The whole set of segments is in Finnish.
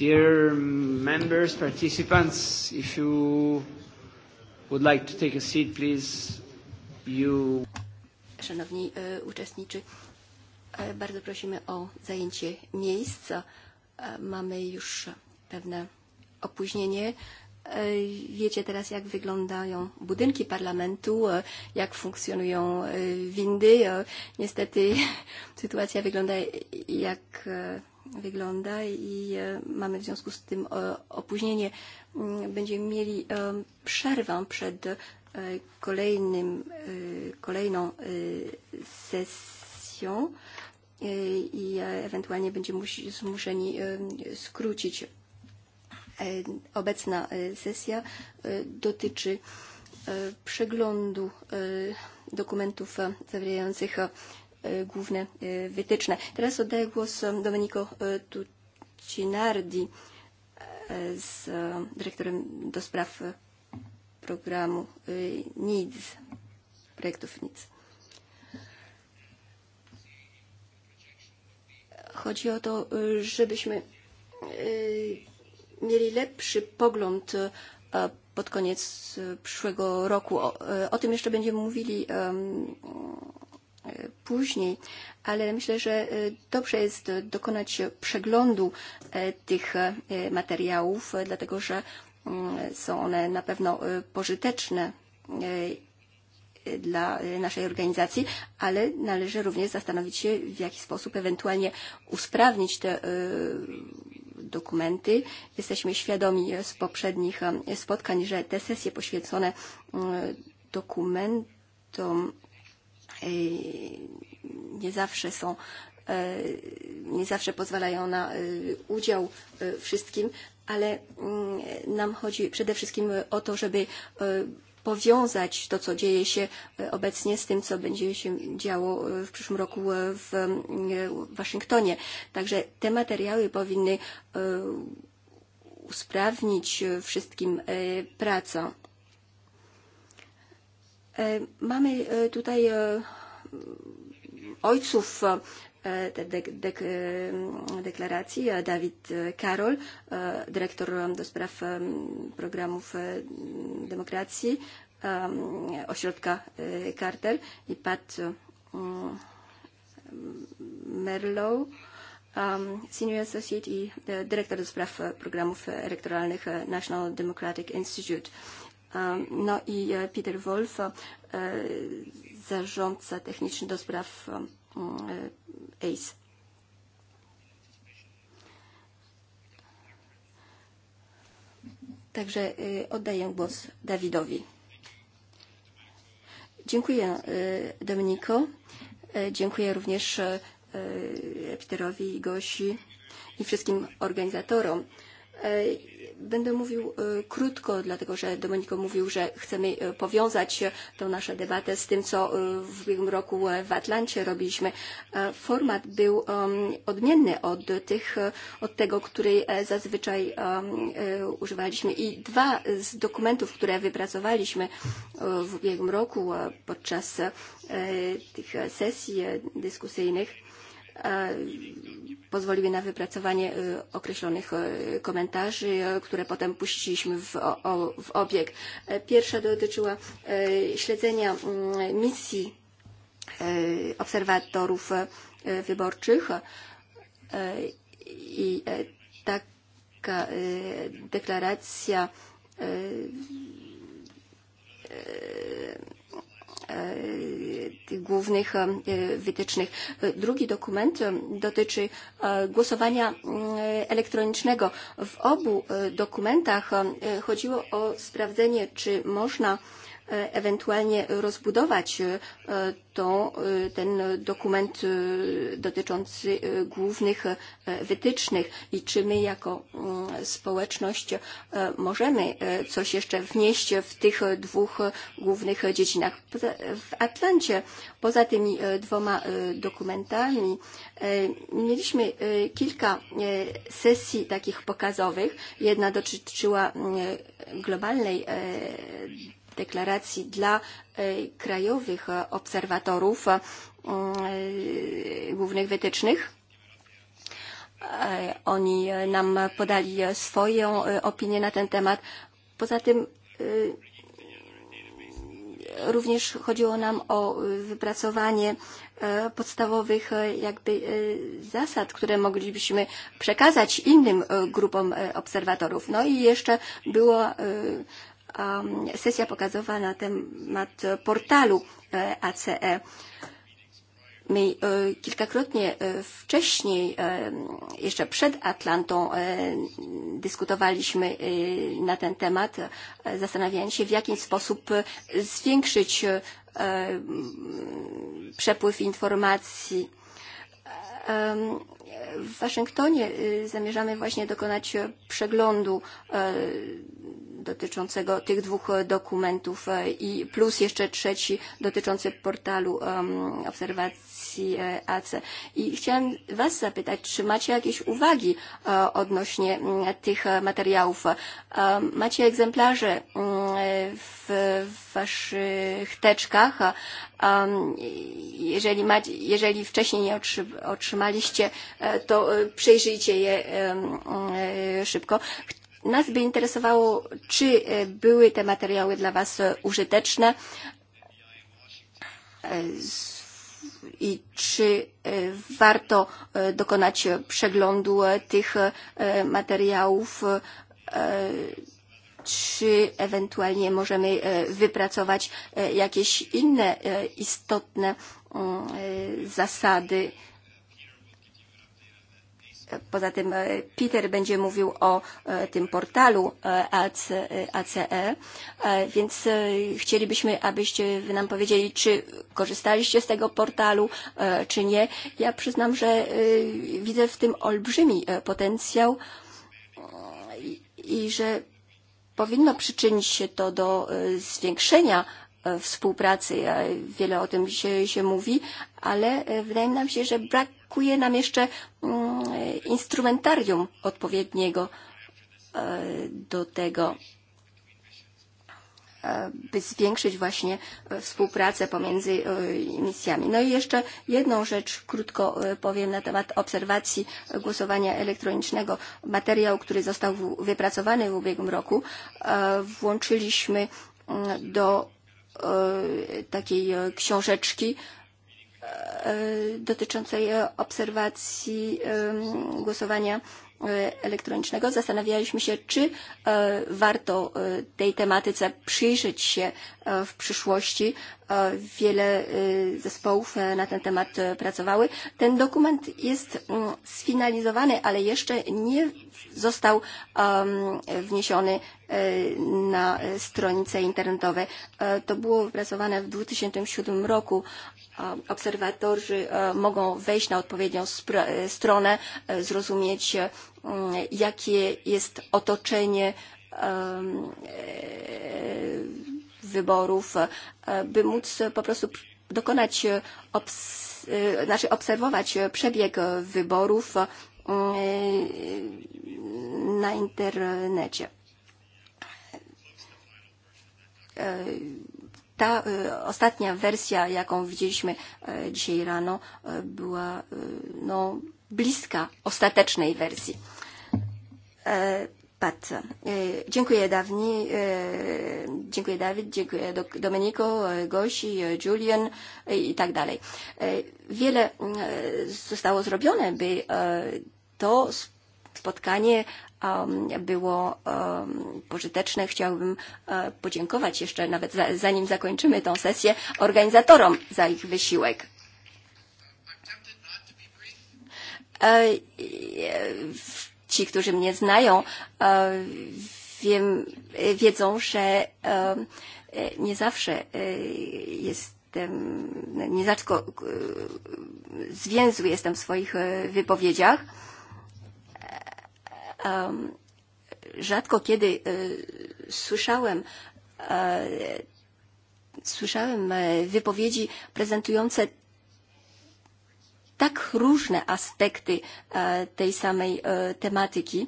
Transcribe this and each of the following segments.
Dear members, participants, if you would like to take a seat, please, you... Szanowni e, uczestniczy, e, bardzo prosimy o zajęcie miejsc. E, mamy już pewne opóźnienie. E, wiecie teraz, jak wyglądają budynki parlamentu, e, jak funkcjonują e, windy. Niestety sytuacja wygląda jak wygląda i e, mamy w związku z tym e, opóźnienie. Mm, będziemy mieli e, przerwę przed kolejnym, kolejną sesją i ewentualnie będziemy zmuszeni skrócić. Obecna sesja dotyczy przeglądu dokumentów zawierających E, główne e, wytyczne. Teraz oddaję głos Domenico e, Tucinardi z dyrektorem do spraw programu NIDS, projektów NIDS. Chodzi o to, żebyśmy mieli lepszy pogląd pod koniec przyszłego roku. O, o tym jeszcze będziemy mówili E, później, ale myślę, że e, dobrze jest e, dokonać przeglądu tych materiałów, dlatego że mm, są one na pewno pożyteczne dla naszej organizacji, ale należy również zastanowić się, w jaki sposób ewentualnie usprawnić te dokumenty. Jesteśmy świadomi z poprzednich spotkań, że te sesje poświęcone mm, dokumentom nie zawsze są e, nie zawsze pozwalają na e, udział e, wszystkim, ale mm, nam chodzi przede wszystkim o to, żeby powiązać to, co dzieje się obecnie z tym, co będzie się działo w przyszłym roku w Waszyngtonie. Także te materiały powinny usprawnić wszystkim pracę. Mamy tutaj ojców deklaracji Dawid Karol, e, e, e, dyrektor do spraw programów demokracji ośrodka Carter i Pat Merlow, senior associate i dyrektor do spraw programów elektoralnych National Democratic Institute. Ehm, no i e, Peter Wolf, e, zarządca techniczny do spraw ACE. E, Także oddaję głos Dawidowi. Dziękuję Dominiko. Dziękuję również Peterowi i Gosi i wszystkim organizatorom. Będę mówił e, krótko, dlatego że Dominiko mówił, że chcemy e, powiązać tę naszą debatę z tym, co e, w ubiegłym roku w Atlancie robiliśmy. Format był odmienny od, tych, od tego, który zazwyczaj używaliśmy. I dwa z dokumentów, które wypracowaliśmy w ubiegłym roku podczas tych sesji dyskusyjnych, pozwoliły na wypracowanie określonych komentarzy, które potem puściliśmy w, o, w obieg. E, pierwsza dotyczyła e, śledzenia mm, misji e, obserwatorów wyborczych i taka deklaracja E, tych głównych e, wytycznych. Drugi dokument e, dotyczy głosowania mm, elektronicznego. W obu dokumentach chodziło o sprawdzenie, czy można E, ewentualnie rozbudować e, to, e, ten dokument dotyczący głównych wytycznych i czy my jako mm, społeczność możemy coś jeszcze wnieść w tych dwóch głównych dziedzinach. W Atlancie poza tymi dwoma dokumentami mieliśmy kilka sesji takich pokazowych. Jedna dotyczyła mm, globalnej deklaracji dla e, krajowych obserwatorów e, głównych wytycznych. E, oni nam podali swoją opinię na ten temat. Poza tym również chodziło nam o wypracowanie podstawowych jakby zasad, które moglibyśmy przekazać innym grupom obserwatorów. No i jeszcze było Um, sesja pokazowa na temat portalu ACE. E. My e, kilkakrotnie e, wcześniej, jeszcze przed Atlantą, dyskutowaliśmy na ten temat, zastanawiając się, w jaki sposób zwiększyć przepływ informacji. W Waszyngtonie zamierzamy właśnie dokonać przeglądu dotyczącego tych dwóch e, dokumentów e, i plus jeszcze trzeci dotyczący portalu um, obserwacji e, AC. I chciałam Was zapytać, czy macie jakieś uwagi odnośnie tych materiałów? Macie egzemplarze w Waszych teczkach? Jeżeli, macie, jeżeli wcześniej nie otrzymaliście, to przejrzyjcie je szybko. Nas by interesowało, czy były te materiały dla Was użyteczne i czy warto dokonać przeglądu tych materiałów, czy ewentualnie możemy wypracować jakieś inne istotne zasady Poza tym e, Peter będzie mówił o e, tym portalu ACE, e, więc chcielibyśmy, abyście wy nam powiedzieli, czy korzystaliście z tego portalu, czy nie. Ja przyznam, że widzę w tym olbrzymi potencjał i że powinno przyczynić się to do zwiększenia współpracy. Wiele o tym się, się mówi, ale wydaje nam się, że brak brakuje nam jeszcze mm, instrumentarium odpowiedniego e, do tego, e, by zwiększyć właśnie e, współpracę pomiędzy misjami. No i jeszcze jedną rzecz krótko powiem na temat obserwacji głosowania elektronicznego. Materiał, który został wypracowany w ubiegłym roku, włączyliśmy mm, do takiej książeczki E, dotyczącej e, obserwacji e, głosowania elektronicznego zastanawialiśmy się, czy warto tej tematyce przyjrzeć się w przyszłości. Wiele zespołów na ten temat pracowały. Ten dokument jest mm, sfinalizowany, ale jeszcze nie został wniesiony na stronice internetowe. To było wypracowane w 2007 roku obserwatorzy e, mogą wejść na odpowiednią e, stronę, e, zrozumieć, jakie jest otoczenie wyborów, by móc po prostu dokonać, obs znaczy obserwować przebieg wyborów na internecie Ta e, ostatnia wersja, jaką widzieliśmy e, dzisiaj rano, e, była no, bliska ostatecznej wersji. Pat. Dziękuję Dawni, dziękuję Dawid, dziękuję Domenico, Gosi, Julian i tak dalej. Wiele zostało zrobione, by to spotkanie Um, było um, pożyteczne. Chciałbym e, podziękować jeszcze, nawet zanim zakończymy tę sesję, organizatorom za ich wysiłek. E, ci, którzy mnie znają, e, wiem, wiedzą, że nie zawsze jest nie zawsze zwięzły jestem w swoich wypowiedziach. Um, rzadko kiedy y, e, słyszałem y, e, słyszałem e, wypowiedzi prezentujące tak różne aspekty y, tej samej y, tematyki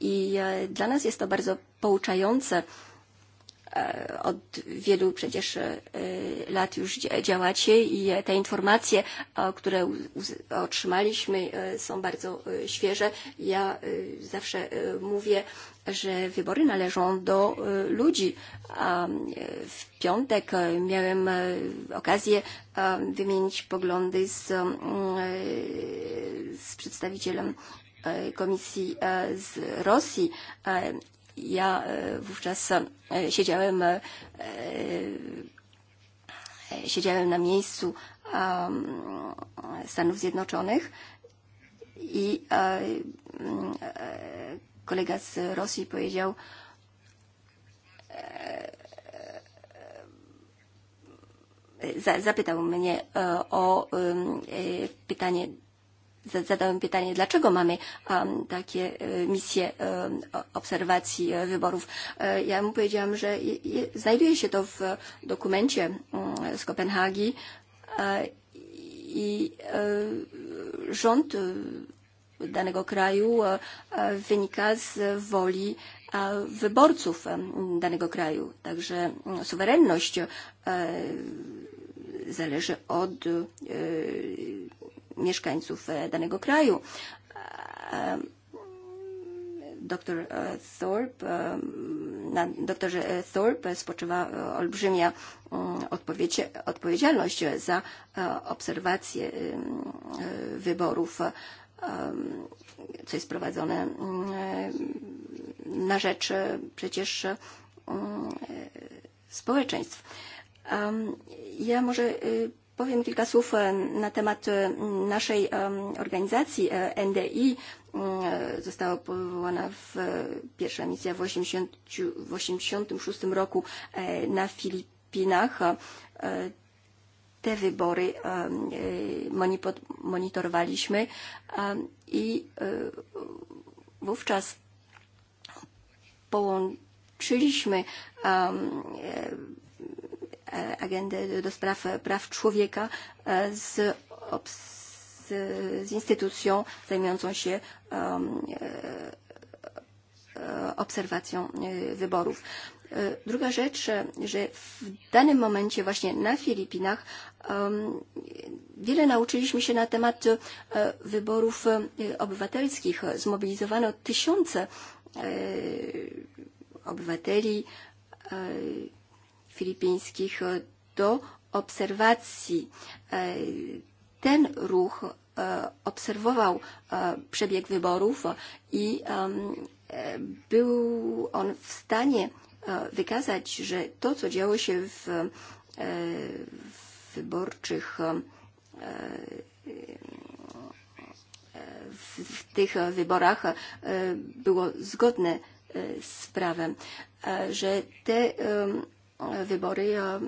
i dla nas jest to bardzo pouczające E, od wielu przecież e, lat już działacie i te informacje, które otrzymaliśmy e, są bardzo świeże. Ja zawsze mówię, że wybory należą do ludzi. W piątek miałem okazję wymienić poglądy z, z przedstawicielem Komisji z Rosji ja wówczas siedziałem, siedziałem na miejscu mm, Stanów Zjednoczonych i e, mm, e, kolega z Rosji powiedział, e, zapytał mnie o pytanie zadałem pytanie, dlaczego mamy um, takie um, misje um, obserwacji um, wyborów. Ja mu powiedziałam, że je, je, znajduje się to w dokumencie um, z Kopenhagi i um, rząd danego kraju wynika z woli wyborców danego kraju. Także mm, suwerenność zależy od mieszkańców e, danego kraju. E, doktor e, Thorpe, na doktorze Thorpe spoczywa olbrzymia mm, odpowiedzialność za obserwację wyborów, co jest prowadzone na rzecz przecież społeczeństw. Ja może powiem kilka słów e, na temat e, naszej e, organizacji NDI. Została powołana w pierwsza misja w 1986 roku na Filipinach. Te wybory monitorowaliśmy i wówczas połączyliśmy E, agendy do spraw praw człowieka e, z, z instytucją zajmującą się um, e, obserwacją wyborów. Druga rzecz, że w danym momencie właśnie na Filipinach um, wiele nauczyliśmy się na temat wyborów obywatelskich. Zmobilizowano tysiące obywateli, filipińskich e, do obserwacji. E, ten ruch e, obserwował przebieg wyborów i był on w stanie wykazać, że to, co działo się w, wyborczych w tych wyborach było zgodne z prawem, że te wybory e,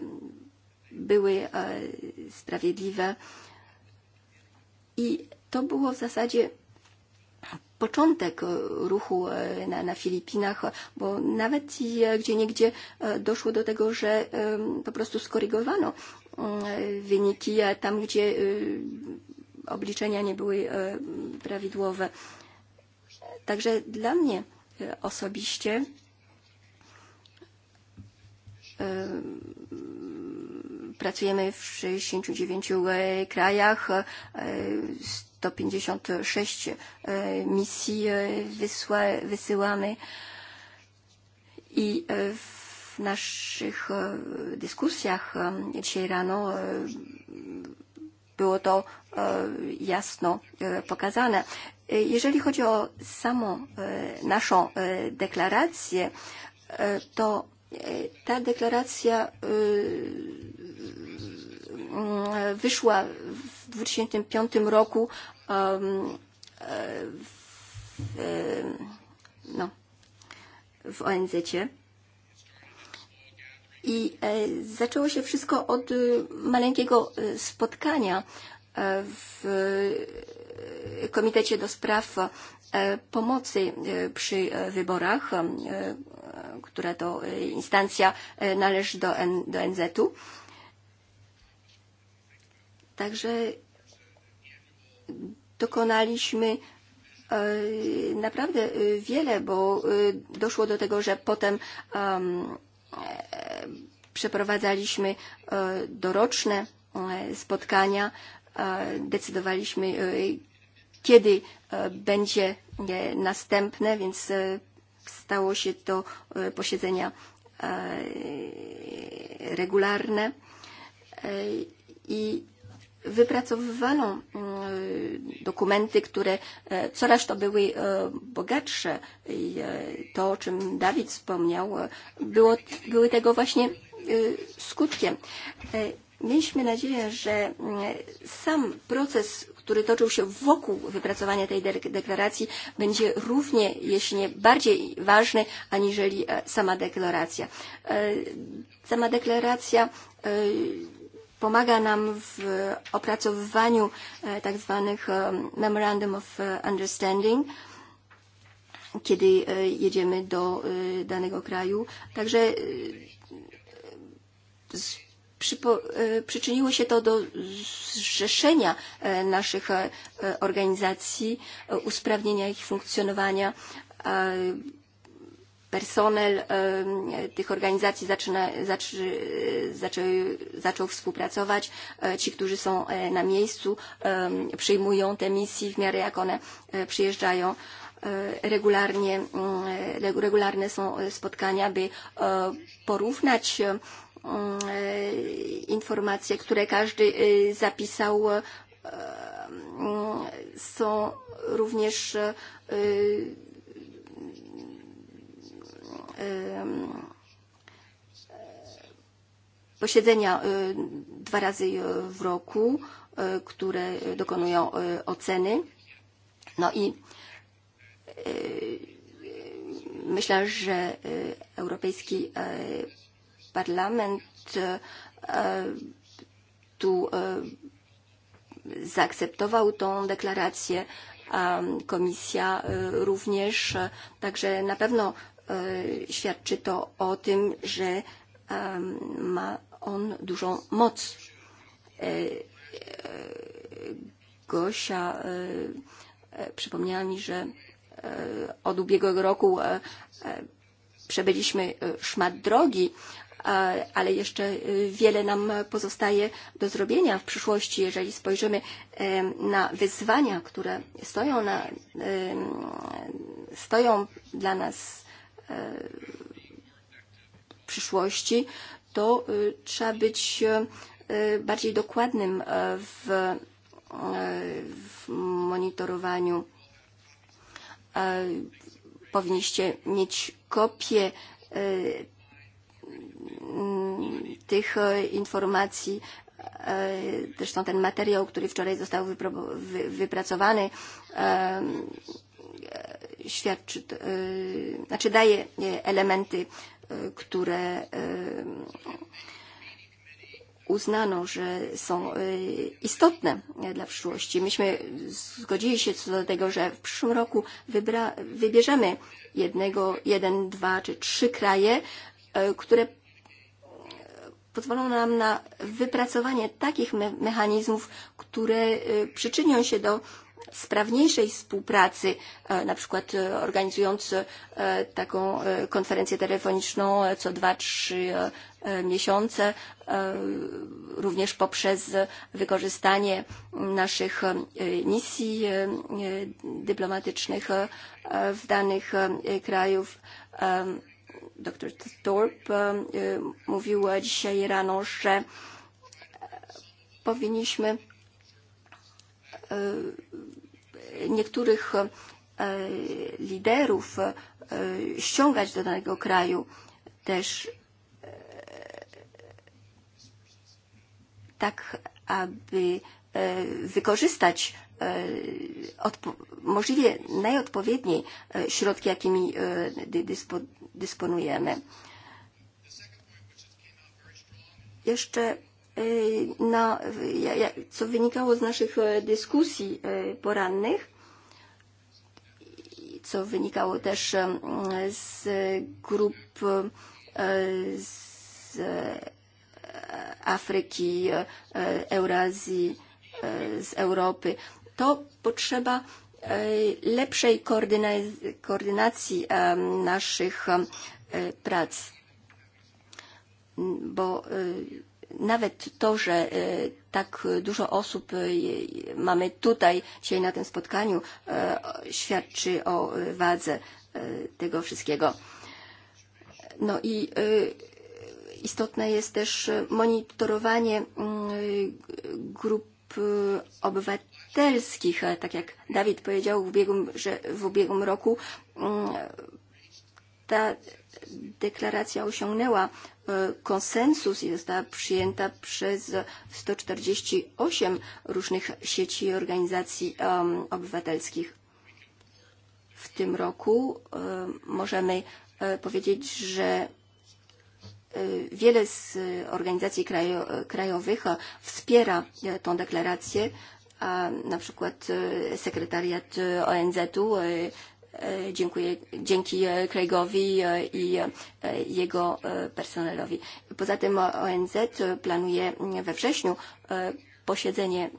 były e, sprawiedliwe. I to było w zasadzie początek e, ruchu na, na Filipinach, bo nawet gdzie niegdzie doszło do tego, że po prostu skorygowano wyniki tam, gdzie obliczenia nie były prawidłowe. Także dla mnie osobiście pracujemy w 69 e, krajach, 156 e, e, misji wysła, wysyłamy i w naszych dyskusjach dzisiaj rano było to jasno pokazane. Jeżeli chodzi o samą naszą deklarację, to ta deklaracja wyszła w 2005 roku um, e, w, no, w ONZ. -cie. I e, zaczęło się wszystko od maleńkiego spotkania e, w Komitecie do Spraw E, pomocy e, przy e, wyborach, która to instancja należy do, do NZ-u. Także dokonaliśmy naprawdę wiele, bo doszło do tego, że potem przeprowadzaliśmy doroczne spotkania, decydowaliśmy, kiedy e, będzie e, następne, więc e, stało się to posiedzenia regularne i wypracowywano mm, dokumenty, które coraz to były bogatsze. I to, o czym Dawid wspomniał, było, były tego właśnie skutkiem mieliśmy nadzieję, że mm, sam proces, który toczył się wokół wypracowania tej deklaracji, będzie równie, jeśli nie bardziej ważny, aniżeli e, sama deklaracja. E, sama deklaracja e, pomaga nam w opracowywaniu tak zwanych Memorandum of Understanding, kiedy jedziemy do danego kraju. Także E, przyczyniło się to do zrzeszenia e, naszych e, organizacji, usprawnienia ich funkcjonowania. Personel tych organizacji zaczyna, zaczy, zaczy, zaczął współpracować. Ci, którzy są na miejscu, przyjmują te misje w miarę jak one przyjeżdżają regularnie, mm, regularne są spotkania, by porównać E, informacje, które każdy e, zapisał, e, są również posiedzenia dwa razy w roku, które dokonują oceny. No i myślę, że Europejski parlament e, e, tu e, zaakceptował tą deklarację, a komisja również. Także na pewno świadczy to o tym, że ma on dużą moc. Gosia przypomniała mi, że od ubiegłego roku przebyliśmy szmat drogi ale jeszcze wiele nam pozostaje do zrobienia w przyszłości, jeżeli spojrzymy na wyzwania, które stoją, na, stoją dla nas w przyszłości, to trzeba być bardziej dokładnym w, w monitorowaniu. Powinniście mieć kopię Mm, tych e, informacji, e, zresztą ten materiał, który wczoraj został wypracowany, e, świadczy, znaczy daje elementy, które uznano, że są istotne dla przyszłości. Myśmy zgodzili się co do tego, że w przyszłym roku wybra, wybierzemy jednego, jeden, dwa czy trzy kraje, E, które pozwolą nam na wypracowanie takich me mechanizmów, które e, przyczynią się do sprawniejszej współpracy, e, na przykład organizując taką konferencję telefoniczną co dwa, trzy miesiące, również poprzez wykorzystanie naszych misji dyplomatycznych w danych krajów. Dr Thorpe e, mówiła dzisiaj rano, że e, powinniśmy e, niektórych liderów ściągać do danego kraju też tak, aby wykorzystać E, najodpowiedniej e, środki, jakimi e, dyspo, dysponujemy. Jeszcze na, co wynikało z naszych dyskusji porannych, co wynikało też z grup z Afryki, Eurazji, z Europy to potrzeba e, lepszej koordynacji e, naszych e, prac. Bo nawet to, że tak dużo osób mamy tutaj dzisiaj na tym spotkaniu, świadczy o wadze tego wszystkiego. No i istotne jest też monitorowanie grup obywateli obywatelskich, tak jak Dawid powiedział w ubiegłym, że w ubiegłym roku mm, ta deklaracja osiągnęła e, konsensus i została przyjęta przez 148 różnych sieci i organizacji obywatelskich. W tym roku e, możemy e, powiedzieć, że wiele z organizacji krajowych wspiera tę deklarację a na przykład e, sekretariat e, ONZ-u e, dziękuję, dzięki Craigowi i jego personelowi. Poza tym ONZ planuje we wrześniu posiedzenie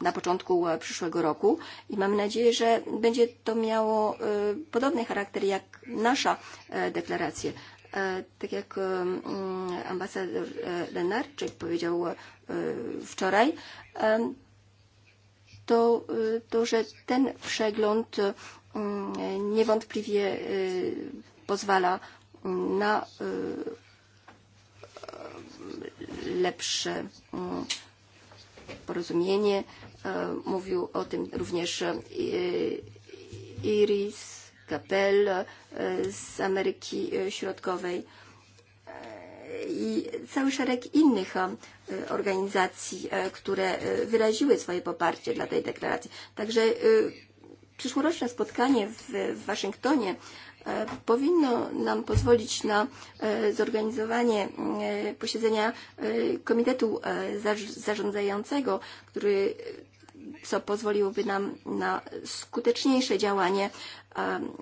na początku przyszłego roku i mam nadzieję, że będzie to miało podobny charakter jak nasza deklaracja. E, tak jak mm, ambasador e, Lenarczyk powiedział e, wczoraj, to, to że ten przegląd niewątpliwie pozwala na lepsze mm, porozumienie. Mówił o tym również Iris Capel e, z Ameryki e, Środkowej e, i cały szereg innych organizacji, które wyraziły swoje poparcie dla tej deklaracji. Także przyszłoroczne spotkanie w Waszyngtonie powinno nam pozwolić na zorganizowanie posiedzenia komitetu zarządzającego, który co pozwoliłoby nam na skuteczniejsze działanie,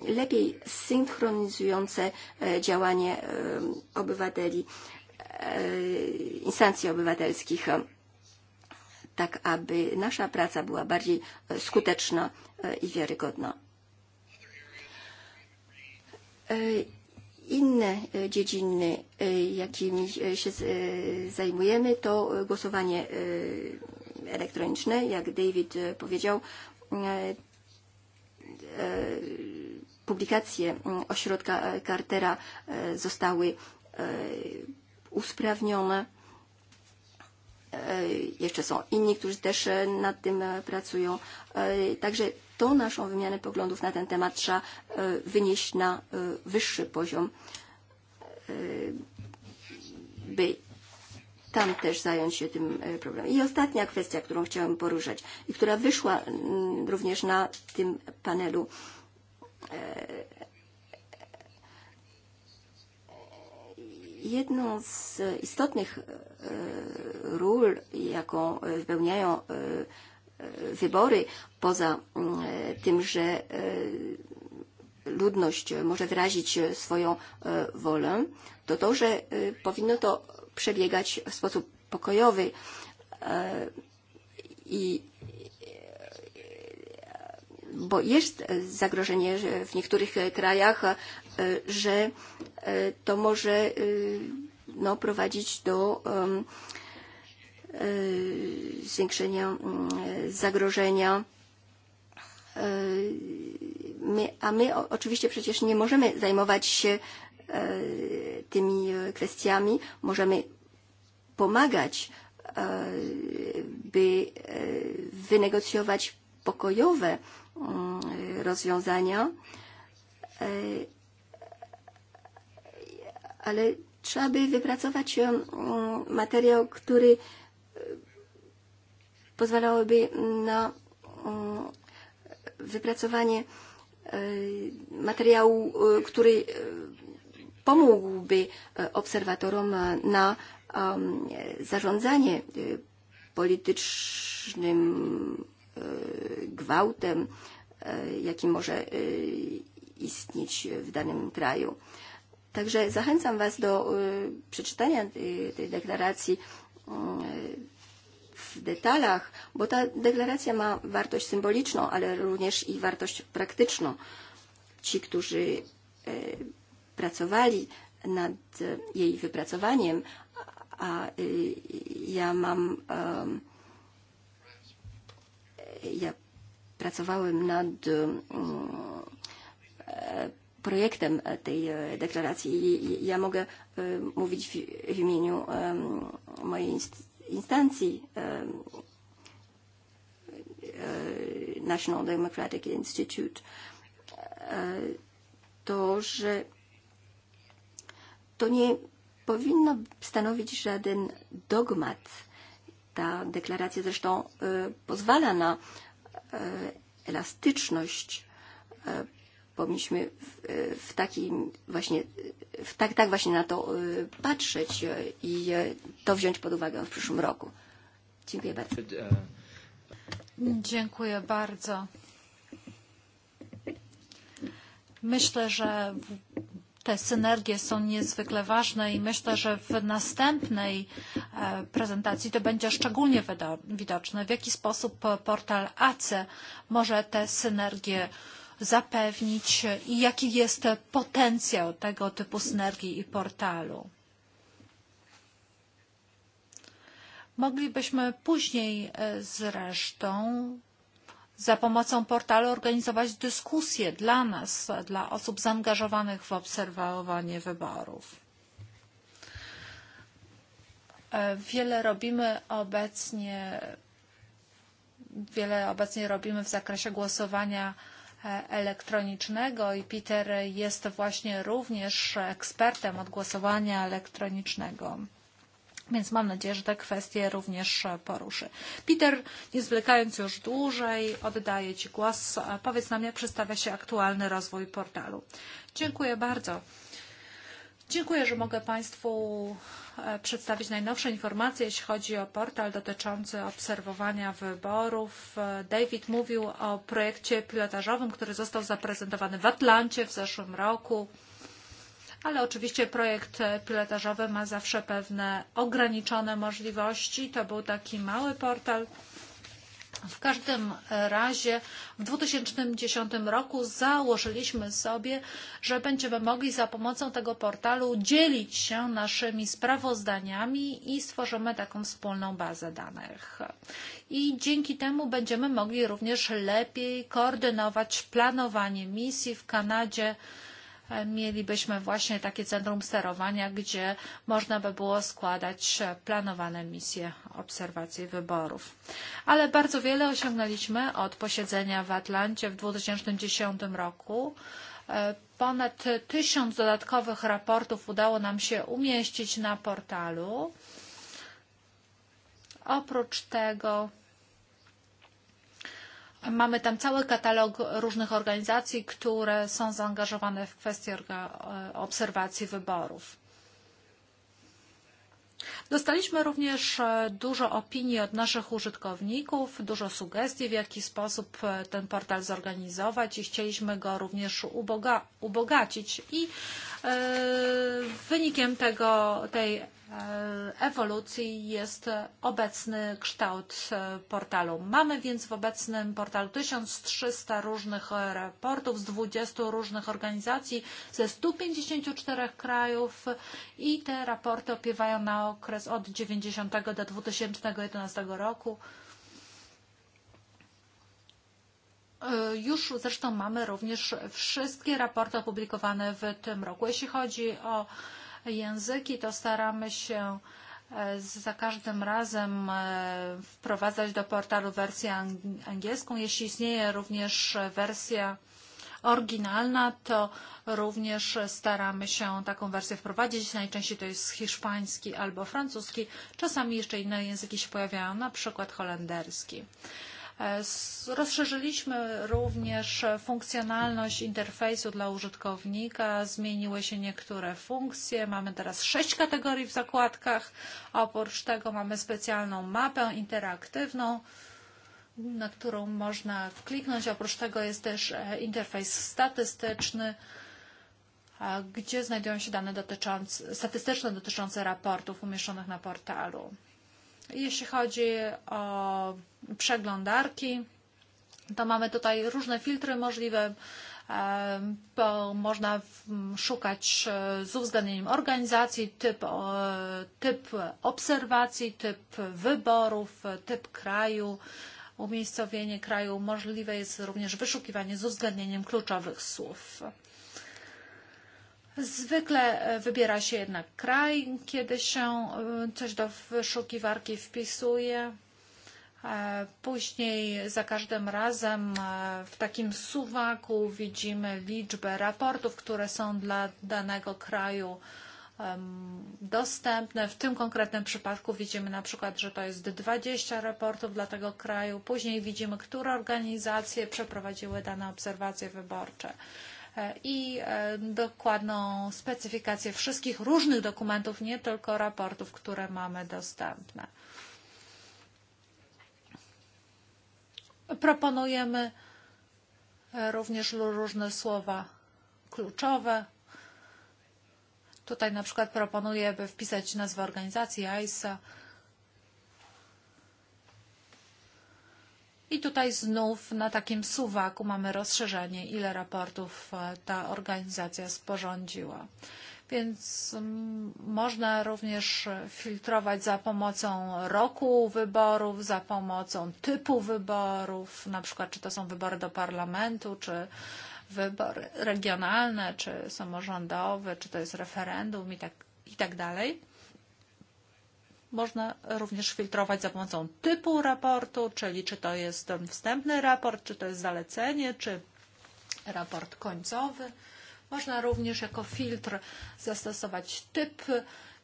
lepiej synchronizujące e, działanie e, obywateli, e, instancji obywatelskich, tak aby nasza praca była bardziej skuteczna i wiarygodna. Inne dziedziny, jakimi się zajmujemy, to głosowanie elektroniczny, Jak David e, powiedział, e, e, publikacje ośrodka Cartera zostały usprawnione. Jeszcze są inni, którzy też nad tym pracują. Także tą naszą wymianę poglądów na ten temat trzeba wynieść na wyższy poziom, by tam też zająć się tym e, problemem. I ostatnia kwestia, którą chciałam poruszać i która wyszła mm, również na tym panelu e, jedną z istotnych e, ról, jaką wypełniają wybory, poza mm, tym, że ludność może wyrazić swoją wolę, to to, że powinno to przebiegać w sposób pokojowy e, i e, bo jest zagrożenie w niektórych krajach, e, że to może no, prowadzić do zwiększenia zagrożenia. My, a my oczywiście przecież nie możemy zajmować się E, tymi e, kwestiami możemy pomagać, e, by wynegocjować pokojowe mm, rozwiązania, ale trzeba by wypracować mm, materiał, który pozwalałoby na mm, wypracowanie materiału, który pomógłby e, obserwatorom e, na zarządzanie e, politycznym gwałtem, jaki może istnieć w danym kraju. Także zachęcam Was do przeczytania tej deklaracji w detalach, bo ta deklaracja ma wartość symboliczną, ale również i wartość praktyczną. Ci, którzy pracowali nad e, jej wypracowaniem, a e, ja mam. Ja pracowałem nad e, projektem tej deklaracji i ja mogę mówić w, w imieniu mojej instancji National Democratic Institute to, że to nie powinno stanowić żaden dogmat. Ta deklaracja zresztą e, pozwala na e, elastyczność. E, powinniśmy w takim właśnie, w tak, tak właśnie na to patrzeć i to wziąć pod uwagę w przyszłym roku. Dziękuję bardzo. Dziękuję bardzo. Myślę, że te synergie są niezwykle ważne i myślę, że w następnej e, prezentacji to będzie szczególnie widoczne, w jaki sposób portal AC może te synergie zapewnić i jaki jest potencjał tego typu synergii i portalu. Moglibyśmy później e, zresztą za pomocą portalu organizować dyskusje dla nas, dla osób zaangażowanych w obserwowanie wyborów. E, wiele robimy obecnie, wiele obecnie robimy w zakresie głosowania e, elektronicznego i Peter jest właśnie również ekspertem od głosowania elektronicznego. Więc mam nadzieję, że te kwestie również poruszy. Peter, nie zwlekając już dłużej, oddaję Ci głos. Powiedz nam, jak przedstawia się aktualny rozwój portalu. Dziękuję bardzo. Dziękuję, że mogę Państwu e, przedstawić najnowsze informacje, jeśli chodzi o portal dotyczący obserwowania wyborów. E, David mówił o projekcie pilotażowym, który został zaprezentowany w Atlancie w zeszłym roku ale oczywiście projekt pilotażowy ma zawsze pewne ograniczone możliwości. To był taki mały portal. W każdym razie w 2010 roku założyliśmy sobie, że będziemy mogli za pomocą tego portalu dzielić się naszymi sprawozdaniami i stworzymy taką wspólną bazę danych. I dzięki temu będziemy mogli również lepiej koordynować planowanie misji w Kanadzie, mielibyśmy właśnie takie centrum sterowania, gdzie można by było składać planowane misje obserwacji wyborów. Ale bardzo wiele osiągnęliśmy od posiedzenia w Atlancie w 2010 roku. E, ponad tysiąc dodatkowych raportów udało nam się umieścić na portalu. Oprócz tego Mamy tam cały katalog różnych organizacji, które są zaangażowane w kwestie e, obserwacji wyborów. Dostaliśmy również e, dużo opinii od naszych użytkowników, dużo sugestii, w jaki sposób e, ten portal zorganizować i chcieliśmy go również uboga ubogacić. I yy, wynikiem tego, tej E, ewolucji jest obecny kształt e, portalu. Mamy więc w obecnym portalu 1300 różnych raportów z 20 różnych organizacji ze 154 krajów i te raporty opiewają na okres od 90 do 2011 roku. E, już zresztą mamy również wszystkie raporty opublikowane w tym roku. Jeśli chodzi o języki, to staramy się e, za każdym razem e, wprowadzać do portalu wersję angielską. Jeśli istnieje również wersja oryginalna, to również staramy się taką wersję wprowadzić. Najczęściej to jest hiszpański albo francuski. Czasami jeszcze inne języki się pojawiają, na przykład holenderski. E, rozszerzyliśmy również funkcjonalność interfejsu dla użytkownika, zmieniły się niektóre funkcje, mamy teraz sześć kategorii w zakładkach, oprócz tego mamy specjalną mapę interaktywną, na którą można kliknąć. Oprócz tego jest też e, interfejs statystyczny, gdzie znajdują się dane dotyczące, statystyczne dotyczące raportów umieszczonych na portalu. Jeśli chodzi o przeglądarki, to mamy tutaj różne filtry możliwe. E, bo można szukać e, z uwzględnieniem organizacji, typ, typ obserwacji, typ wyborów, typ kraju, umiejscowienie kraju. Możliwe jest również wyszukiwanie z uwzględnieniem kluczowych słów. Zwykle e, wybiera się jednak kraj, kiedy się e, coś do wyszukiwarki wpisuje. E, później za każdym razem w takim suwaku widzimy liczbę raportów, które są dla danego kraju dostępne. W tym konkretnym przypadku widzimy na przykład, że to jest 20 raportów dla tego kraju. Później widzimy, które organizacje przeprowadziły dane obserwacje wyborcze i e, dokładną specyfikację wszystkich różnych dokumentów, nie tylko raportów, które mamy dostępne. Proponujemy e, również różne słowa kluczowe. Tutaj na przykład proponuję, by wpisać nazwę organizacji ISA, I tutaj znów na takim suwaku mamy rozszerzenie, ile raportów e, ta organizacja sporządziła. Więc mm, można również filtrować za pomocą roku wyborów, za pomocą typu wyborów, na przykład czy to są wybory do parlamentu, czy wybory regionalne, czy samorządowe, czy to jest referendum i tak, i tak dalej. Można również filtrować za pomocą typu raportu, czyli czy to jest wstępny raport, czy to jest zalecenie, czy raport końcowy. Można również jako filtr zastosować typ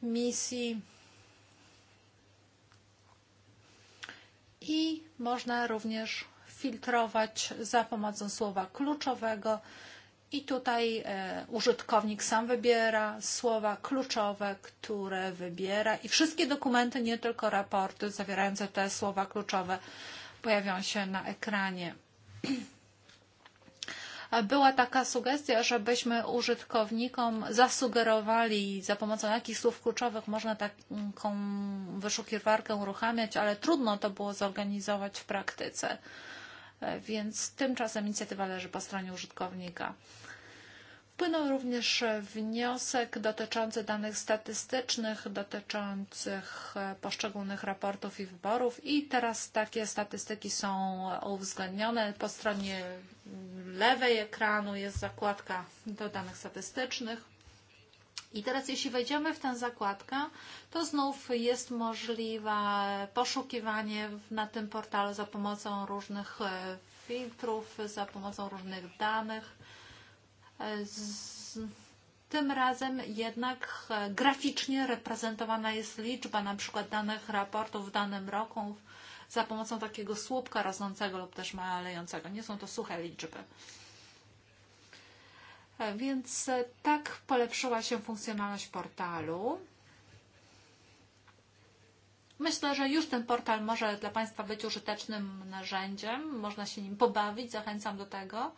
misji i można również filtrować za pomocą słowa kluczowego I tutaj e, użytkownik sam wybiera słowa kluczowe, które wybiera i wszystkie dokumenty, nie tylko raporty zawierające te słowa kluczowe pojawią się na ekranie. Była taka sugestia, żebyśmy użytkownikom zasugerowali za pomocą jakich słów kluczowych można taką wyszukiwarkę uruchamiać, ale trudno to było zorganizować w praktyce. E, więc tymczasem inicjatywa leży po stronie użytkownika. Wpłynął również wniosek dotyczący danych statystycznych, dotyczących e, poszczególnych raportów i wyborów i teraz takie statystyki są uwzględnione. Po stronie lewej ekranu jest zakładka do danych statystycznych. I teraz jeśli wejdziemy w tę zakładkę, to znów jest możliwe poszukiwanie na tym portalu za pomocą różnych e, filtrów, za pomocą różnych danych. E, z, tym razem jednak e, graficznie reprezentowana jest liczba na przykład danych raportów w danym roku za pomocą takiego słupka rosnącego lub też malejącego. Nie są to suche liczby. Więc tak polepszyła się funkcjonalność portalu. Myślę, że już ten portal może dla Państwa być użytecznym narzędziem. Można się nim pobawić, zachęcam do tego.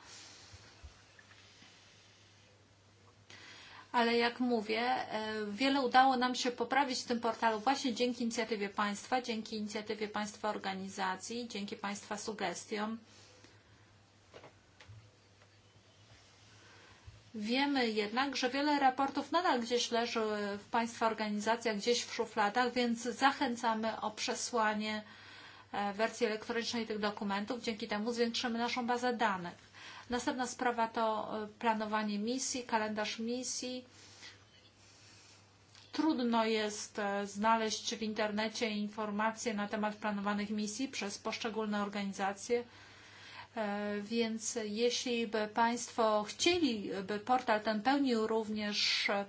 ale jak mówię, e, wiele udało nam się poprawić w tym portalu właśnie dzięki inicjatywie Państwa, dzięki inicjatywie Państwa organizacji, dzięki Państwa sugestiom. Wiemy jednak, że wiele raportów nadal gdzieś leży w Państwa organizacjach, gdzieś w szufladach, więc zachęcamy o przesłanie e, wersji elektronicznej tych dokumentów. Dzięki temu zwiększymy naszą bazę danych. Następna sprawa to e, planowanie misji, kalendarz misji. Trudno jest e, znaleźć w internecie informacje na temat planowanych misji przez poszczególne organizacje. E, więc jeśli by Państwo chcieli, by portal ten pełnił również e,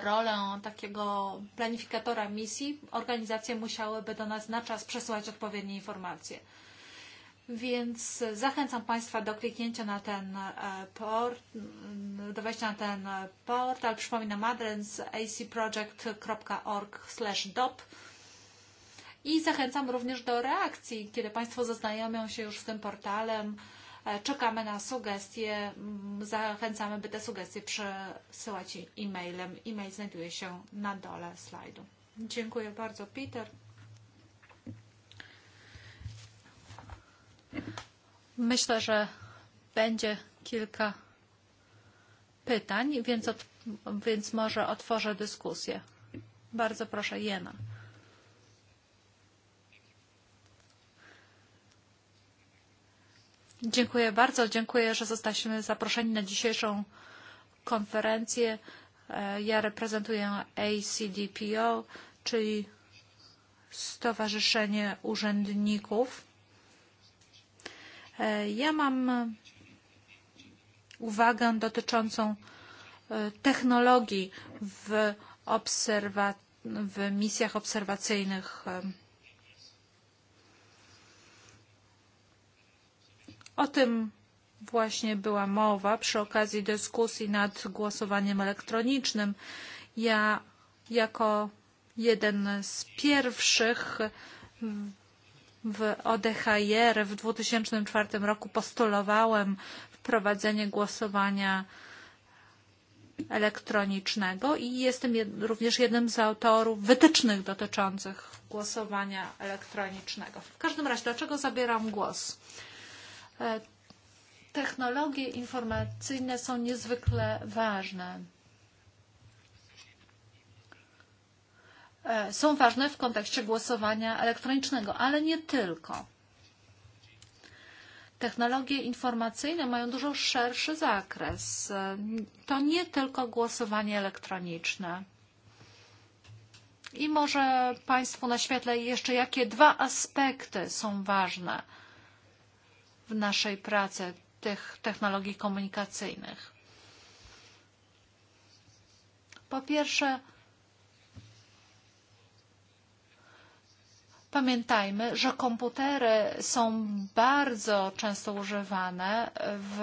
rolę takiego planifikatora misji, organizacje musiałyby do nas na czas przesyłać odpowiednie informacje. Więc zachęcam Państwa do kliknięcia na ten e, port, do wejścia na ten portal. Przypominam adres acproject.org/dop. I zachęcam również do reakcji, kiedy Państwo zaznajomią się już z tym portalem. E, czekamy na sugestie. Mm, zachęcamy, by te sugestie przesyłać e-mailem. E-mail znajduje się na dole slajdu. Dziękuję bardzo, Peter. Myślę, że będzie kilka pytań, więc, od, więc może otworzę dyskusję. Bardzo proszę, Jena. Dziękuję bardzo. Dziękuję, że zostaliśmy zaproszeni na dzisiejszą konferencję. E, ja reprezentuję ACDPO, czyli Stowarzyszenie Urzędników. E, ja mam uwagę dotyczącą e, technologii w, obserwa- w misjach obserwacyjnych O tym właśnie była mowa przy okazji dyskusji nad głosowaniem elektronicznym. Ja jako jeden z pierwszych w ODHR w 2004 roku postulowałem wprowadzenie głosowania elektronicznego i jestem jed również jednym z autorów wytycznych dotyczących głosowania elektronicznego. W każdym razie, dlaczego zabieram głos? E, technologie informacyjne są niezwykle ważne. E, są ważne w kontekście głosowania elektronicznego, ale nie tylko. Technologie informacyjne mają dużo szerszy zakres. E, to nie tylko głosowanie elektroniczne. I może Państwu naświetlę jeszcze, jakie dwa aspekty są ważne – w naszej pracy tych technologii komunikacyjnych. Po pierwsze, Pamiętajmy, że komputery są bardzo często używane w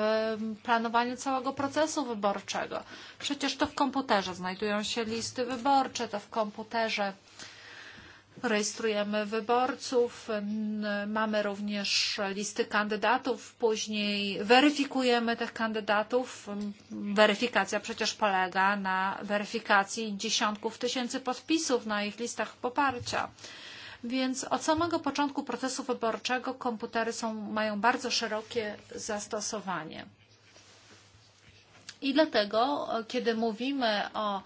planowaniu całego procesu wyborczego. Przecież to w komputerze znajdują się listy wyborcze, to w komputerze rejestrujemy wyborców, mamy również listy kandydatów, później weryfikujemy tych kandydatów. Weryfikacja przecież polega na weryfikacji dziesiątków tysięcy podpisów na ich listach poparcia. Więc od samego początku procesu wyborczego komputery są, mają bardzo szerokie zastosowanie. I dlatego, kiedy mówimy o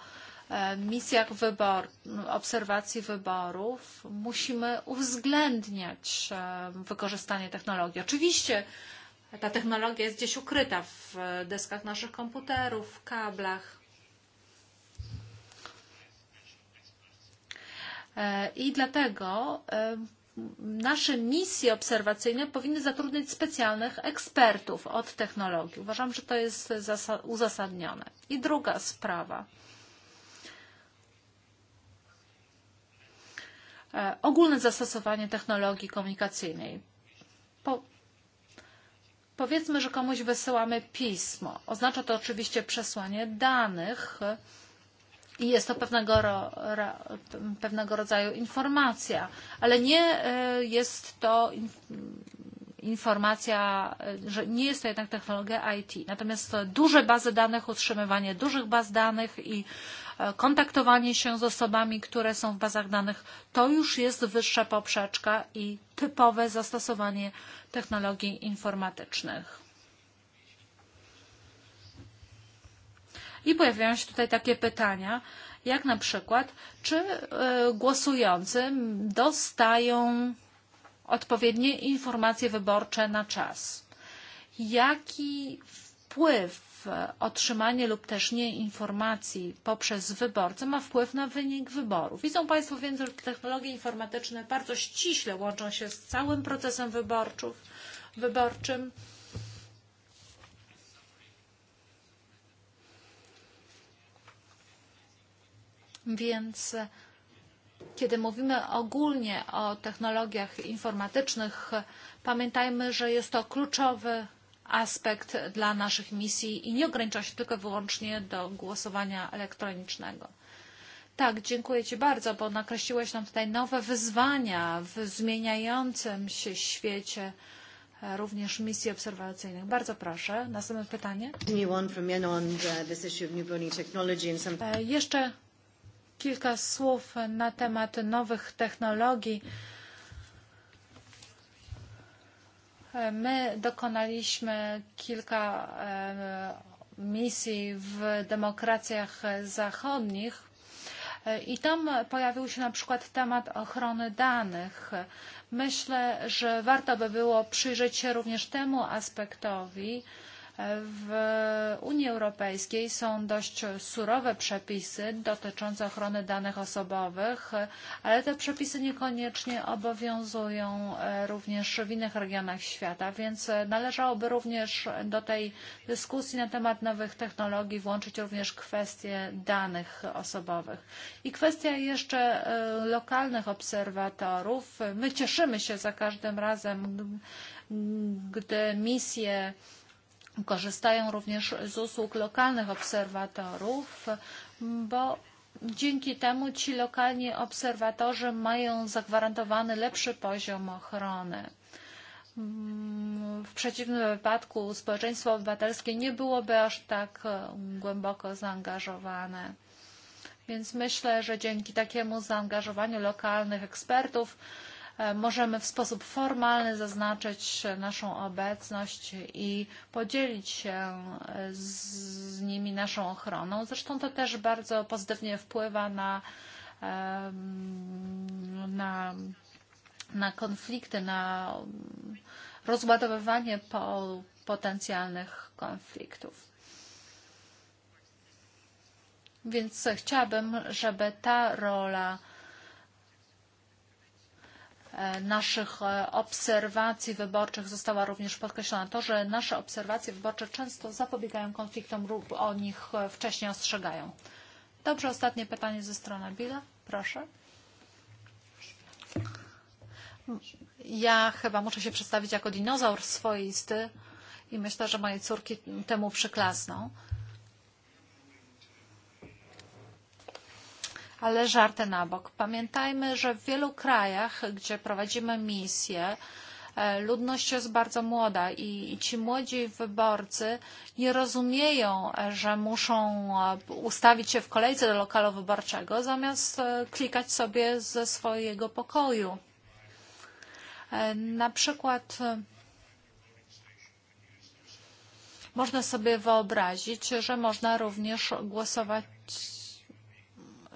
E, misjach wybor, obserwacji wyborów musimy uwzględniać e, wykorzystanie technologii. Oczywiście ta technologia jest gdzieś ukryta w e, deskach naszych komputerów, w kablach. I dlatego nasze misje obserwacyjne powinny zatrudniać specjalnych ekspertów od technologii. Uważam, że to jest uzasadnione. I druga sprawa. E, ogólne zastosowanie technologii komunikacyjnej. Po, powiedzmy, że komuś wysyłamy pismo. Oznacza to oczywiście przesłanie danych i jest to pewnego, ro, ra, pewnego rodzaju informacja, ale nie e, jest to informacja, e, że nie jest to jednak technologia IT. Natomiast duże bazy danych, utrzymywanie dużych baz danych i kontaktowanie się z osobami, które są w bazach danych, to już jest wyższa poprzeczka i typowe zastosowanie technologii informatycznych. I pojawiają się tutaj takie pytania, jak na przykład, czy e, głosujący dostają odpowiednie informacje wyborcze na czas? Jaki wpływ otrzymanie lub też nie informacji poprzez wyborcę ma wpływ na wynik wyborów. Widzą Państwo więc, że technologie informatyczne bardzo ściśle łączą się z całym procesem wyborczym. wyborczym. Więc e, kiedy mówimy ogólnie o technologiach informatycznych, pamiętajmy, że jest to kluczowy aspekt dla naszych misji i nie ogranicza się tylko wyłącznie do głosowania elektronicznego. Tak, dziękuję Ci bardzo, bo nakreśliłeś nam tutaj nowe wyzwania w zmieniającym się świecie e, również misji obserwacyjnych. Bardzo proszę. Następne pytanie. Uh, e, jeszcze kilka słów na temat nowych technologii My dokonaliśmy kilka misji w demokracjach zachodnich i tam pojawił się na przykład temat ochrony danych. Myślę, że warto by było przyjrzeć się również temu aspektowi, W Unii Europejskiej są dość surowe przepisy dotyczące ochrony danych osobowych, ale te przepisy niekoniecznie obowiązują e, również w innych regionach świata, więc należałoby również do tej dyskusji na temat nowych technologii włączyć również kwestie danych osobowych. I kwestia jeszcze e, lokalnych obserwatorów. My cieszymy się za każdym razem, gdy misje Korzystają również z usług lokalnych obserwatorów, bo dzięki temu ci lokalni obserwatorzy mają zagwarantowany lepszy poziom ochrony. W przeciwnym wypadku społeczeństwo obywatelskie nie byłoby aż tak głęboko zaangażowane. Więc myślę, że dzięki takiemu zaangażowaniu lokalnych ekspertów E, możemy w sposób formalny zaznaczyć naszą obecność i podzielić się e, z nimi naszą ochroną. Zresztą to też bardzo pozytywnie wpływa na, na, na konflikty, na rozładowywanie po potencjalnych konfliktów. Więc chciałabym, żeby ta rola E, naszych e, obserwacji wyborczych została również podkreślona to, że nasze obserwacje wyborcze często zapobiegają konfliktom lub o nich e, wcześniej ostrzegają. Dobrze, ostatnie pytanie ze strony Bila. Proszę. Ja chyba muszę się przedstawić jako dinozaur swoisty i myślę, że moje córki temu przyklasną. Ale żarty na bok. Pamiętajmy, że w wielu krajach, gdzie prowadzimy misje, ludność jest bardzo młoda i, i ci młodzi wyborcy nie rozumieją, e, że muszą e, ustawić się w kolejce do lokalu wyborczego, zamiast e, klikać sobie ze swojego pokoju. Na przykład można sobie wyobrazić, że można również głosować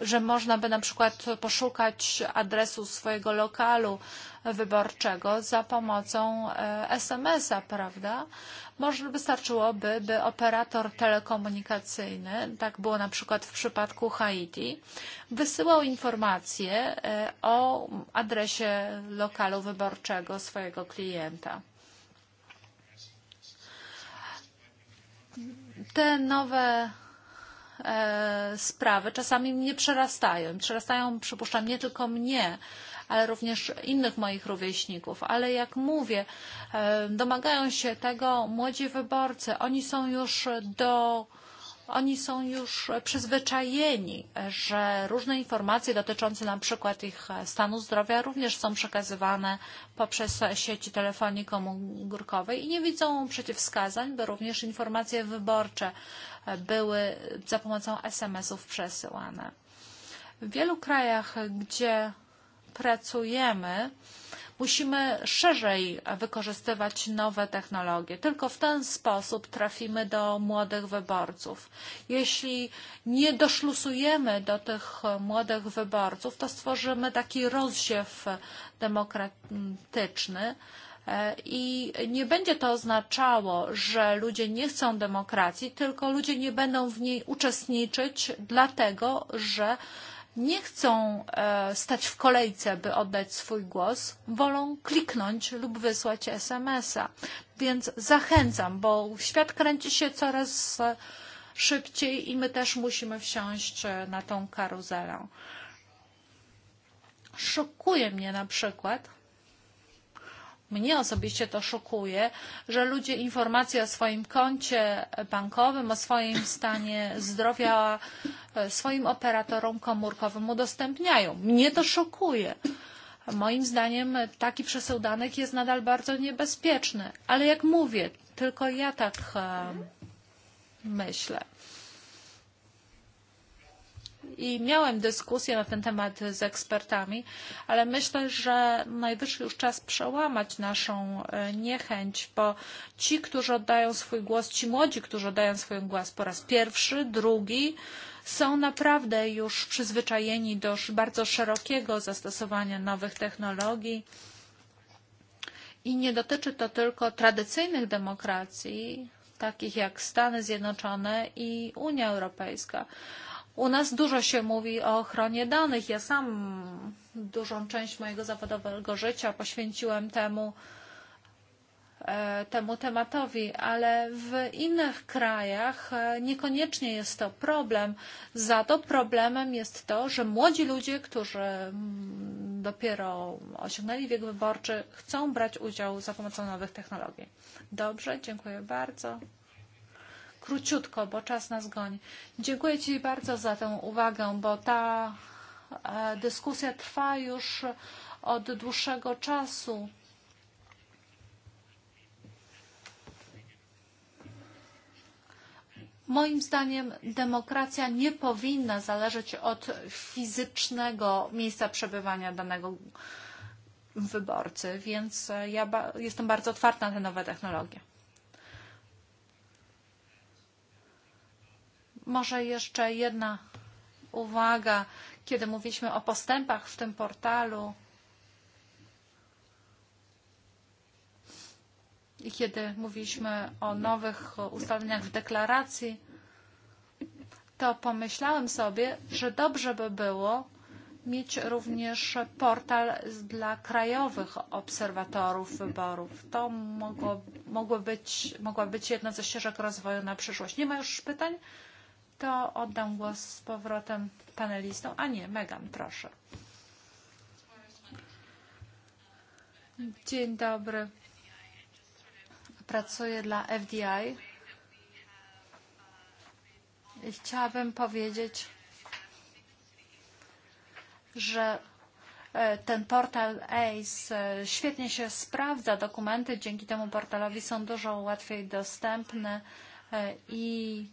że można by na przykład poszukać adresu swojego lokalu wyborczego za pomocą e, SMS-a, prawda? Może wystarczyłoby, by operator telekomunikacyjny, tak było na przykład w przypadku Haiti, wysyłał informacje e, o adresie lokalu wyborczego swojego klienta. Te nowe e, sprawy czasami mnie przerastają. Przerastają, przypuszczam, nie tylko mnie, ale również innych moich rówieśników. Ale jak mówię, e, domagają się tego młodzi wyborcy. Oni są już do oni są już przyzwyczajeni, że różne informacje dotyczące na przykład ich stanu zdrowia również są przekazywane poprzez sieci telefonii komórkowej i nie widzą przeciwwskazań, by również informacje wyborcze były za pomocą SMS-ów przesyłane. W wielu krajach, gdzie pracujemy, musimy szerzej wykorzystywać nowe technologie. Tylko w ten sposób trafimy do młodych wyborców. Jeśli nie doszlusujemy do tych młodych wyborców, to stworzymy taki rozsiew demokratyczny, I nie będzie to oznaczało, że ludzie nie chcą demokracji, tylko ludzie nie będą w niej uczestniczyć, dlatego że nie chcą e, stać w kolejce, by oddać swój głos, wolą kliknąć lub wysłać SMS-a. Więc zachęcam, bo świat kręci się coraz e, szybciej i my też musimy wsiąść e, na tą karuzelę. Szokuje mnie na przykład, Mnie osobiście to szokuje, że ludzie informacje o swoim koncie bankowym, o swoim stanie zdrowia e, swoim operatorom komórkowym udostępniają. Mnie to szokuje. Moim zdaniem taki przesył danych jest nadal bardzo niebezpieczny. Ale jak mówię, tylko ja tak e, myślę i miałem dyskusję na ten temat z ekspertami, ale myślę, że najwyższy już czas przełamać naszą e, niechęć, bo ci, którzy oddają swój głos, ci młodzi, którzy oddają swój głos po raz pierwszy, drugi, są naprawdę już przyzwyczajeni do bardzo szerokiego zastosowania nowych technologii. I nie dotyczy to tylko tradycyjnych demokracji, takich jak Stany Zjednoczone i Unia Europejska, U nas dużo się mówi o ochronie danych. Ja sam dużą część mojego zawodowego życia poświęciłem temu, e, temu tematowi, ale w innych krajach e, niekoniecznie jest to problem. Za to problemem jest to, że młodzi ludzie, którzy mm, dopiero osiągnęli wiek wyborczy, chcą brać udział za pomocą nowych technologii. Dobrze, dziękuję bardzo króciutko, bo czas nas goni. Dziękuję Ci bardzo za tę uwagę, bo ta e, dyskusja trwa już od dłuższego czasu. Moim zdaniem demokracja nie powinna zależeć od fizycznego miejsca przebywania danego wyborcy, więc ja ba jestem bardzo otwarta na te nowe technologie. Może jeszcze jedna uwaga, kiedy mówiliśmy o postępach w tym portalu i kiedy mówiliśmy o nowych ustaleniach w deklaracji, to pomyślałem sobie, że dobrze by było mieć również portal dla krajowych obserwatorów wyborów. To mogło, mogło być, mogła być jedna ze ścieżek rozwoju na przyszłość. Nie ma już pytań? to oddam głos z powrotem panelistom. A nie, Megan, proszę. Dzień dobry. Pracuję dla FDI. I chciałabym powiedzieć, że e, ten portal ACE e, świetnie się sprawdza. Dokumenty dzięki temu portalowi są dużo łatwiej dostępne e, i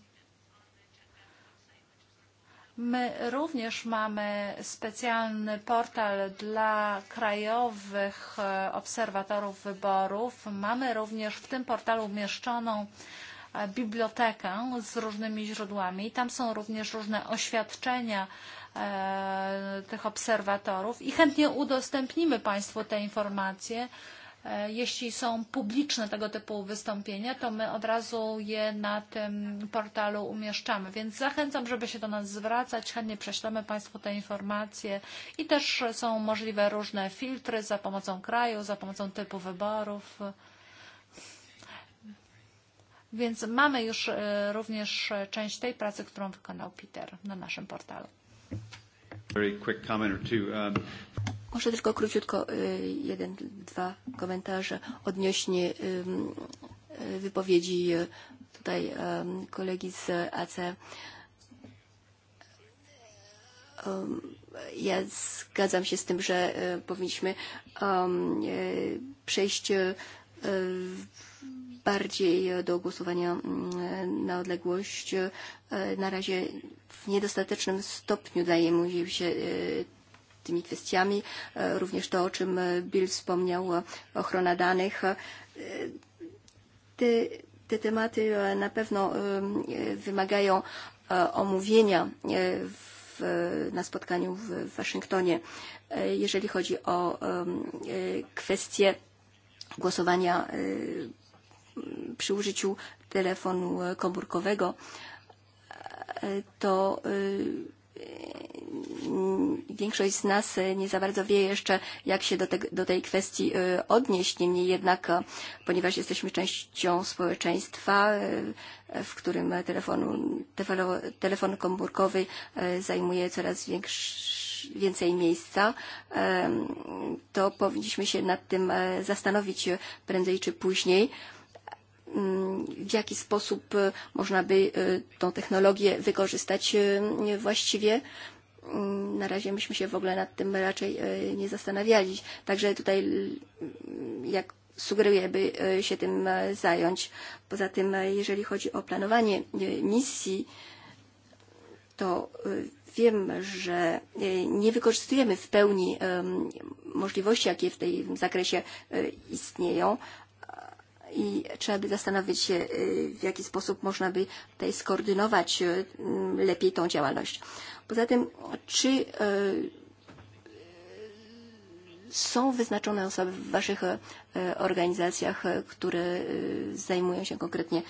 My również mamy specjalny portal dla krajowych e, obserwatorów wyborów. Mamy również w tym portalu umieszczoną e, bibliotekę z różnymi źródłami. Tam są również różne oświadczenia e, tych obserwatorów i chętnie udostępnimy Państwu te informacje, E, jeśli są publiczne tego typu wystąpienia, to my od razu je na tym portalu umieszczamy. Więc zachęcam, żeby się do nas zwracać. Chętnie prześlemy Państwu te informacje. I też są możliwe różne filtry za pomocą kraju, za pomocą typu wyborów. Więc mamy już e, również część tej pracy, którą wykonał Peter na naszym portalu. Very quick comment or two. Um, Może tylko króciutko jeden, dwa komentarze odnośnie wypowiedzi tutaj kolegi z AC. Ja zgadzam się z tym, że powinniśmy przejść bardziej do głosowania mm, na odległość. Na razie w niedostatecznym stopniu dajemy się tymi kwestiami, e, również to, o czym e, Bill wspomniał, e, ochrona danych. Te, te tematy na pewno wymagają omówienia w, na spotkaniu w Waszyngtonie. Jeżeli chodzi o kwestie głosowania przy użyciu telefonu komórkowego, to większość z nas e, nie za bardzo wie jeszcze, jak się do, te, do tej kwestii e, odnieść. Niemniej jednak, e, ponieważ jesteśmy częścią społeczeństwa, w którym telefonu, telefon, telefon komórkowy zajmuje coraz większy więcej miejsca, to powinniśmy się nad tym zastanowić prędzej czy później w jaki sposób e, można by e, tą technologię wykorzystać e, właściwie. Mm, na razie myśmy się w ogóle nad tym raczej nie zastanawiali. Także tutaj jak sugeruję, by się tym zająć. Poza tym, jeżeli chodzi o planowanie misji, to wiem, że nie wykorzystujemy w pełni możliwości, jakie w tym zakresie istnieją, i trzeba by zastanowić się, w jaki sposób można by tutaj skoordynować mm, lepiej tą działalność. Poza tym, czy są wyznaczone osoby w Waszych organizacjach, które zajmują się konkretnie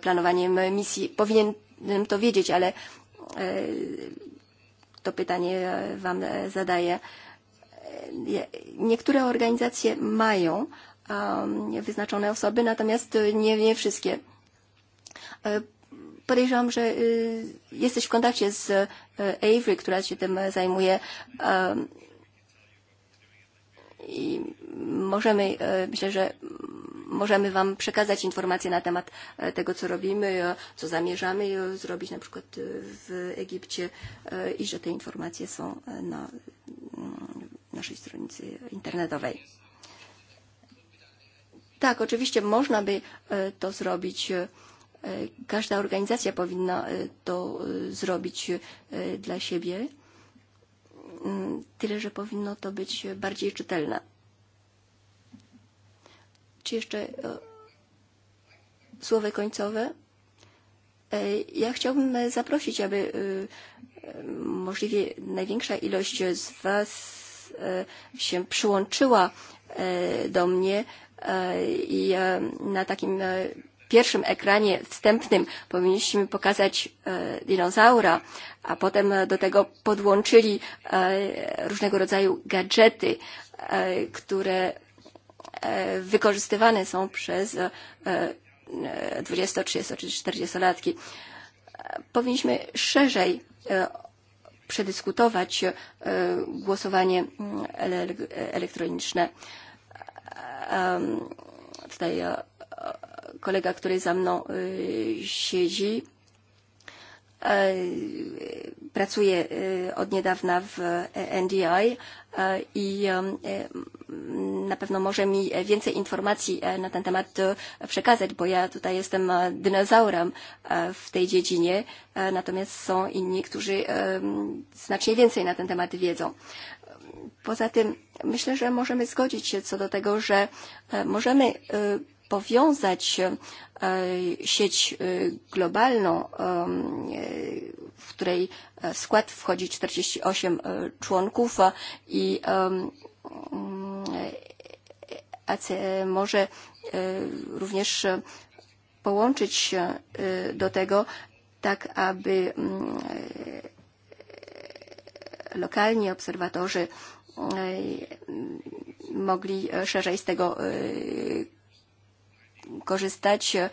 planowaniem misji? Powinienem to wiedzieć, ale to pytanie Wam zadaję. Niektóre organizacje mają Um, wyznaczone osoby, natomiast nie, nie wszystkie. E, podejrzewam, że jesteś w kontakcie z Avery, która się tym zajmuje um, i możemy, myślę, że możemy Wam przekazać informacje na temat e, tego, co robimy, co zamierzamy zrobić na przykład w Egipcie i że te informacje są e, na mm, naszej stronicy internetowej. Tak, oczywiście można by e, to zrobić. E, każda organizacja powinna e, to zrobić dla siebie, mm, tyle że powinno to być bardziej czytelne. Czy jeszcze słowo końcowe? Ja chciałbym zaprosić, aby możliwie największa ilość z Was się przyłączyła do mnie i na takim e, pierwszym ekranie wstępnym powinniśmy pokazać e, dinozaura, a potem do tego podłączyli e, różnego rodzaju gadżety, które wykorzystywane są przez 20, 30 czy 40-latki. Powinniśmy szerzej przedyskutować głosowanie mm, elektroniczne tutaj e, kolega, który za mną e, siedzi, e, pracuje od niedawna w NDI i na pewno może mi więcej informacji na ten temat przekazać, bo ja tutaj jestem dinozaurem w tej dziedzinie, natomiast są inni, którzy znacznie więcej na ten temat wiedzą. Poza tym myślę, że możemy zgodzić się co do tego, że e, możemy e, powiązać e, sieć globalną, w której w skład wchodzi 48 członków i może również połączyć się do tego, tak aby mm, lokalni obserwatorzy e, mogli szerzej z tego e, korzystać. E,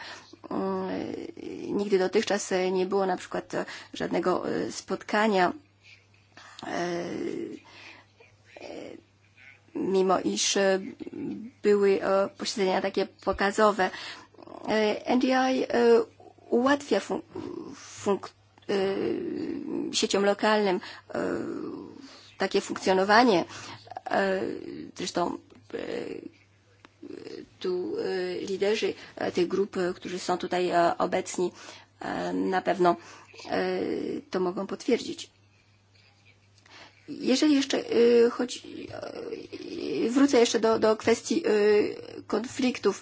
nigdy dotychczas nie było na przykład żadnego spotkania, mimo iż były posiedzenia takie pokazowe. NDI ułatwia fun- sieciom lokalnym takie funkcjonowanie. Zresztą tu liderzy tych grup, którzy są tutaj obecni, na pewno to mogą potwierdzić. Jeżeli jeszcze chodzi, wrócę jeszcze do, do kwestii konfliktów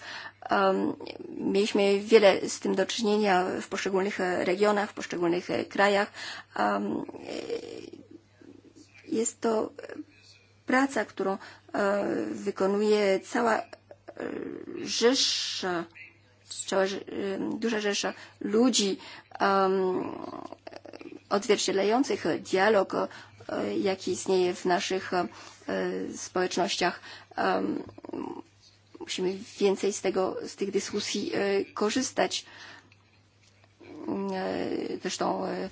Mieliśmy wiele z tym do czynienia w poszczególnych e, regionach, w poszczególnych e, krajach. E, jest to praca, którą wykonuje cała rzesza, cała duża rzesza ludzi odzwierciedlających dialog, jaki istnieje w naszych społecznościach musimy więcej z, tego, z tych dyskusji e, korzystać. E, zresztą e,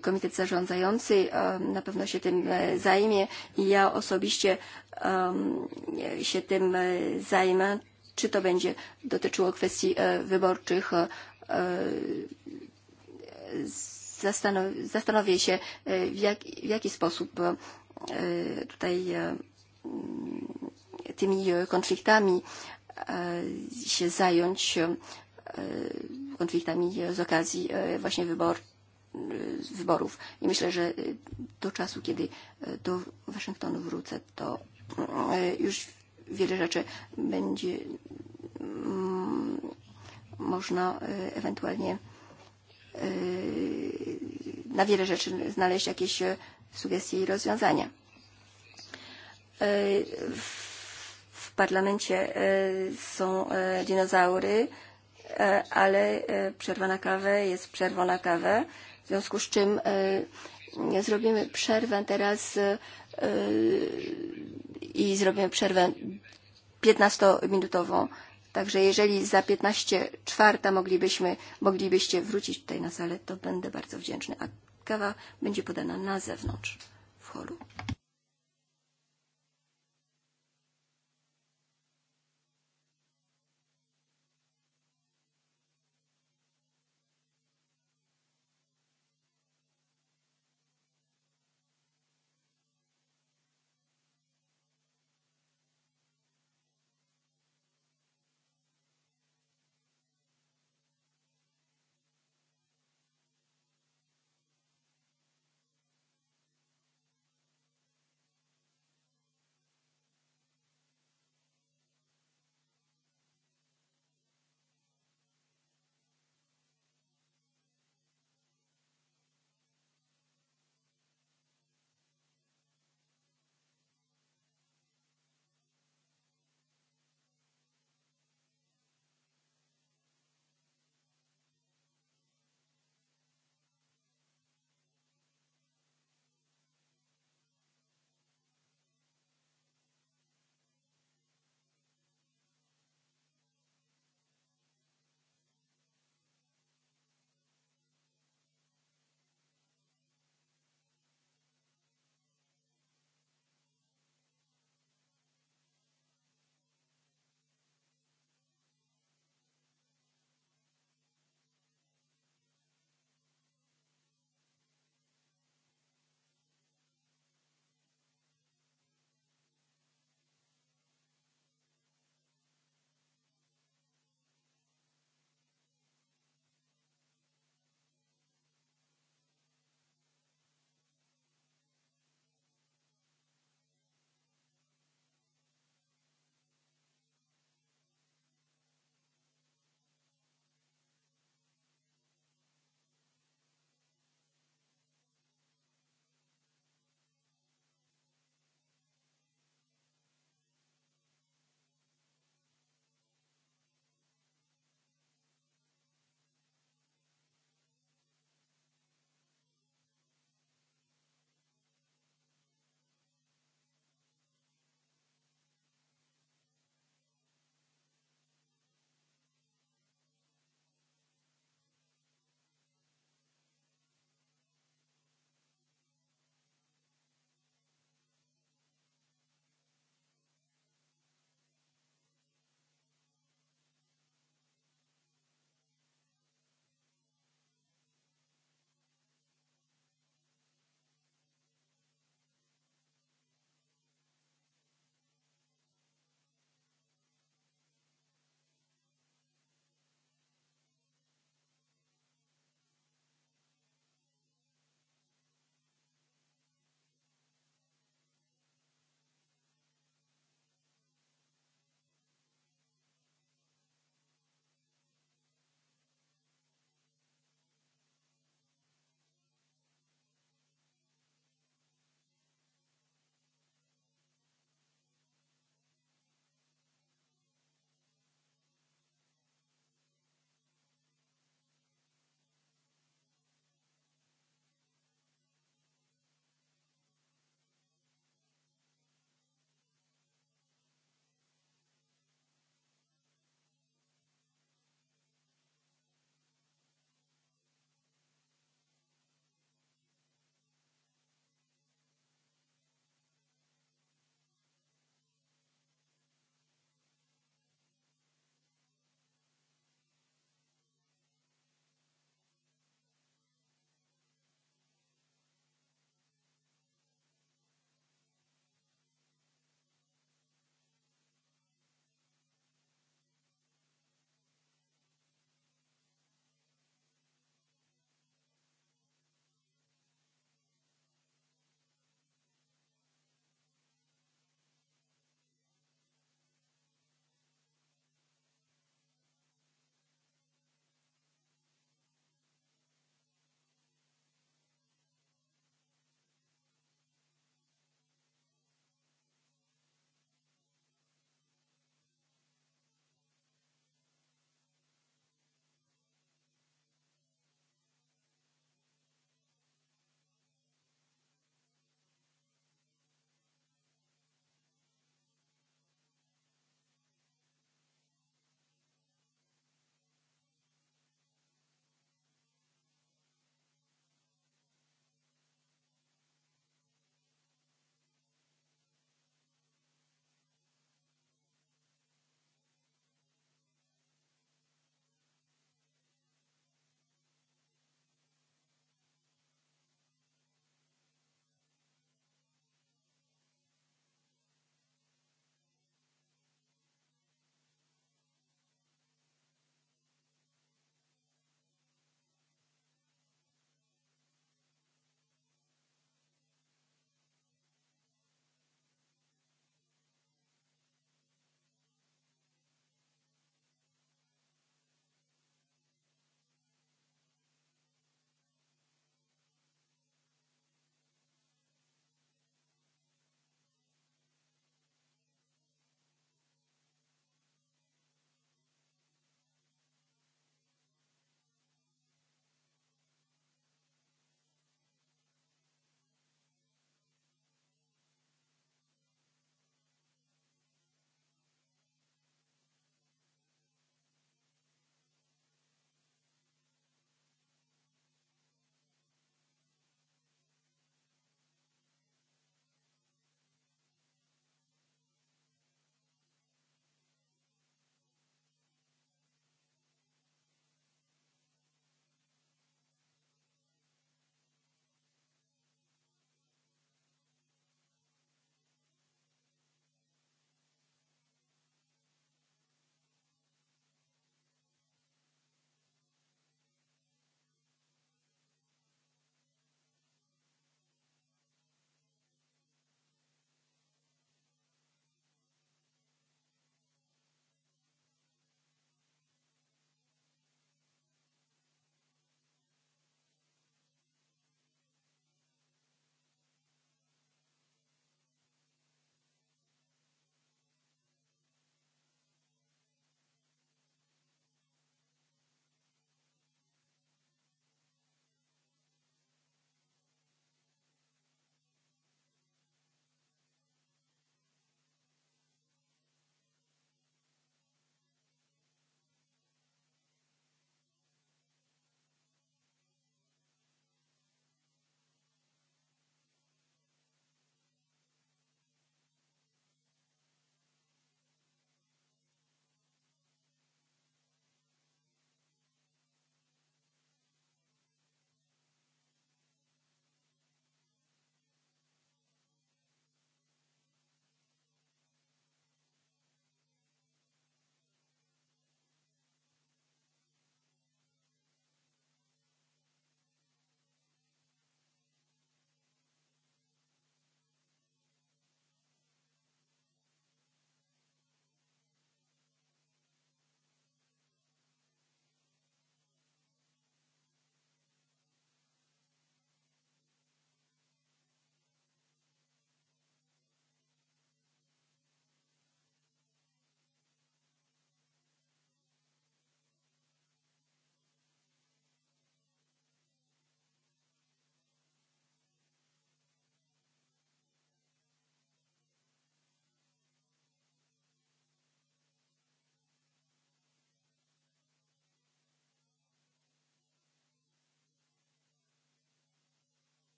komitet zarządzający na pewno się tym zajmie i ja osobiście się tym zajmę. Czy to będzie dotyczyło kwestii wyborczych, zastanowię się, w, jak, w jaki sposób tutaj tymi e, konfliktami e, się zająć e, konfliktami z okazji właśnie wybor, wyborów. I myślę, że do czasu, kiedy do Waszyngtonu wrócę, to już wiele rzeczy będzie mm, można ewentualnie na wiele rzeczy znaleźć jakieś sugestie i rozwiązania. W parlamencie są e, dinozaury, e, ale e, przerwa na kawę jest przerwą na kawę, w związku z czym zrobimy przerwę teraz i zrobimy przerwę 15-minutową. Także jeżeli za 15 czwarta moglibyśmy, moglibyście wrócić tutaj na salę, to będę bardzo wdzięczny. A kawa będzie podana na zewnątrz w holu.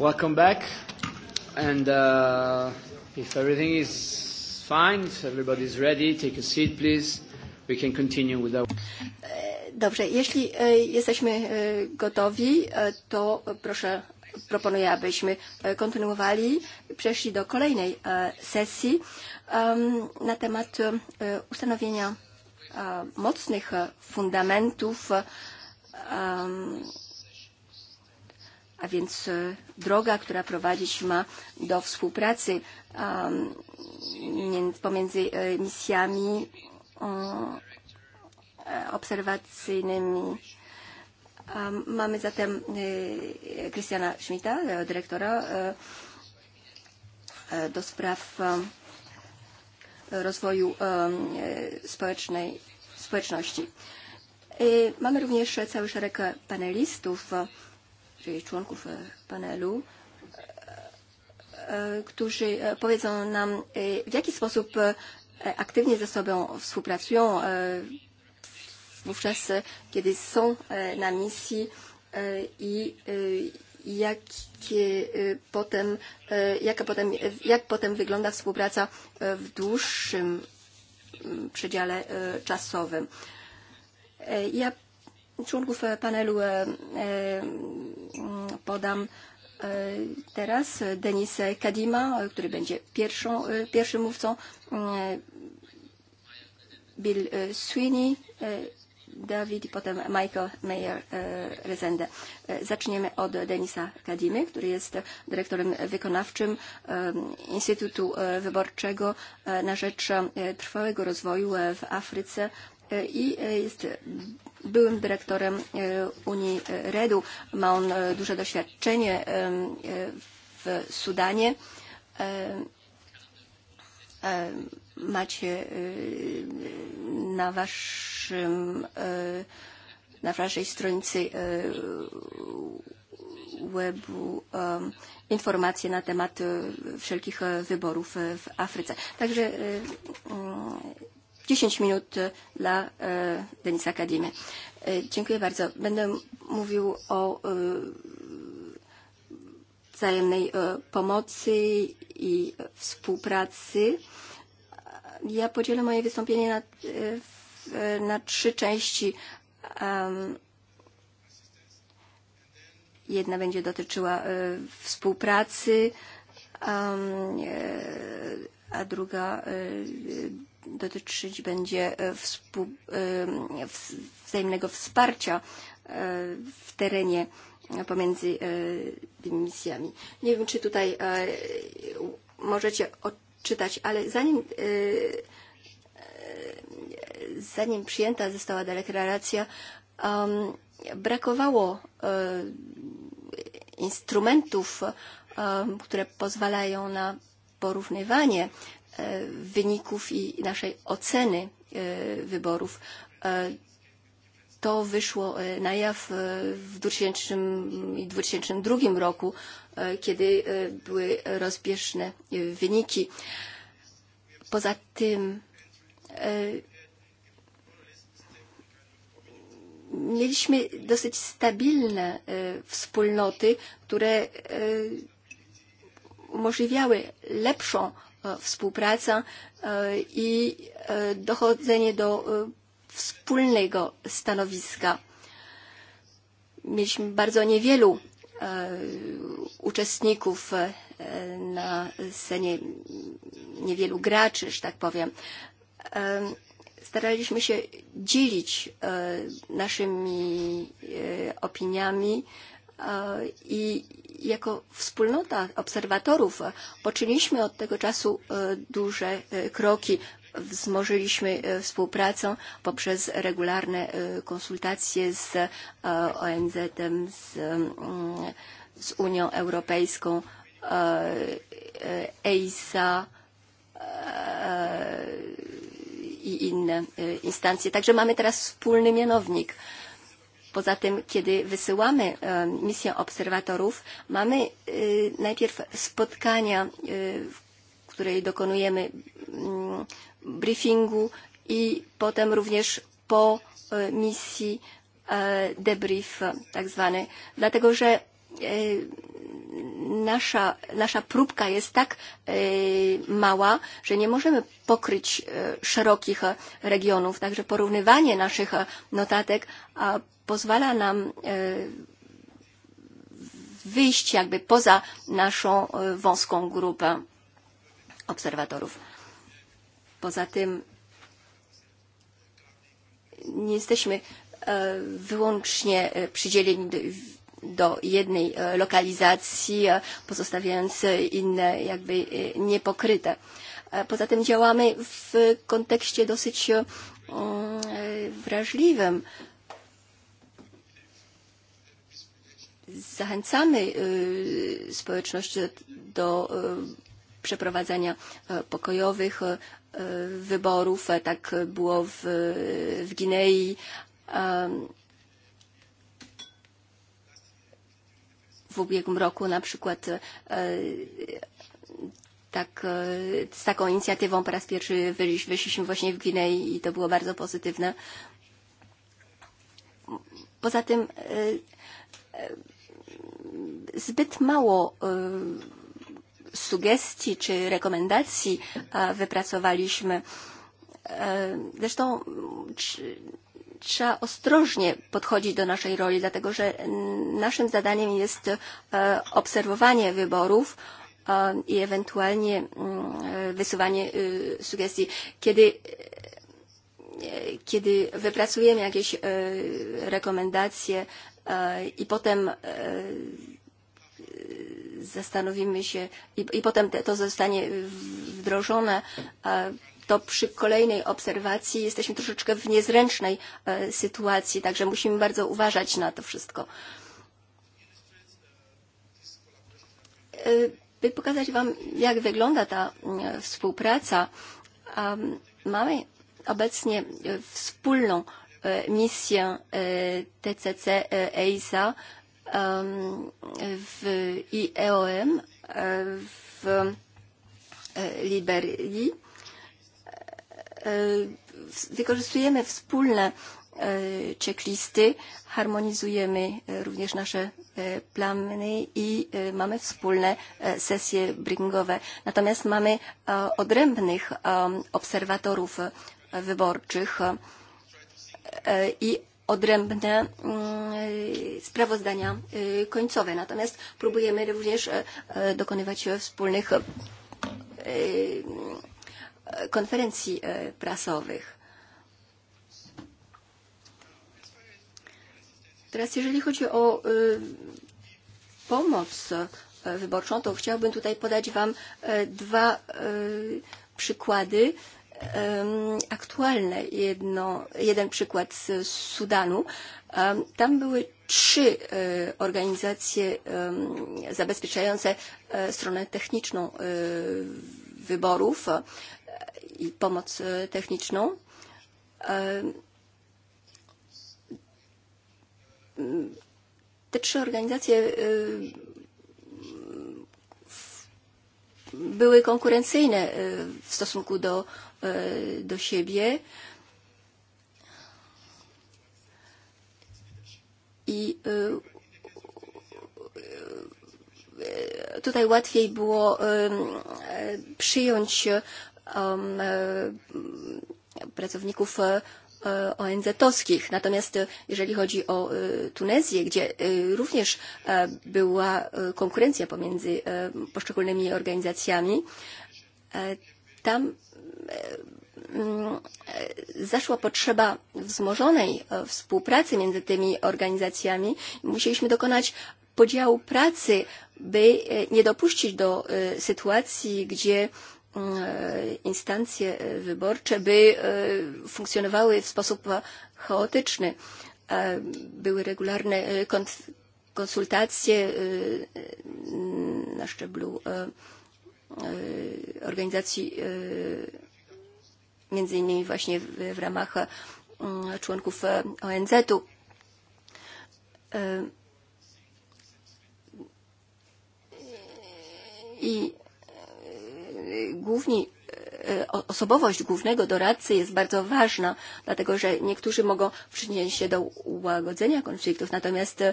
Welcome back. And uh, if everything is fine, if everybody's ready, take a seat, please. We can continue with our... Dobrze, jeśli e, jesteśmy e, gotowi, e, to proszę, proponuję, abyśmy kontynuowali, przeszli do kolejnej sesji na temat ustanowienia mocnych fundamentów a więc e, droga, która prowadzić ma do współpracy um, pomiędzy e, misjami e, obserwacyjnymi. Um, mamy zatem Krystiana Schmidta, dyrektora do spraw rozwoju społecznej, społeczności. Mamy również cały szereg panelistów, czyli członków panelu, którzy powiedzą nam, e, w jaki sposób e, aktywnie ze sobą współpracują e, wówczas, kiedy są na misji i jakie potem, jaka potem, jak potem wygląda współpraca w dłuższym przedziale czasowym. Ja członków e, panelu e, e, podam teraz Denis Kadima, który będzie pierwszą, pierwszym mówcą, Bill Sweeney, David i potem Michael Mayer Rezende. Zaczniemy od Denisa Kadimy, który jest dyrektorem wykonawczym Instytutu Wyborczego na rzecz trwałego rozwoju w Afryce i jest byłym dyrektorem e, Unii Redu. Ma on e, duże doświadczenie e, w Sudanie. Macie na waszym na waszej stronicy webu informacje na temat wszelkich wyborów w Afryce. Także mm, 10 minut e, dla e, Denisa Akademii. E, dziękuję bardzo. Będę mówił o wzajemnej pomocy i współpracy. Ja podzielę moje wystąpienie na, na trzy części. Jedna będzie dotyczyła współpracy, a druga dotyczyć będzie e, współ, e, wzajemnego wsparcia e, w terenie pomiędzy tymi misjami. Nie wiem, czy tutaj możecie odczytać, ale zanim zanim przyjęta została deklaracja, brakowało instrumentów, które pozwalają na porównywanie E, wyników i naszej oceny e, wyborów. E, to wyszło na jaw w 2000 i 2002 roku, kiedy były rozbieżne wyniki. Poza tym mieliśmy dosyć stabilne wspólnoty, które umożliwiały lepszą E, współpraca e, i e, dochodzenie do wspólnego stanowiska. Mieliśmy bardzo niewielu uczestników na scenie, niewielu graczy, że tak powiem. Staraliśmy się dzielić naszymi opiniami i jako wspólnota obserwatorów e, poczyniliśmy od tego czasu e, duże e, kroki. Wzmożyliśmy współpracę poprzez regularne konsultacje z ONZ, z, mm, z Unią Europejską, EISA i inne instancje. Także mamy teraz wspólny mianownik. Poza tym, kiedy wysyłamy e, misję obserwatorów, mamy e, najpierw spotkania, e, w której dokonujemy mm, briefingu i potem również po misji debrief tak zwany. Dlatego, że nasza, nasza próbka jest tak e, mała, że nie możemy pokryć e, szerokich e, regionów. Także porównywanie naszych notatek pozwala nam wyjść jakby poza naszą wąską grupę obserwatorów. Poza tym nie jesteśmy wyłącznie przydzieleni do jednej e, lokalizacji, e, pozostawiając e, inne jakby niepokryte. Poza tym działamy w kontekście dosyć wrażliwym. Zachęcamy społeczność do przeprowadzania pokojowych wyborów. Tak było w, w w ubiegłym roku na przykład e, tak, e, z taką inicjatywą po raz pierwszy wysz, wyszliśmy właśnie w Gwinei i to było bardzo pozytywne. Poza tym e, zbyt mało sugestii czy rekomendacji wypracowaliśmy. Zresztą trzeba ostrożnie podchodzić do naszej roli, dlatego że naszym zadaniem jest e, obserwowanie wyborów e, i ewentualnie mm, e, wysuwanie sugestii. Kiedy kiedy wypracujemy jakieś rekomendacje i potem zastanowimy się i, i potem te, to zostanie wdrożone, to przy kolejnej obserwacji jesteśmy troszeczkę w niezręcznej e, sytuacji, także musimy bardzo uważać na to wszystko. E, by pokazać Wam, jak wygląda ta mm, współpraca, mamy obecnie e, wspólną misję TCC EISA w IEOM w Liberii E, wykorzystujemy wspólne e, checklisty, harmonizujemy e, również nasze plany i mamy wspólne sesje briefingowe. Natomiast mamy odrębnych obserwatorów wyborczych i odrębne mm, sprawozdania końcowe. Natomiast próbujemy również dokonywać wspólnych konferencji e, prasowych. Teraz jeżeli chodzi o e, pomoc e, wyborczą, to chciałbym tutaj podać Wam dwa przykłady aktualne. Jedno, jeden przykład z Sudanu. Tam były trzy organizacje zabezpieczające stronę techniczną wyborów i pomoc e, techniczną. E, te trzy organizacje e, były konkurencyjne w stosunku do, do siebie. I tutaj łatwiej było przyjąć Um, e, pracowników e, e, ONZ-owskich. Natomiast jeżeli chodzi o Tunezję, gdzie również była konkurencja pomiędzy poszczególnymi organizacjami, tam mm, zaszła potrzeba wzmożonej współpracy między tymi organizacjami. Musieliśmy dokonać podziału pracy, by nie dopuścić do sytuacji, gdzie E, instancje wyborcze, by e, funkcjonowały w sposób chaotyczny. E, były regularne konsultacje na szczeblu organizacji, między innymi właśnie w ramach członków ONZ-u. I główni, e, osobowość głównego doradcy jest bardzo ważna, dlatego że niektórzy mogą przyczynić się do ułagodzenia konfliktów, natomiast e,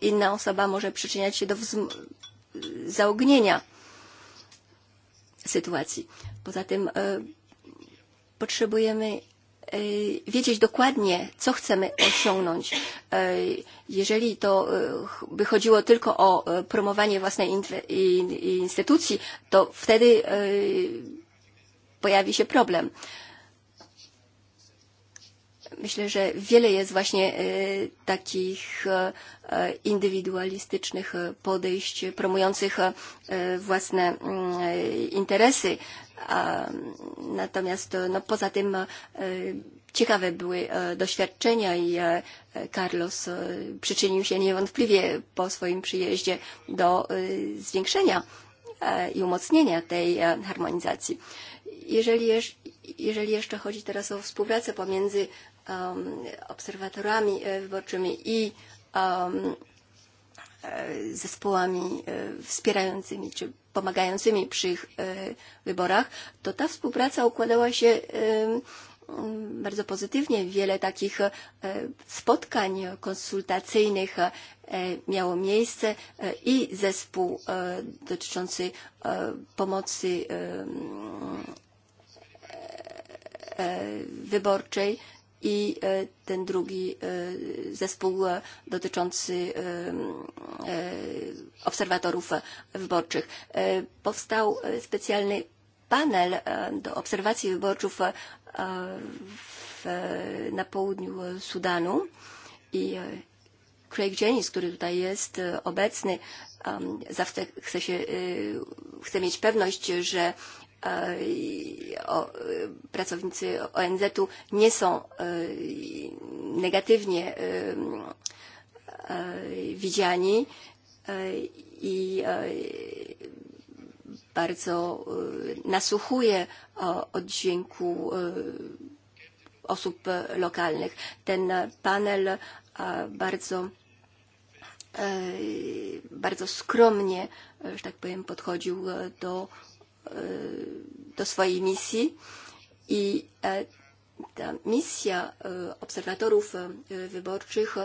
inna osoba może przyczyniać się do zaognienia sytuacji. Poza tym e, potrzebujemy E, wiedzieć dokładnie, co chcemy osiągnąć. E, jeżeli to e, by chodziło tylko o promowanie własnej instytucji, to wtedy pojawi się problem. Myślę, że wiele jest właśnie takich indywidualistycznych podejść promujących własne mm, interesy natomiast no, poza tym e, ciekawe były e, doświadczenia i e, Carlos przyczynił się niewątpliwie po swoim przyjeździe do zwiększenia i umocnienia tej harmonizacji. Jeżeli, jeżeli jeszcze chodzi teraz o współpracę pomiędzy um, obserwatorami wyborczymi i um, E, zespołami e, wspierającymi czy pomagającymi przy ich e, wyborach, to ta współpraca układała się bardzo pozytywnie. Wiele takich spotkań konsultacyjnych miało miejsce i zespół dotyczący pomocy wyborczej i e, ten drugi e, zespół e, dotyczący obserwatorów wyborczych. Powstał specjalny panel do obserwacji wyborczych w, na południu Sudanu i Craig Jennings, który tutaj jest obecny, zawsze chce, się, chce mieć pewność, że E, e, pracownicy ONZ-u nie są e, negatywnie widziani i bardzo nasłuchuje oddźwięku osób lokalnych. Ten panel bardzo bardzo skromnie, że tak powiem, podchodził do do swojej misji i e, ta misja e, obserwatorów e, wyborczych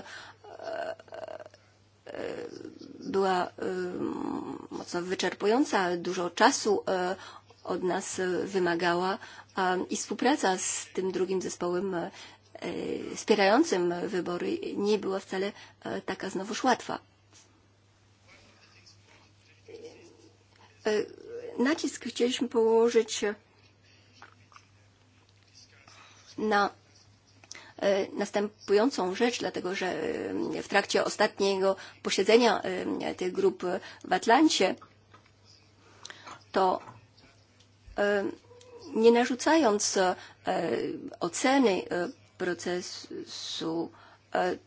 była mocno wyczerpująca, dużo czasu od nas wymagała i współpraca z tym drugim zespołem wspierającym wybory nie była wcale taka znowuż łatwa nacisk chcieliśmy położyć e, na e, następującą rzecz, dlatego że e, w trakcie ostatniego posiedzenia tych grup w Atlancie, to nie narzucając oceny procesu,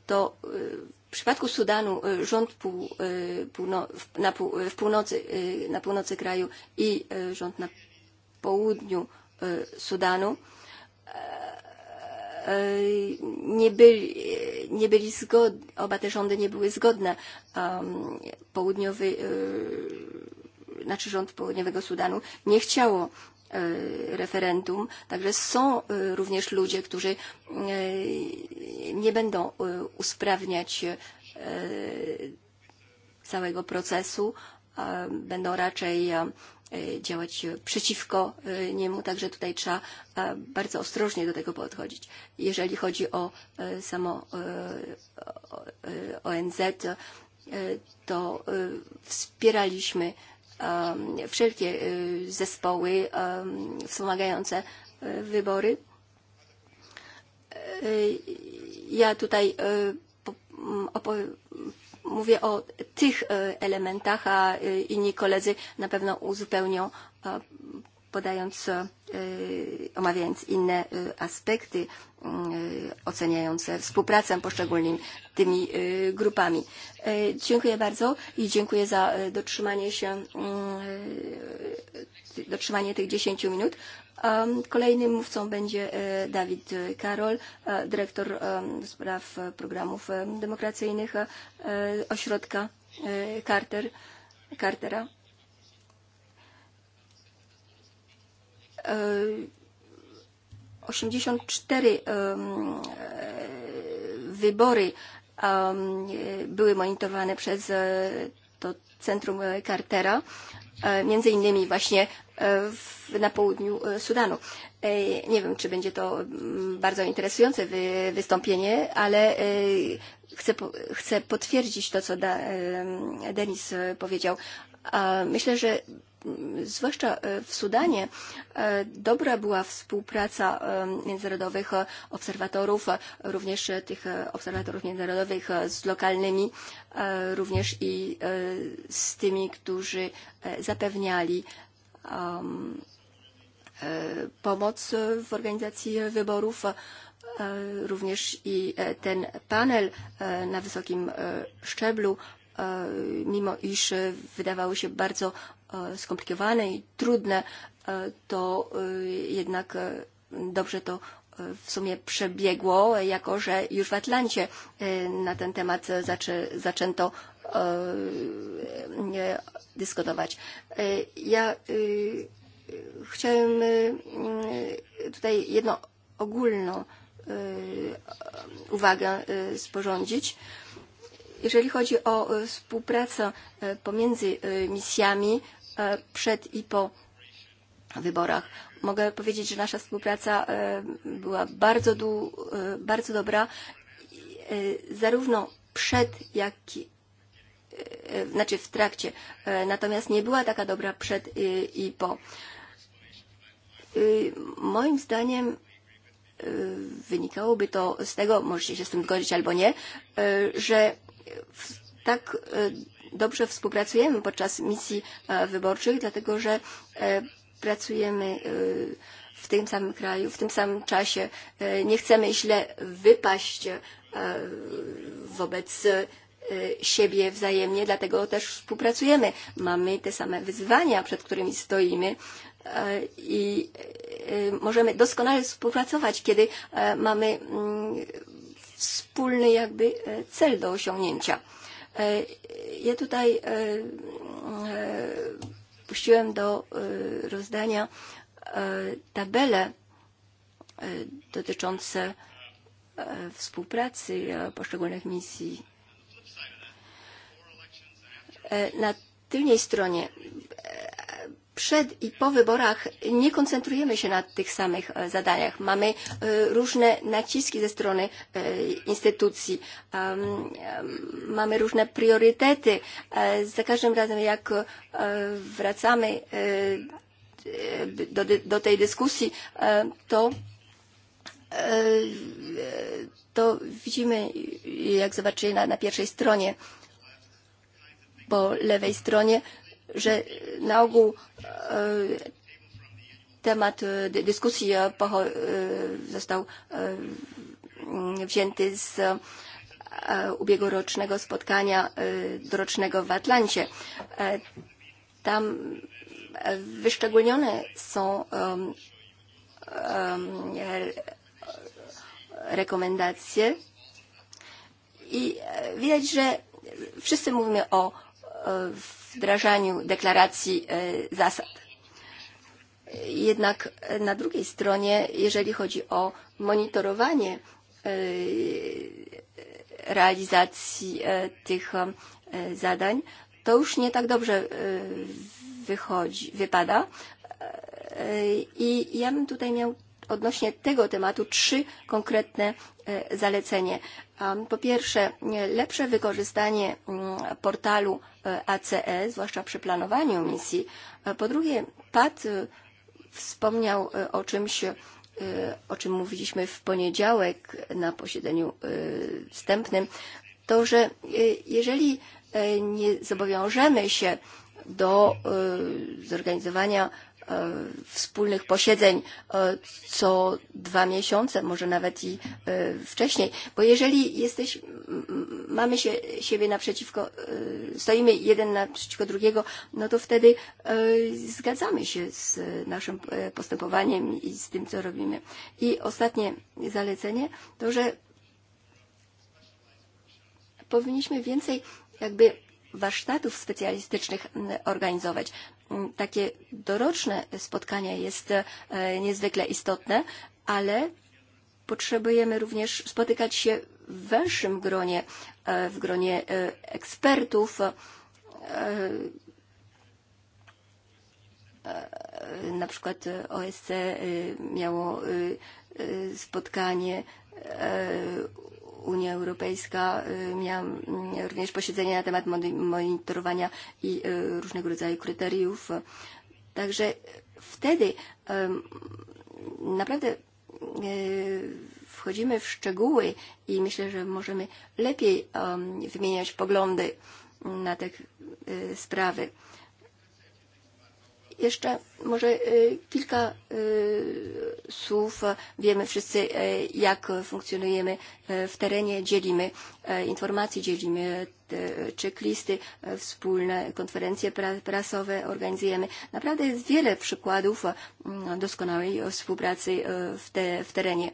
to przypadku Sudanu rząd eh, pół, eh, półno, w, na, pół, w północy, na północy kraju i rząd eh, na południu Sudanu nie byli, nie byli zgodni, oba te rządy nie były zgodne. Mm, południowy, e, znaczy rząd południowego Sudanu nie chciało E, referendum. Także są e, również ludzie, którzy e, nie będą usprawniać całego procesu, będą raczej działać przeciwko niemu, także tutaj trzeba bardzo ostrożnie do tego podchodzić. Jeżeli chodzi o samo ONZ, to wspieraliśmy Um, wszelkie zespoły um, wspomagające wybory. Ja tutaj mm, mówię o tych elementach, a inni koledzy na pewno uzupełnią podając e, omawiając inne e, aspekty e, oceniając współpracę poszczególnymi tymi grupami. Dziękuję bardzo i dziękuję za dotrzymanie się dotrzymanie tych 10 minut. Kolejnym mówcą będzie Dawid Karol, dyrektor spraw programów demokracyjnych ośrodka Carter, Cartera. 84 e, wybory były monitorowane przez e, to centrum e, Cartera, między innymi właśnie na południu Sudanu. Nie wiem, czy będzie to bardzo interesujące wystąpienie, ale chcę, potwierdzić to, co Denis powiedział myślę, że mm, zwłaszcza e, w Sudanie, e, dobra była współpraca e, międzynarodowych obserwatorów, również tych obserwatorów międzynarodowych z lokalnymi, również i z tymi, którzy zapewniali pomoc w organizacji wyborów. Również i ten panel na wysokim szczeblu E, mimo iż wydawały się bardzo e, skomplikowane i trudne, e, to jednak dobrze to w sumie przebiegło, jako że już w Atlancie na ten temat zaczę, zaczęto dyskutować. Ja chciałem tutaj jedną ogólną uwagę sporządzić. Jeżeli chodzi o e, współpracę e, pomiędzy e, misjami przed i po wyborach, mogę powiedzieć, że nasza współpraca była bardzo, du, bardzo dobra, zarówno przed, jak i znaczy w trakcie, natomiast nie była taka dobra przed i, i po. Moim zdaniem wynikałoby to z tego, możecie się z tym zgodzić albo nie, że tak e, dobrze współpracujemy podczas misji e, wyborczych, dlatego że e, pracujemy w tym samym kraju, w tym samym czasie. Nie chcemy źle wypaść wobec siebie wzajemnie, dlatego też współpracujemy. Mamy te same wyzwania, przed którymi stoimy i możemy doskonale współpracować, kiedy mamy mm, wspólny jakby e, cel do osiągnięcia. E, ja tutaj e, puściłem do rozdania tabele dotyczące współpracy poszczególnych misji. Na tylnej stronie przed i po wyborach nie koncentrujemy się na tych samych e, zadaniach. Mamy e, różne naciski ze strony e, instytucji, mamy różne priorytety. Za każdym razem, jak wracamy do, do tej dyskusji, to to widzimy, jak zobaczyli na, na pierwszej stronie, po lewej stronie, że na ogół e, temat e, dyskusji e, został mm, wzięty z ubiegłorocznego spotkania dorocznego w Atlancie. Tam wyszczególnione są rekomendacje i widać, że wszyscy mówimy o wdrażaniu deklaracji e, zasad. Jednak na drugiej stronie, jeżeli chodzi o monitorowanie e, realizacji e, tych zadań, to już nie tak dobrze wychodzi, wypada. I ja bym tutaj miał odnośnie tego tematu trzy konkretne e, zalecenie. Po pierwsze, lepsze wykorzystanie mm, portalu ACE, e, zwłaszcza przy planowaniu misji. Po drugie, PAD e, wspomniał o czymś, o czym mówiliśmy w poniedziałek na posiedzeniu wstępnym, to że jeżeli nie zobowiążemy się do zorganizowania E, wspólnych posiedzeń e, co dwa miesiące, może nawet i e, wcześniej, bo jeżeli jesteś, mamy się, siebie naprzeciwko, stoimy jeden naprzeciwko drugiego, no to wtedy zgadzamy się z naszym postępowaniem i z tym, co robimy. I ostatnie zalecenie to, że powinniśmy więcej jakby warsztatów specjalistycznych mm, organizować. Mm, takie doroczne spotkanie jest e, niezwykle istotne, ale potrzebujemy również spotykać się w węższym gronie, e, w gronie e, ekspertów, na przykład OSC miało spotkanie Unia Europejska Miałam również posiedzenie na temat monitorowania i różnego rodzaju kryteriów. Także wtedy naprawdę wchodzimy w szczegóły i myślę, że możemy lepiej wymieniać poglądy na te sprawy. Jeszcze może e, kilka e, słów. Wiemy wszyscy, e, jak funkcjonujemy w terenie. Dzielimy informacje, dzielimy checklisty, wspólne konferencje prasowe organizujemy. Naprawdę jest wiele przykładów doskonałej współpracy w, te, w terenie.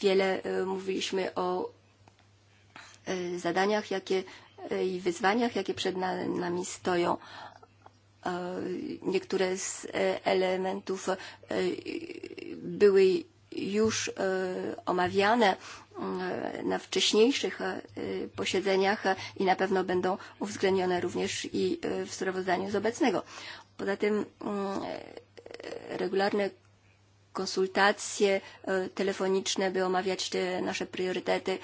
Wiele mówiliśmy o zadaniach jakie, i wyzwaniach, jakie przed nami stoją. Niektóre z e, elementów e, były już e, omawiane na wcześniejszych posiedzeniach i na pewno będą uwzględnione również i w sprawozdaniu z obecnego. Poza tym mm, regularne konsultacje telefoniczne, by omawiać te nasze priorytety,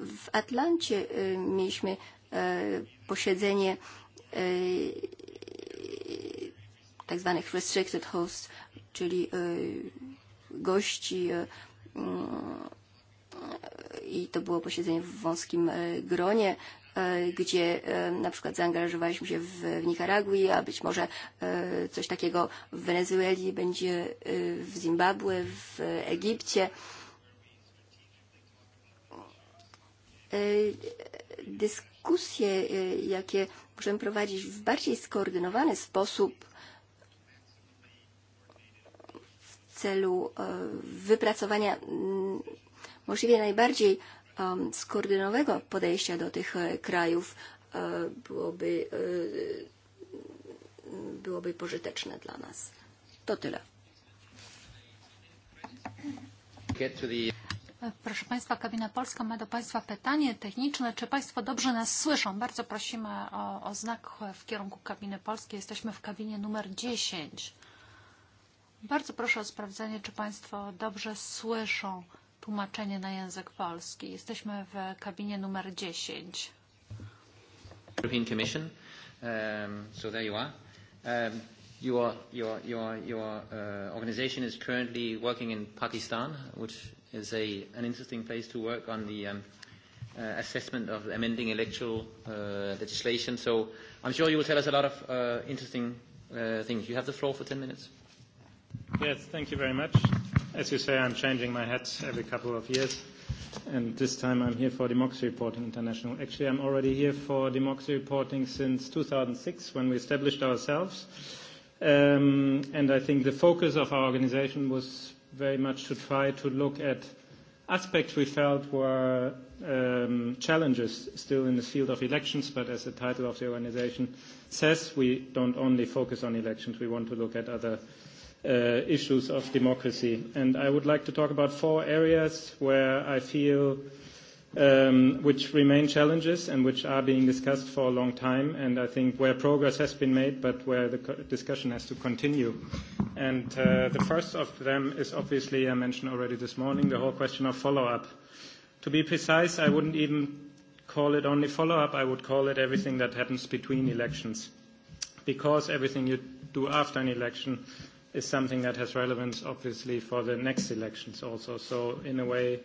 W Atlancie mieliśmy posiedzenie tak zwanych restricted hosts", czyli gości i to było posiedzenie w wąskim gronie, gdzie na przykład zaangażowaliśmy się w Nikaragui, a być może coś takiego w Wenezueli będzie w Zimbabwe, w Egipcie. E, dyskusje, e, jakie możemy prowadzić w bardziej skoordynowany sposób w celu e, wypracowania możliwie najbardziej um, skoordynowego podejścia do tych krajów byłoby, byłoby pożyteczne dla nas. To tyle. Proszę Państwa, Kabina Polska ma do Państwa pytanie techniczne. Czy Państwo dobrze nas słyszą? Bardzo prosimy o, o znak w kierunku kabiny polskiej. Jesteśmy w kabinie numer 10. Bardzo proszę o sprawdzenie, czy Państwo dobrze słyszą tłumaczenie na język polski. Jesteśmy w kabinie numer 10. European Commission. Um, so there you are. Um, your your your your uh, organization is currently working in Pakistan, which is a, an interesting place to work on the um, uh, assessment of amending electoral uh, legislation. So I'm sure you will tell us a lot of uh, interesting uh, things. You have the floor for 10 minutes. Yes, thank you very much. As you say, I'm changing my hat every couple of years. And this time I'm here for Democracy Reporting International. Actually, I'm already here for Democracy Reporting since 2006 when we established ourselves. Um, and I think the focus of our organization was very much to try to look at aspects we felt were um, challenges still in the field of elections, but as the title of the organization says, we don't only focus on elections, we want to look at other uh, issues of democracy. And I would like to talk about four areas where I feel um, which remain challenges and which are being discussed for a long time, and I think where progress has been made, but where the discussion has to continue. And uh, the first of them is obviously, I mentioned already this morning, the whole question of follow-up. To be precise, I wouldn't even call it only follow-up, I would call it everything that happens between elections, because everything you do after an election is something that has relevance, obviously, for the next elections also. So in a way,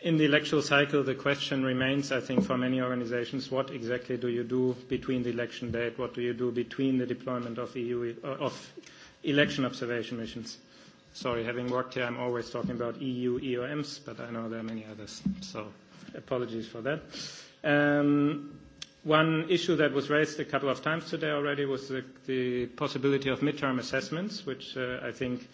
In the electoral cycle, the question remains, I think, for many organizations, what exactly do you do between the election date? What do you do between the deployment of EU uh, of election observation missions? Sorry, having worked here, I'm always talking about EU EOMs, but I know there are many others, so apologies for that. Um, one issue that was raised a couple of times today already was the, the possibility of midterm assessments, which uh, I think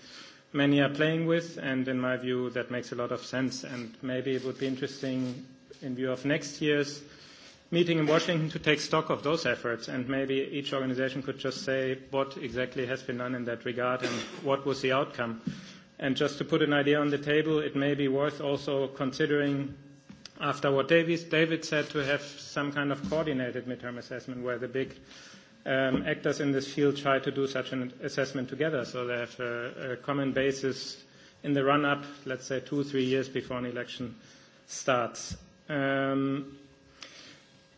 many are playing with, and in my view, that makes a lot of sense. And maybe it would be interesting in view of next year's meeting in Washington to take stock of those efforts, and maybe each organization could just say what exactly has been done in that regard and what was the outcome. And just to put an idea on the table, it may be worth also considering, after what David said, to have some kind of coordinated midterm assessment where the big um, actors in this field try to do such an assessment together so they have a, a common basis in the run-up, let's say two, three years before an election starts. Um,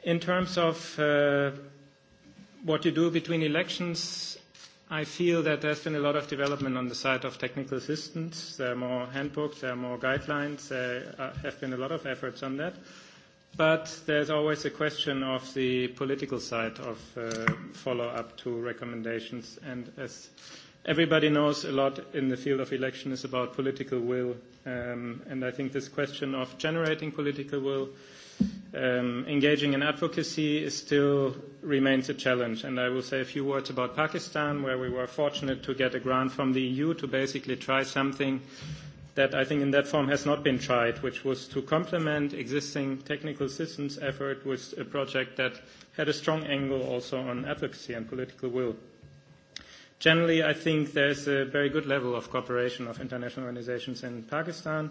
in terms of uh, what you do between elections, I feel that there's been a lot of development on the side of technical assistance. There are more handbooks, there are more guidelines, there uh, have been a lot of efforts on that. Uh, But there's always a question of the political side of uh, follow-up to recommendations. And as everybody knows, a lot in the field of election is about political will. Um, and I think this question of generating political will, um, engaging in advocacy is still remains a challenge. And I will say a few words about Pakistan, where we were fortunate to get a grant from the EU to basically try something that I think in that form has not been tried, which was to complement existing technical systems effort with a project that had a strong angle also on advocacy and political will. Generally, I think there's a very good level of cooperation of international organizations in Pakistan.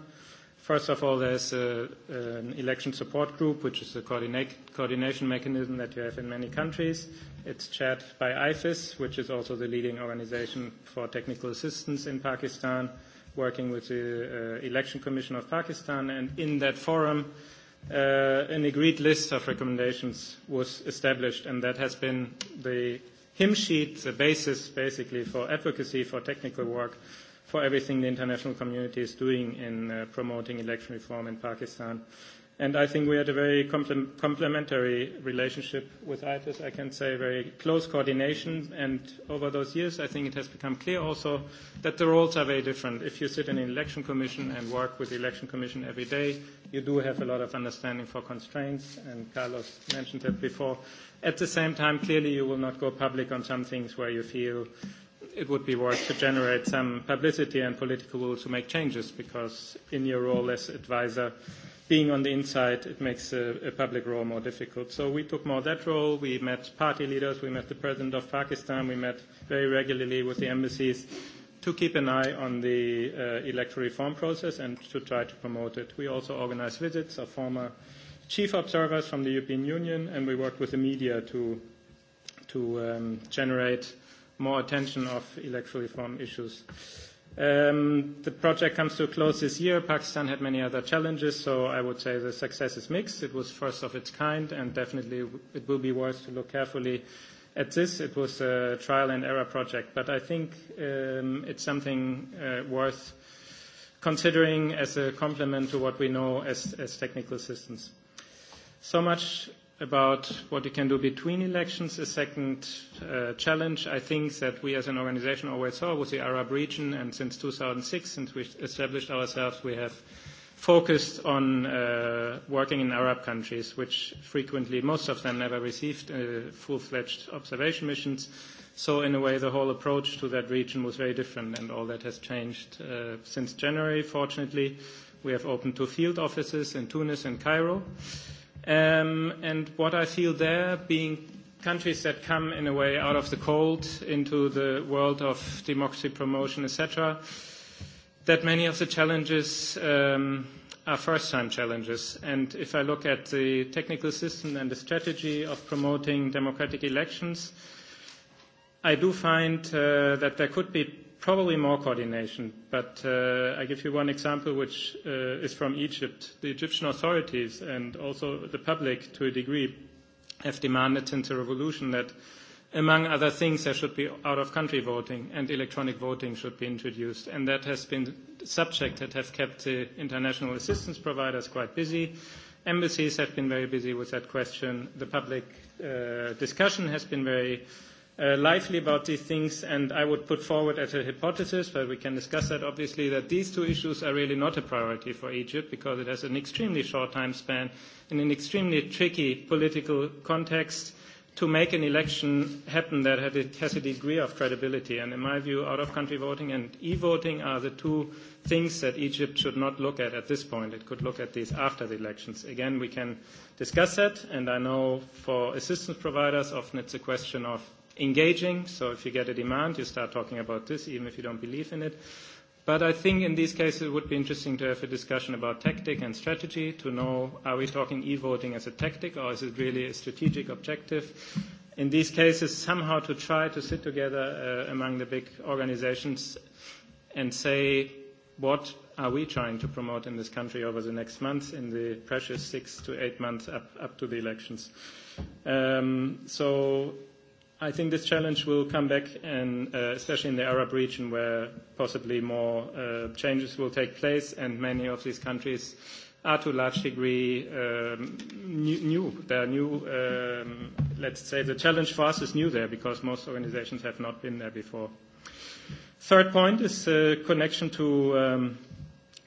First of all, there's a, an election support group, which is a coordinate, coordination mechanism that you have in many countries. It's chaired by IFIS, which is also the leading organization for technical assistance in Pakistan working with the uh, Election Commission of Pakistan, and in that forum, uh, an agreed list of recommendations was established, and that has been the hymn sheet, the basis basically for advocacy, for technical work, for everything the international community is doing in uh, promoting election reform in Pakistan. Uh, And I think we had a very complementary relationship with ITIS. I can say very close coordination. And over those years, I think it has become clear also that the roles are very different. If you sit in an election commission and work with the election commission every day, you do have a lot of understanding for constraints. And Carlos mentioned that before. At the same time, clearly you will not go public on some things where you feel it would be worth to generate some publicity and political will to make changes because in your role as advisor, being on the inside, it makes a, a public role more difficult. So we took more that role. We met party leaders. We met the president of Pakistan. We met very regularly with the embassies to keep an eye on the uh, electoral reform process and to try to promote it. We also organized visits of former chief observers from the European Union, and we worked with the media to, to um, generate more attention of electoral reform issues. Uh, Um, the project comes to a close this year. Pakistan had many other challenges, so I would say the success is mixed. It was first of its kind, and definitely it will be worth to look carefully at this. It was a trial and error project, but I think um, it's something uh, worth considering as a complement to what we know as, as technical systems. So much about what you can do between elections. A second uh, challenge I think that we as an organization always saw was the Arab region, and since 2006, since we established ourselves, we have focused on uh, working in Arab countries, which frequently, most of them, never received uh, full-fledged observation missions. So in a way, the whole approach to that region was very different, and all that has changed uh, since January, fortunately. We have opened two field offices in Tunis and Cairo. Uh, Um, and what I feel there being countries that come in a way out of the cold into the world of democracy promotion, etc., that many of the challenges um, are first-time challenges. And if I look at the technical system and the strategy of promoting democratic elections, I do find uh, that there could be probably more coordination, but uh, I give you one example which uh, is from Egypt. The Egyptian authorities and also the public to a degree have demanded since the revolution that among other things, there should be out-of-country voting and electronic voting should be introduced. And that has been subject that have kept the international assistance providers quite busy. Embassies have been very busy with that question. The public uh, discussion has been very Uh, lively about these things, and I would put forward as a hypothesis, but we can discuss that obviously, that these two issues are really not a priority for Egypt because it has an extremely short time span in an extremely tricky political context to make an election happen that has a degree of credibility. And in my view, out-of-country voting and e-voting are the two things that Egypt should not look at at this point. It could look at these after the elections. Again, we can discuss that, and I know for assistance providers, often it's a question of engaging. So if you get a demand, you start talking about this, even if you don't believe in it. But I think in these cases, it would be interesting to have a discussion about tactic and strategy to know, are we talking e-voting as a tactic, or is it really a strategic objective? In these cases, somehow to try to sit together uh, among the big organizations and say, what are we trying to promote in this country over the next months, in the precious six to eight months up, up to the elections? Um, so I think this challenge will come back, and uh, especially in the Arab region, where possibly more uh, changes will take place, and many of these countries are to a large degree um, new, They are new. Um, let's say the challenge for us is new there because most organizations have not been there before. Third point is uh, connection to um,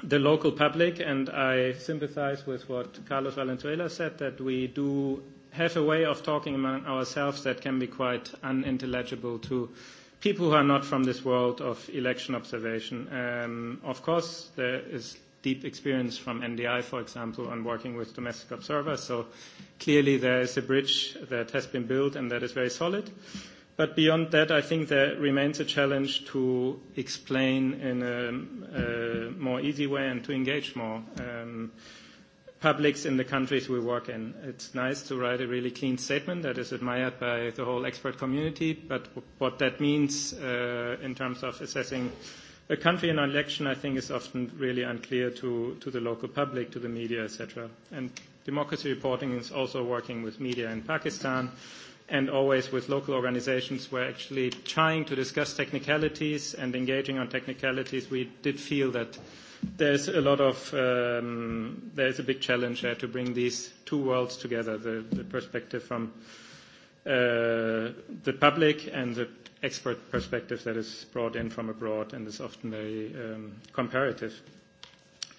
the local public, and I sympathize with what Carlos Valenzuela said that we do have a way of talking among ourselves that can be quite unintelligible to people who are not from this world of election observation. Um, of course, there is deep experience from NDI, for example, on working with domestic observers. So clearly there is a bridge that has been built and that is very solid. But beyond that, I think there remains a challenge to explain in a, a more easy way and to engage more. Um, publics in the countries we work in. It's nice to write a really clean statement that is admired by the whole expert community, but what that means uh, in terms of assessing a country in an election, I think, is often really unclear to, to the local public, to the media, etc. And democracy reporting is also working with media in Pakistan and always with local organizations where actually trying to discuss technicalities and engaging on technicalities, we did feel that there's a lot of um, is a big challenge there to bring these two worlds together: the, the perspective from uh, the public and the expert perspective that is brought in from abroad and is often very um, comparative.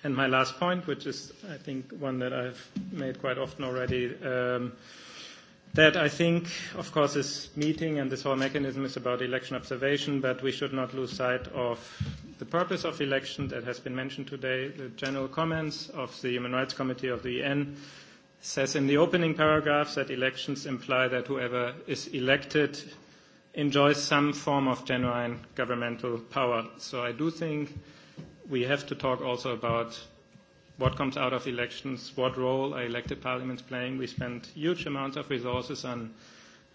And my last point, which is I think one that I've made quite often already. Um, that I think, of course, this meeting and this whole mechanism is about election observation, but we should not lose sight of the purpose of election that has been mentioned today. The general comments of the Human Rights Committee of the UN says in the opening paragraphs that elections imply that whoever is elected enjoys some form of genuine governmental power. So I do think we have to talk also about what comes out of elections, what role are elected parliaments playing. We spend huge amounts of resources on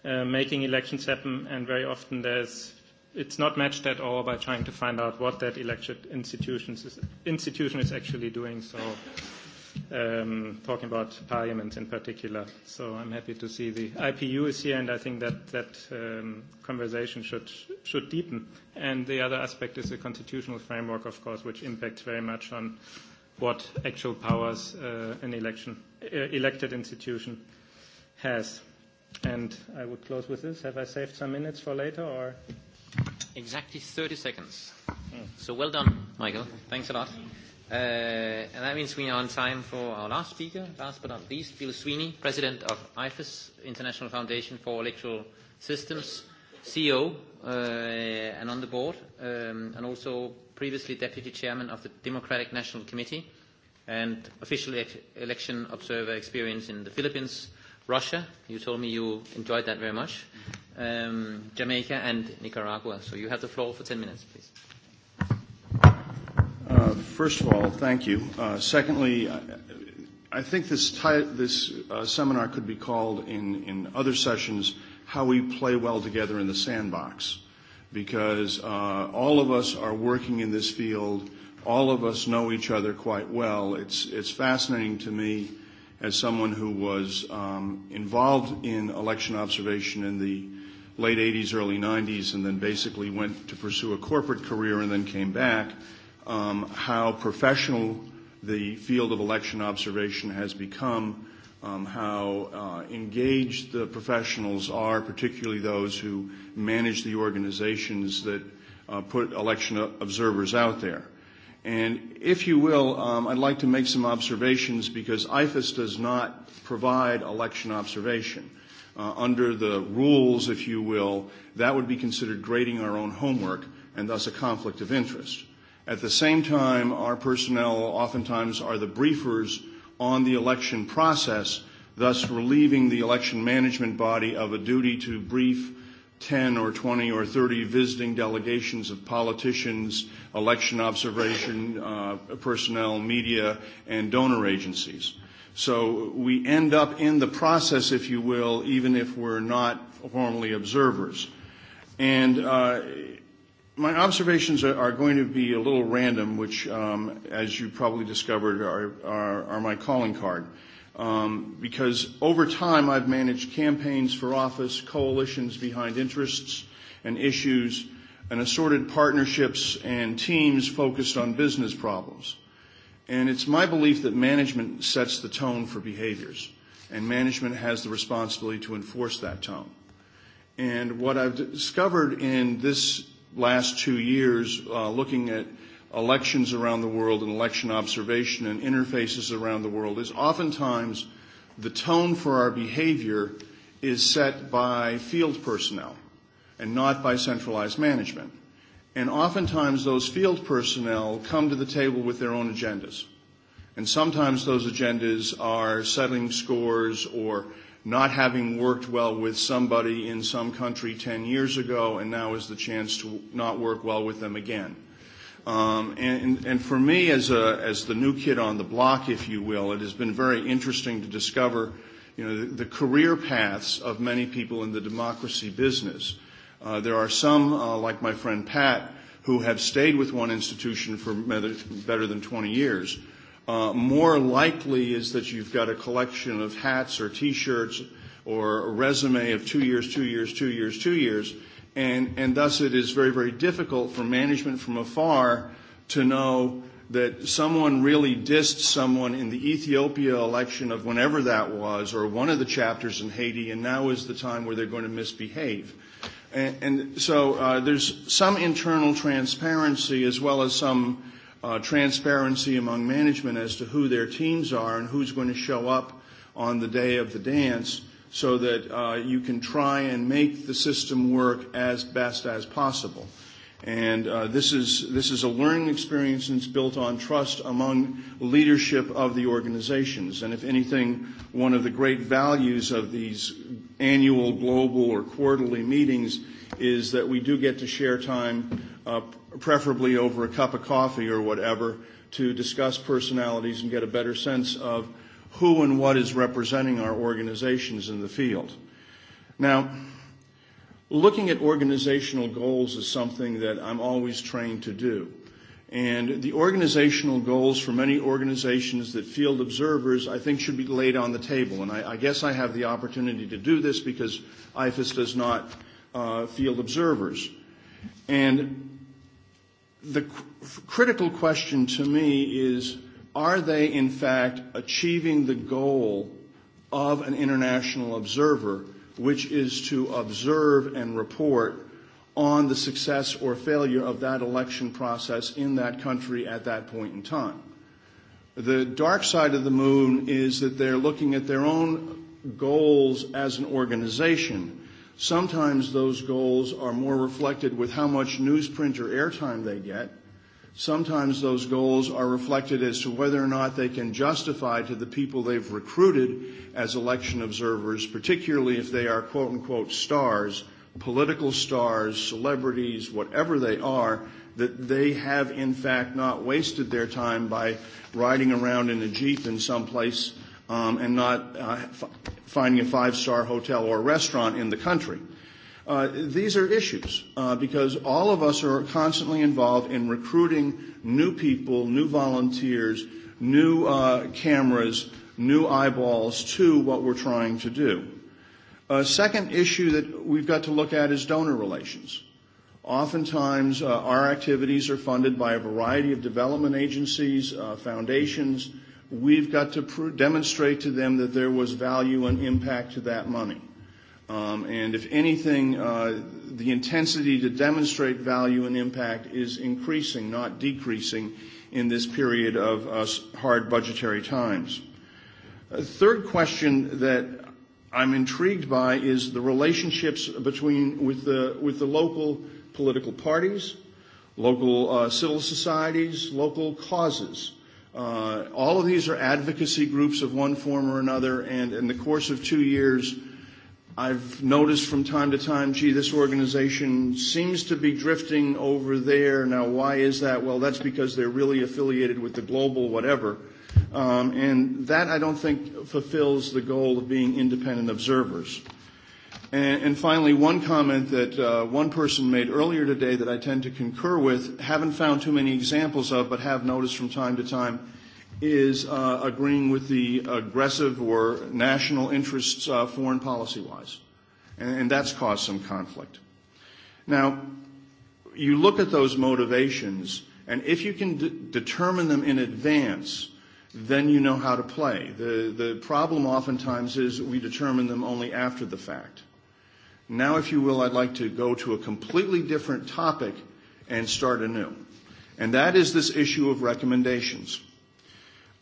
uh, making elections happen, and very often there's it's not matched at all by trying to find out what that elected institutions is, institution is actually doing. So, um, talking about parliaments in particular. So I'm happy to see the IPU is here, and I think that that um, conversation should should deepen. And the other aspect is the constitutional framework, of course, which impacts very much on what actual powers uh, an election, uh, elected institution has. And I would close with this. Have I saved some minutes for later or? Exactly 30 seconds. Hmm. So well done, Michael. Thanks a lot. Uh, and that means we are on time for our last speaker, last but not least, Bill Sweeney, President of IFES, International Foundation for Electoral Systems, CEO uh, and on the board, um, and also previously deputy chairman of the Democratic National Committee, and official e election observer experience in the Philippines, Russia. You told me you enjoyed that very much. Um, Jamaica and Nicaragua. So you have the floor for 10 minutes, please. Uh, first of all, thank you. Uh, secondly, I, I think this, this uh, seminar could be called in, in other sessions how we play well together in the sandbox because uh, all of us are working in this field. All of us know each other quite well. It's, it's fascinating to me as someone who was um, involved in election observation in the late 80s, early 90s, and then basically went to pursue a corporate career and then came back, um, how professional the field of election observation has become um, how uh, engaged the professionals are, particularly those who manage the organizations that uh, put election observers out there. And if you will, um, I'd like to make some observations because IFAS does not provide election observation. Uh, under the rules, if you will, that would be considered grading our own homework and thus a conflict of interest. At the same time, our personnel oftentimes are the briefers on the election process, thus relieving the election management body of a duty to brief 10 or 20 or 30 visiting delegations of politicians, election observation uh, personnel, media, and donor agencies. So we end up in the process, if you will, even if we're not formally observers. And uh, my observations are, are going to be a little random, which, um, as you probably discovered, are, are, are my calling card. Um, because over time, I've managed campaigns for office, coalitions behind interests and issues, and assorted partnerships and teams focused on business problems. And it's my belief that management sets the tone for behaviors, and management has the responsibility to enforce that tone. And what I've discovered in this last two years uh, looking at elections around the world and election observation and interfaces around the world is oftentimes the tone for our behavior is set by field personnel and not by centralized management. And oftentimes those field personnel come to the table with their own agendas. And sometimes those agendas are settling scores or not having worked well with somebody in some country 10 years ago, and now is the chance to not work well with them again. Um, and, and for me, as, a, as the new kid on the block, if you will, it has been very interesting to discover you know, the, the career paths of many people in the democracy business. Uh, there are some, uh, like my friend Pat, who have stayed with one institution for better than 20 years Uh, more likely is that you've got a collection of hats or T-shirts or a resume of two years, two years, two years, two years, and and thus it is very very difficult for management from afar to know that someone really dissed someone in the Ethiopia election of whenever that was, or one of the chapters in Haiti, and now is the time where they're going to misbehave. And, and so uh, there's some internal transparency as well as some uh, transparency among management as to who their teams are and who's going to show up on the day of the dance so that uh, you can try and make the system work as best as possible. And uh, this, is, this is a learning experience and it's built on trust among leadership of the organizations. And if anything, one of the great values of these annual, global, or quarterly meetings is that we do get to share time uh, preferably over a cup of coffee or whatever, to discuss personalities and get a better sense of who and what is representing our organizations in the field. Now, looking at organizational goals is something that I'm always trained to do. And the organizational goals for many organizations that field observers, I think, should be laid on the table. And I, I guess I have the opportunity to do this because IFAS does not uh, field observers. And the critical question to me is are they in fact achieving the goal of an international observer, which is to observe and report on the success or failure of that election process in that country at that point in time. The dark side of the moon is that they're looking at their own goals as an organization Sometimes those goals are more reflected with how much newsprint or airtime they get. Sometimes those goals are reflected as to whether or not they can justify to the people they've recruited as election observers, particularly if they are quote unquote stars, political stars, celebrities, whatever they are, that they have in fact not wasted their time by riding around in a Jeep in some place um, and not uh, f- finding a five star hotel or restaurant in the country. Uh, these are issues uh, because all of us are constantly involved in recruiting new people, new volunteers, new uh, cameras, new eyeballs to what we're trying to do. A second issue that we've got to look at is donor relations. Oftentimes, uh, our activities are funded by a variety of development agencies, uh, foundations, we've got to demonstrate to them that there was value and impact to that money. Um, and if anything, uh, the intensity to demonstrate value and impact is increasing, not decreasing, in this period of uh, hard budgetary times. A third question that I'm intrigued by is the relationships between with the with the local political parties, local uh, civil societies, local causes. Uh, all of these are advocacy groups of one form or another, and in the course of two years, I've noticed from time to time, gee, this organization seems to be drifting over there. Now, why is that? Well, that's because they're really affiliated with the global whatever. Um, and that, I don't think, fulfills the goal of being independent observers. And, and finally, one comment that uh, one person made earlier today that I tend to concur with, haven't found too many examples of, but have noticed from time to time, is uh, agreeing with the aggressive or national interests uh, foreign policy wise. And, and that's caused some conflict. Now, you look at those motivations, and if you can determine them in advance, then you know how to play. The, the problem oftentimes is we determine them only after the fact. Now, if you will, I'd like to go to a completely different topic and start anew. And that is this issue of recommendations.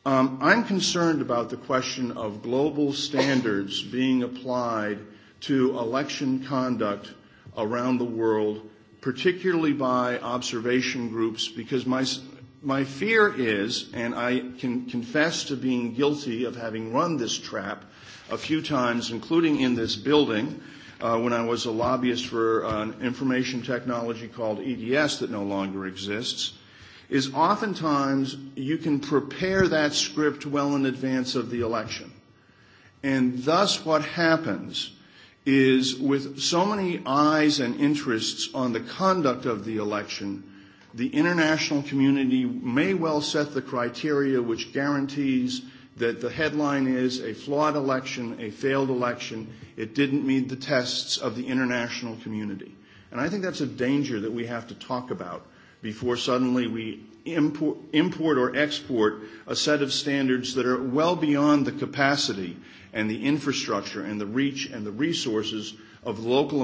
Um, I'm concerned about the question of global standards being applied to election conduct around the world, particularly by observation groups, because my, my fear is, and I can confess to being guilty of having run this trap a few times, including in this building, uh, when I was a lobbyist for uh, an information technology called EDS that no longer exists, is oftentimes you can prepare that script well in advance of the election. And thus what happens is with so many eyes and interests on the conduct of the election, the international community may well set the criteria which guarantees that the headline is a flawed election, a failed election. It didn't meet the tests of the international community. And I think that's a danger that we have to talk about before suddenly we import, import or export a set of standards that are well beyond the capacity and the infrastructure and the reach and the resources of the local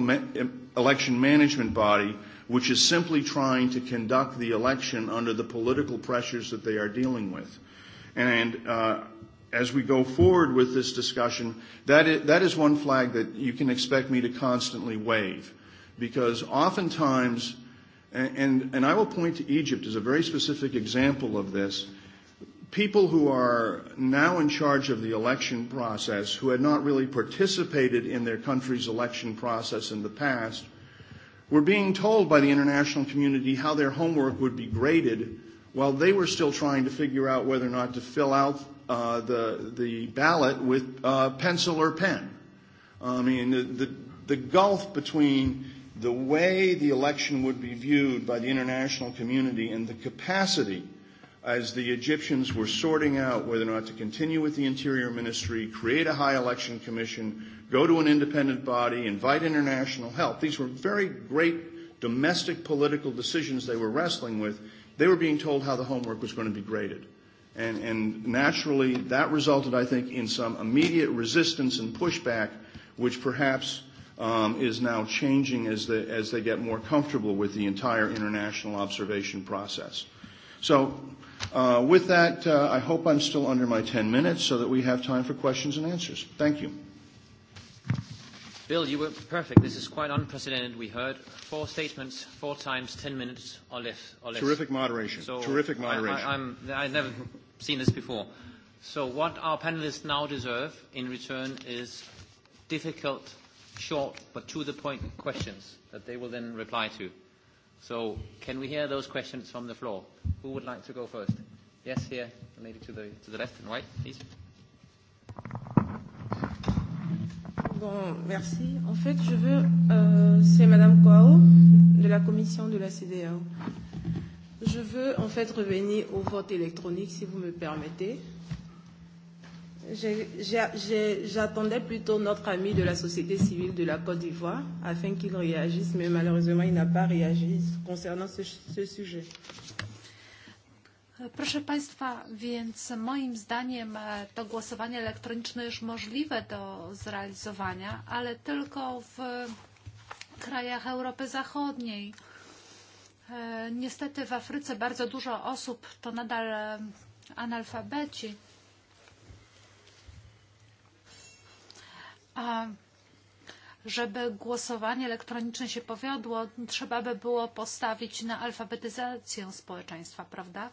election management body, which is simply trying to conduct the election under the political pressures that they are dealing with. And uh, as we go forward with this discussion, that is, that is one flag that you can expect me to constantly wave, because oftentimes, and, and I will point to Egypt as a very specific example of this. People who are now in charge of the election process, who had not really participated in their country's election process in the past, were being told by the international community how their homework would be graded while they were still trying to figure out whether or not to fill out uh, the, the ballot with uh, pencil or pen. I mean, the, the, the gulf between the way the election would be viewed by the international community and the capacity as the Egyptians were sorting out whether or not to continue with the Interior Ministry, create a high election commission, go to an independent body, invite international help. These were very great domestic political decisions they were wrestling with They were being told how the homework was going to be graded. And, and naturally, that resulted, I think, in some immediate resistance and pushback, which perhaps um, is now changing as they, as they get more comfortable with the entire international observation process. So, uh, with that, uh, I hope I'm still under my 10 minutes so that we have time for questions and answers. Thank you. Bill, you were perfect. This is quite unprecedented. We heard four statements, four times, ten minutes or less. Or less. Terrific moderation. So Terrific moderation. I, I, I'm, I've never seen this before. So what our panelists now deserve in return is difficult, short, but to the point questions that they will then reply to. So can we hear those questions from the floor? Who would like to go first? Yes, here, the lady to the, to the left and right, please. Bon, merci. En fait, je veux. Euh, c'est Madame Kouao de la commission de la CDAO. Je veux en fait revenir au vote électronique, si vous me permettez. J'attendais plutôt notre ami de la société civile de la Côte d'Ivoire afin qu'il réagisse, mais malheureusement, il n'a pas réagi concernant ce, ce sujet. Proszę Państwa, więc moim zdaniem e, to głosowanie elektroniczne już możliwe do zrealizowania, ale tylko w krajach Europy Zachodniej. E, niestety w Afryce bardzo dużo osób to nadal e, analfabeci. A żeby głosowanie elektroniczne się powiodło, trzeba by było postawić na alfabetyzację społeczeństwa, prawda?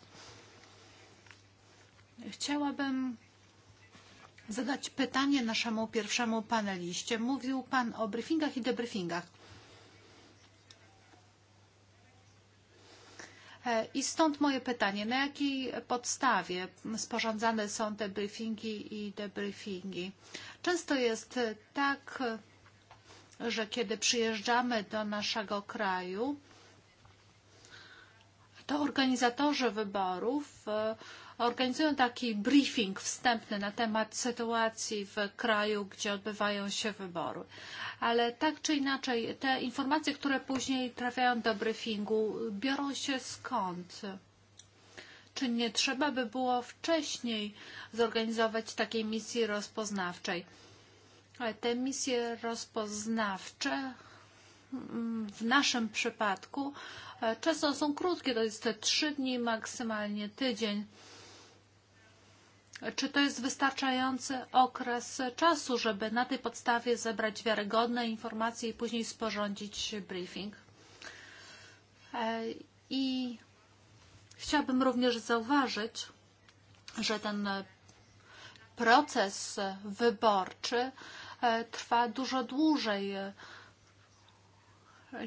Chciałabym zadać pytanie naszemu pierwszemu paneliście. Mówił Pan o briefingach i debriefingach. E, I stąd moje pytanie, na jakiej podstawie sporządzane są te briefingi i debriefingi? Często jest tak, że kiedy przyjeżdżamy do naszego kraju, to organizatorzy wyborów y, e, organizują taki briefing wstępny na temat sytuacji w kraju, gdzie odbywają się wybory. Ale tak czy inaczej, te informacje, które później trafiają do briefingu, biorą się skąd? Czy nie trzeba by było wcześniej zorganizować takiej misji rozpoznawczej? Ale te misje rozpoznawcze mm, w naszym przypadku e, często są krótkie, to jest te trzy dni, maksymalnie tydzień. Czy to jest wystarczający okres czasu, żeby na tej podstawie zebrać wiarygodne informacje i później sporządzić briefing? E, I chciałabym również zauważyć, że ten proces wyborczy e, trwa dużo dłużej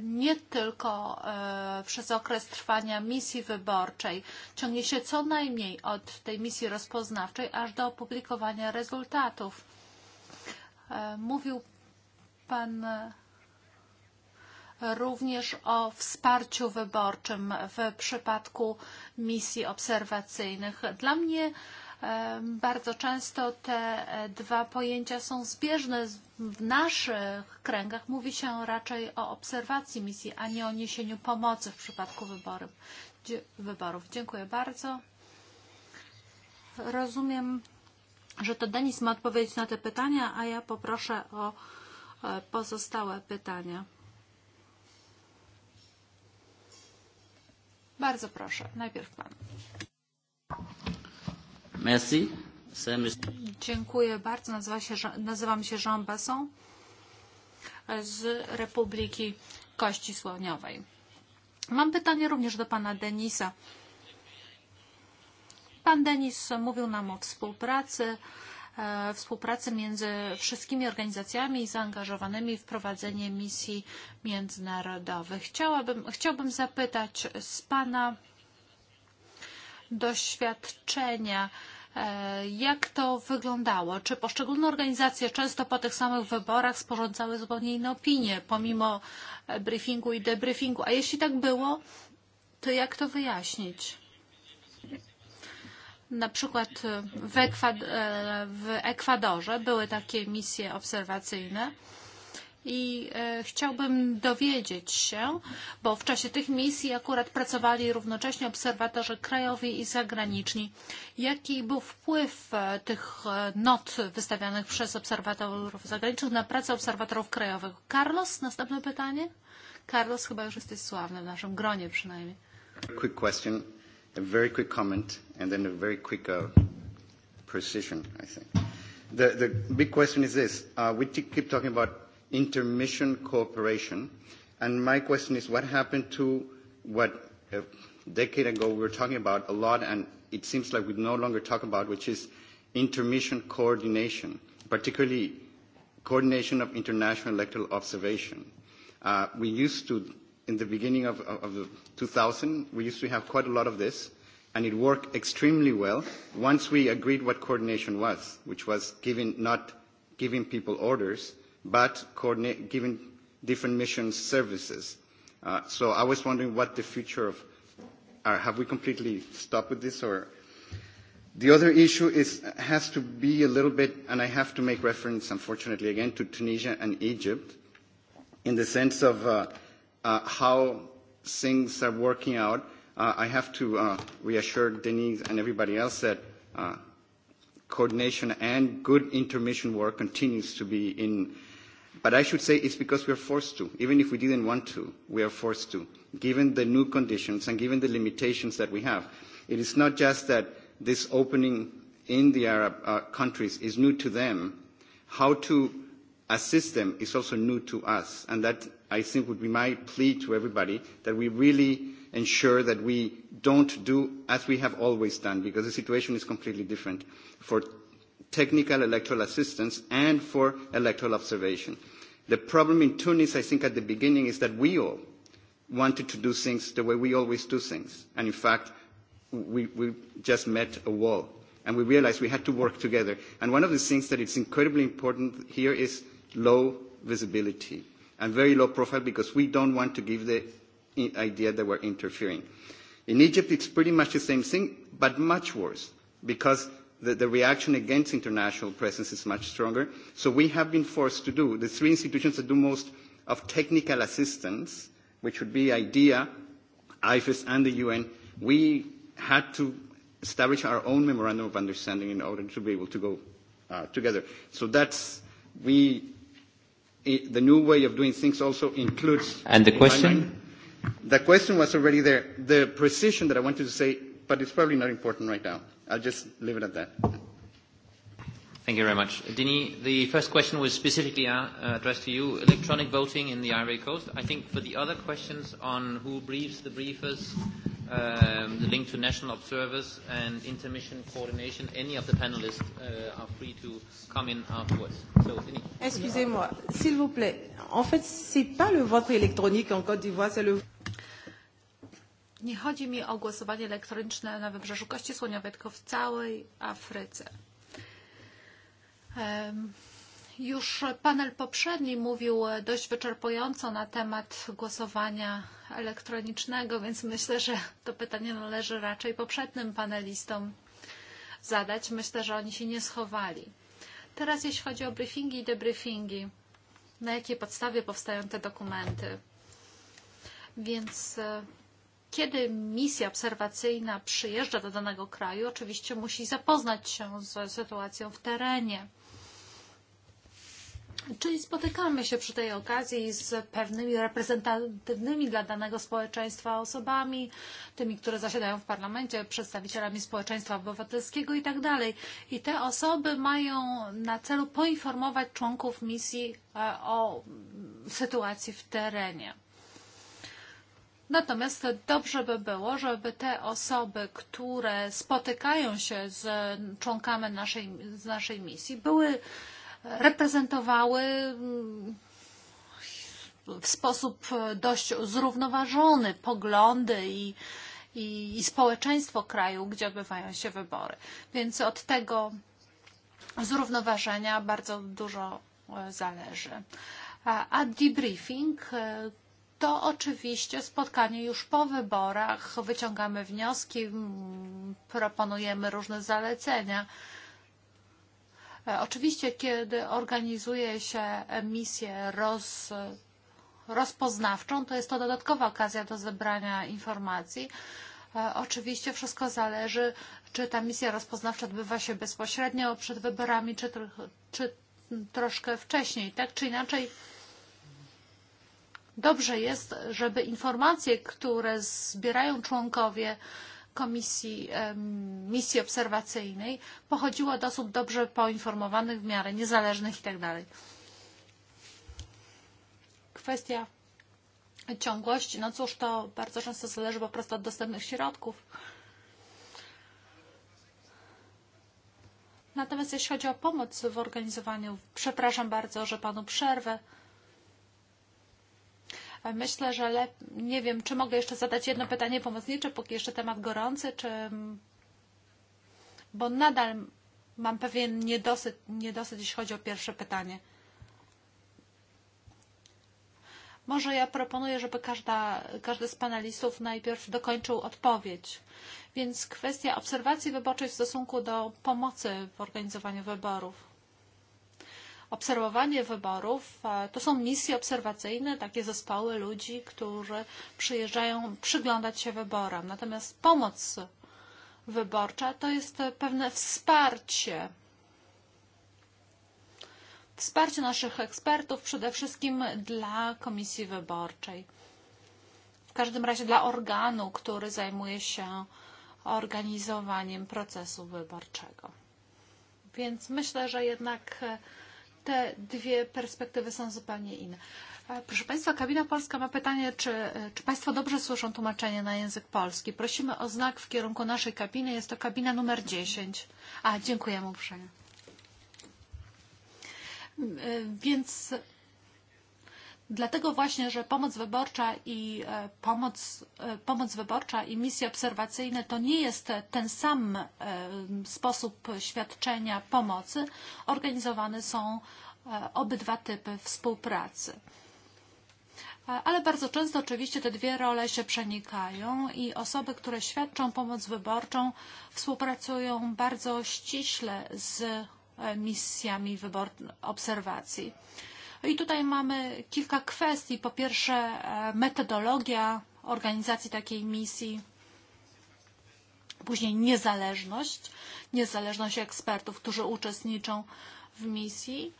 nie tylko e, przez okres trwania misji wyborczej. Ciągnie się co najmniej od tej misji rozpoznawczej aż do opublikowania rezultatów. E, mówił Pan e, również o wsparciu wyborczym w przypadku misji obserwacyjnych. Dla mnie Bardzo często te e, dwa pojęcia są zbieżne. W naszych kręgach mówi się raczej o obserwacji misji, a nie o niesieniu pomocy w przypadku wyborów. wyborów. Dziękuję bardzo. Rozumiem, że to Denis ma odpowiedzieć na te pytania, a ja poproszę o e, pozostałe pytania. Bardzo proszę, najpierw pan. Merci. Dziękuję bardzo. Nazywa się, nazywam się Jean Basson z Republiki Kości Słoniowej. Mam pytanie również do pana Denisa. Pan Denis mówił nam o współpracy, e, współpracy między wszystkimi organizacjami zaangażowanymi w prowadzenie misji międzynarodowych. Chciałabym, chciałbym zapytać z pana doświadczenia. E, jak to wyglądało? Czy poszczególne organizacje często po tych samych wyborach sporządzały zupełnie inne opinie, pomimo e, briefingu i debriefingu? A jeśli tak było, to jak to wyjaśnić? Na przykład e, w, Ekwad w Ekwadorze były takie misje obserwacyjne i e, chciałbym dowiedzieć się, bo w czasie tych misji akurat pracowali równocześnie obserwatorzy krajowi i zagraniczni, jaki był wpływ e, tych e, not wystawianych przez obserwatorów zagranicznych na pracę obserwatorów krajowych. Carlos, następne pytanie? Carlos, chyba już jesteś sławny w naszym gronie przynajmniej. Quick question, a very quick comment and then a very quick uh, precision, I think. The, the big question is this. Uh, we keep talking about intermission cooperation. And my question is, what happened to what a decade ago we were talking about a lot, and it seems like we no longer talk about, which is intermission coordination, particularly coordination of international electoral observation. Uh, we used to, in the beginning of, of the 2000, we used to have quite a lot of this, and it worked extremely well once we agreed what coordination was, which was giving, not giving people orders, but giving different mission services. Uh, so I was wondering what the future of, uh, have we completely stopped with this or? The other issue is, has to be a little bit, and I have to make reference, unfortunately, again, to Tunisia and Egypt, in the sense of uh, uh, how things are working out. Uh, I have to uh, reassure Denise and everybody else that uh, coordination and good intermission work continues to be in But I should say it's because we are forced to. Even if we didn't want to, we are forced to, given the new conditions and given the limitations that we have. It is not just that this opening in the Arab uh, countries is new to them. How to assist them is also new to us. And that, I think, would be my plea to everybody, that we really ensure that we don't do as we have always done, because the situation is completely different. For technical electoral assistance and for electoral observation. The problem in Tunis, I think, at the beginning is that we all wanted to do things the way we always do things. And in fact, we, we just met a wall. And we realized we had to work together. And one of the things that is incredibly important here is low visibility and very low profile because we don't want to give the idea that we're interfering. In Egypt, it's pretty much the same thing, but much worse because the, the reaction against international presence is much stronger. So we have been forced to do, the three institutions that do most of technical assistance, which would be IDEA, IFES, and the UN, we had to establish our own memorandum of understanding in order to be able to go uh, together. So that's, we, it, the new way of doing things also includes. And the question? the question was already there. The precision that I wanted to say, but it's probably not important right now. I'll just leave it at that. Thank you very much. Dini, the first question was specifically uh, addressed to you, electronic voting in the Ivory Coast. I think for the other questions on who briefs the briefers, um, the link to national observers, and intermission coordination, any of the panelists uh, are free to come in afterwards. So, Dini. Excusez-moi, s'il vous plaît. En fait, c'est pas le vote électronique en Côte d'Ivoire, c'est le Nie chodzi mi o głosowanie elektroniczne na Wybrzeżu Kości Słoniowej, tylko w całej Afryce. Już panel poprzedni mówił dość wyczerpująco na temat głosowania elektronicznego, więc myślę, że to pytanie należy raczej poprzednim panelistom zadać. Myślę, że oni się nie schowali. Teraz jeśli chodzi o briefingi i debriefingi, na jakiej podstawie powstają te dokumenty? Więc e, Kiedy misja obserwacyjna przyjeżdża do danego kraju, oczywiście musi zapoznać się z sytuacją w terenie. Czyli spotykamy się przy tej okazji z pewnymi reprezentatywnymi dla danego społeczeństwa osobami, tymi, które zasiadają w parlamencie, przedstawicielami społeczeństwa obywatelskiego i tak dalej. I te osoby mają na celu poinformować członków misji e, o sytuacji w terenie. Natomiast dobrze by było, żeby te osoby, które spotykają się z członkami naszej, z naszej misji, były reprezentowały mm, w sposób dość zrównoważony poglądy i, i, i społeczeństwo kraju, gdzie odbywają się wybory. Więc od tego zrównoważenia bardzo dużo e, zależy. A debriefing, e, to oczywiście spotkanie już po wyborach, wyciągamy wnioski, mm, proponujemy różne zalecenia. E, oczywiście, kiedy organizuje się misję roz, rozpoznawczą, to jest to dodatkowa okazja do zebrania informacji. E, oczywiście wszystko zależy, czy ta misja rozpoznawcza odbywa się bezpośrednio przed wyborami, czy, czy troszkę wcześniej. Tak czy inaczej, Dobrze jest, żeby informacje, które zbierają członkowie komisji misji obserwacyjnej pochodziły od osób dobrze poinformowanych, w miarę niezależnych itd. Kwestia ciągłości, no cóż, to bardzo często zależy po prostu od dostępnych środków. Natomiast jeśli chodzi o pomoc w organizowaniu, przepraszam bardzo, że panu przerwę. Myślę, że le... nie wiem, czy mogę jeszcze zadać jedno pytanie pomocnicze, póki jeszcze temat gorący, czy... bo nadal mam pewien niedosyt, niedosyt jeśli chodzi o pierwsze pytanie. Może ja proponuję, żeby każda, każdy z panelistów najpierw dokończył odpowiedź. Więc kwestia obserwacji wyborczej w stosunku do pomocy w organizowaniu wyborów. Obserwowanie wyborów e, to są misje obserwacyjne, takie zespoły ludzi, którzy przyjeżdżają przyglądać się wyborom. Natomiast pomoc wyborcza to jest pewne wsparcie. Wsparcie naszych ekspertów przede wszystkim dla komisji wyborczej. W każdym razie dla organu, który zajmuje się organizowaniem procesu wyborczego. Więc myślę, że jednak e, te dwie perspektywy są zupełnie inne. Proszę Państwa, Kabina Polska ma pytanie, czy, e, czy Państwo dobrze słyszą tłumaczenie na język polski? Prosimy o znak w kierunku naszej kabiny. Jest to kabina numer 10. A, dziękujemy uprzejmie. Więc Dlatego właśnie, że pomoc wyborcza i e, pomoc, e, pomoc wyborcza i misje obserwacyjne to nie jest ten sam e, sposób świadczenia pomocy. Organizowane są obydwa typy współpracy. Ale bardzo często oczywiście te dwie role się przenikają i osoby, które świadczą pomoc wyborczą, współpracują bardzo ściśle z misjami obserwacji. No I tutaj mamy kilka kwestii. Po pierwsze e, metodologia organizacji takiej misji, później niezależność, niezależność ekspertów, którzy uczestniczą w misji.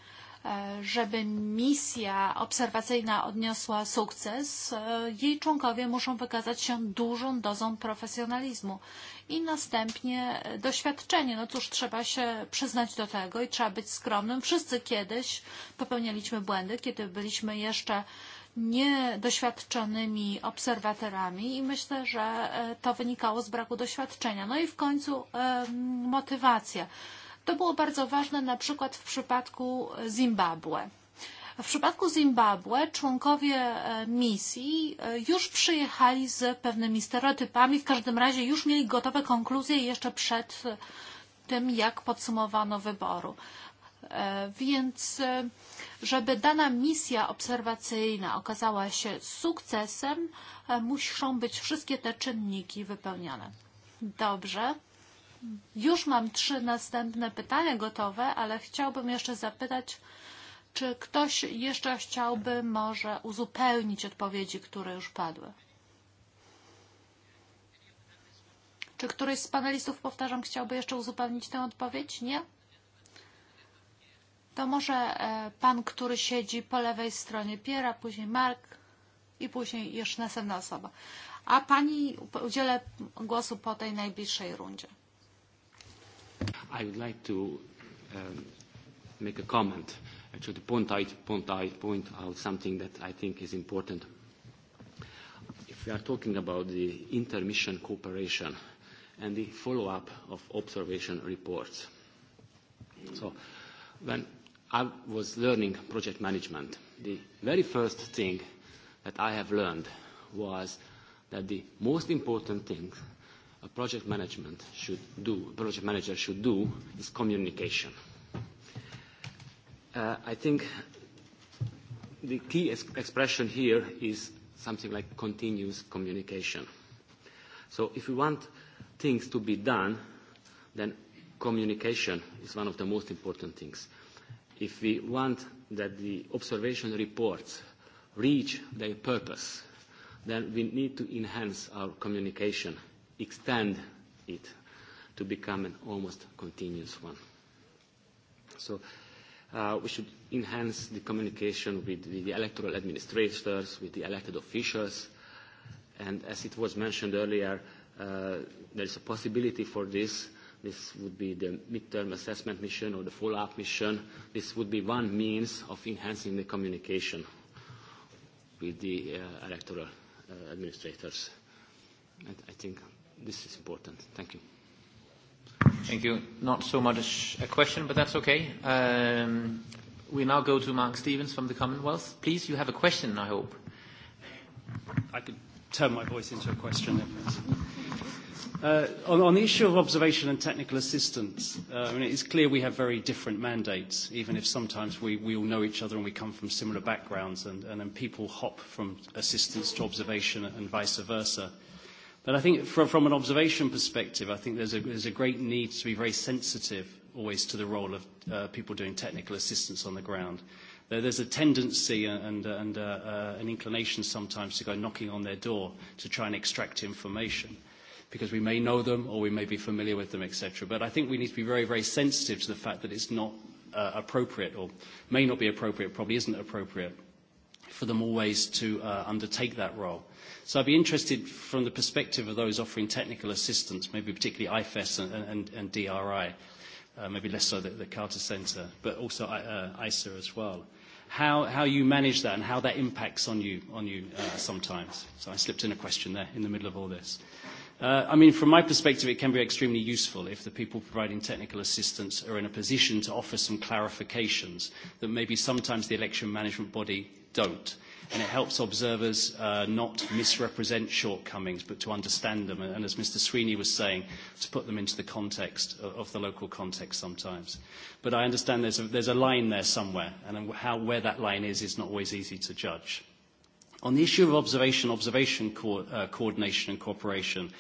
E, żeby misja obserwacyjna odniosła sukces, e, jej członkowie muszą wykazać się dużą dozą profesjonalizmu i następnie e, doświadczenie. No cóż, trzeba się przyznać do tego i trzeba być skromnym. Wszyscy kiedyś popełnialiśmy błędy, kiedy byliśmy jeszcze niedoświadczonymi obserwatorami i myślę, że to wynikało z braku doświadczenia. No i w końcu motywacja. To było bardzo ważne na przykład w przypadku Zimbabwe. W przypadku Zimbabwe członkowie e, misji e, już przyjechali z pewnymi stereotypami, w każdym razie już mieli gotowe konkluzje jeszcze przed e, tym, jak podsumowano wyboru. Więc, żeby dana misja obserwacyjna okazała się sukcesem, muszą być wszystkie te czynniki wypełnione. Dobrze. Już mam trzy następne pytania gotowe, ale chciałbym jeszcze zapytać, czy ktoś jeszcze chciałby może uzupełnić odpowiedzi, które już padły? Czy któryś z panelistów, powtarzam, chciałby jeszcze uzupełnić tę odpowiedź? Nie? To może e, pan, który siedzi po lewej stronie Piera, później Mark i później jeszcze następna osoba. A pani udzielę głosu po tej najbliższej rundzie. I would like to um, make a comment, actually to point out, point, out, point out something that I think is important. If we are talking about the intermission cooperation and the follow-up of observation reports. So when I was learning project management, the very first thing that I have learned was that the most important thing a project management should do, a project manager should do is communication. Uh, I think the key ex expression here is something like continuous communication. So if we want things to be done, then communication is one of the most important things. If we want that the observation reports reach their purpose, then we need to enhance our communication extend it to become an almost continuous one. So uh, we should enhance the communication with the, the electoral administrators, with the elected officials, and as it was mentioned earlier, uh, there is a possibility for this. This would be the midterm assessment mission or the follow-up mission. This would be one means of enhancing the communication with the uh, electoral uh, administrators. And I think this is important. Thank you. Thank you. Not so much a question, but that's okay. Um, we now go to Mark Stevens from the Commonwealth. Please, you have a question, I hope. I could turn my voice into a question. Uh, on, on the issue of observation and technical assistance, uh, I mean, it's clear we have very different mandates, even if sometimes we, we all know each other and we come from similar backgrounds, and, and then people hop from assistance to observation and vice versa. But I think from, from an observation perspective, I think there's a, there's a great need to be very sensitive always to the role of uh, people doing technical assistance on the ground. there's a tendency and, and uh, uh, an inclination sometimes to go knocking on their door to try and extract information because we may know them or we may be familiar with them, etc. But I think we need to be very, very sensitive to the fact that it's not uh, appropriate or may not be appropriate, probably isn't appropriate for them always to uh, undertake that role So I'd be interested from the perspective of those offering technical assistance, maybe particularly IFES and, and, and DRI, uh, maybe less so the, the Carter Center, but also uh, ISA as well. How, how you manage that and how that impacts on you, on you uh, sometimes. So I slipped in a question there in the middle of all this. Uh, I mean, from my perspective, it can be extremely useful if the people providing technical assistance are in a position to offer some clarifications that maybe sometimes the election management body don't. Uh, and it helps observers uh, not misrepresent shortcomings, but to understand them, and, and as Mr. Sweeney was saying, to put them into the context of, of the local context sometimes. But I understand there's a, there's a line there somewhere, and how, where that line is is not always easy to judge. On the issue of observation, observation co- uh, coordination and cooperation,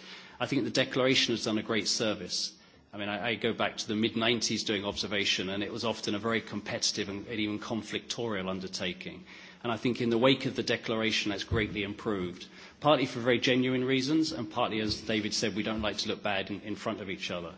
I think the declaration has done a great service. I mean, I, I go back to the mid-90s doing observation, and it was often a very competitive and, and even conflictorial undertaking. And I think in the wake of the declaration, that's greatly improved, partly for very genuine reasons, and partly, as David said, we don't like to look bad in, in front of each other.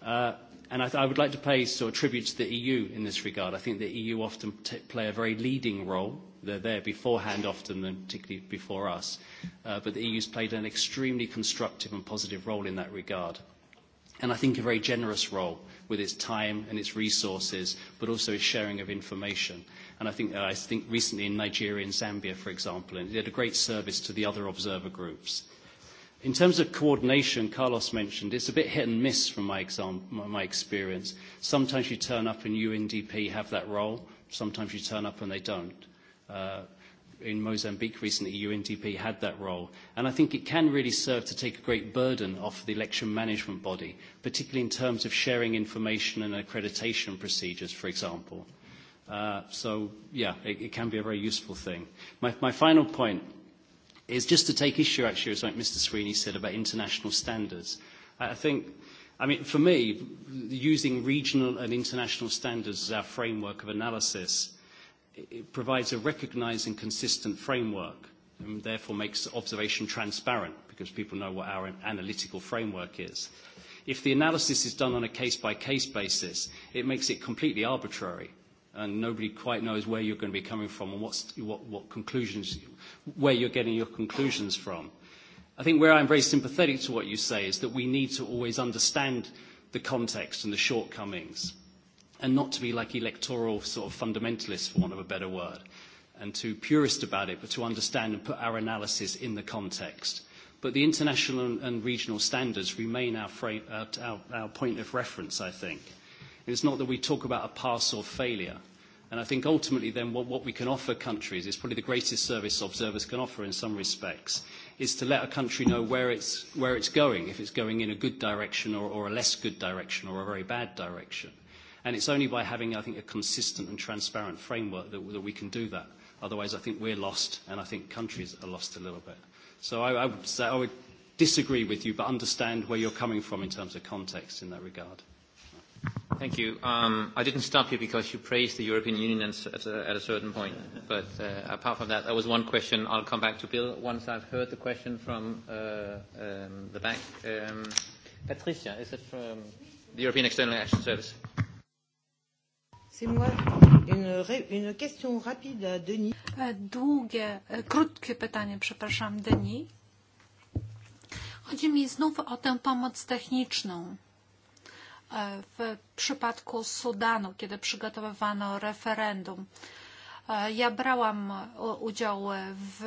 Uh, and I, th- I would like to pay sort of tribute to the EU in this regard. I think the EU often t- play a very leading role. They're there beforehand often, and particularly before us. Uh, but the EU's played an extremely constructive and positive role in that regard and I think a very generous role with its time and its resources, but also its sharing of information. And I think, uh, I think recently in Nigeria and Zambia, for example, and it did a great service to the other observer groups. In terms of coordination, Carlos mentioned, it's a bit hit and miss from my, exam- my experience. Sometimes you turn up and UNDP have that role. Sometimes you turn up and they don't. Uh, in Mozambique recently, UNDP had that role. And I think it can really serve to take a great burden off the election management body, particularly in terms of sharing information and accreditation procedures, for example. Uh, so, yeah, it, it can be a very useful thing. My, my final point is just to take issue, actually, as like Mr. Sweeney said about international standards. I think I mean, for me, using regional and international standards as our framework of analysis it provides a recognised and consistent framework and therefore makes observation transparent because people know what our analytical framework is. If the analysis is done on a case-by-case -case basis, it makes it completely arbitrary and nobody quite knows where you're going to be coming from and what's, what, what conclusions, where you're getting your conclusions from. I think where I'm very sympathetic to what you say is that we need to always understand the context and the shortcomings and not to be like electoral sort of fundamentalists, for want of a better word, and too purist about it, but to understand and put our analysis in the context. But the international and regional standards remain our, frame, our, uh, our, our point of reference, I think. And it's not that we talk about a pass or failure. And I think ultimately then what, what we can offer countries is probably the greatest service observers can offer in some respects, is to let a country know where it's, where it's going, if it's going in a good direction or, or a less good direction or a very bad direction. And it's only by having, I think, a consistent and transparent framework that, that we can do that. Otherwise, I think we're lost, and I think countries are lost a little bit. So I, I would say I would disagree with you, but understand where you're coming from in terms of context in that regard. Thank you. Um, I didn't stop you because you praised the European Union at a, at a certain point. But uh, apart from that, there was one question. I'll come back to Bill once I've heard the question from uh, um, the back. Um, Patricia, is it from the European External Action Service? Uh, C'est moi. Une, une question rapide à Denis. E, długie, e, krótkie pytanie, przepraszam, Denis. Chodzi mi znów o tę pomoc techniczną. E, w przypadku Sudanu, kiedy przygotowywano referendum, ja brałam udział w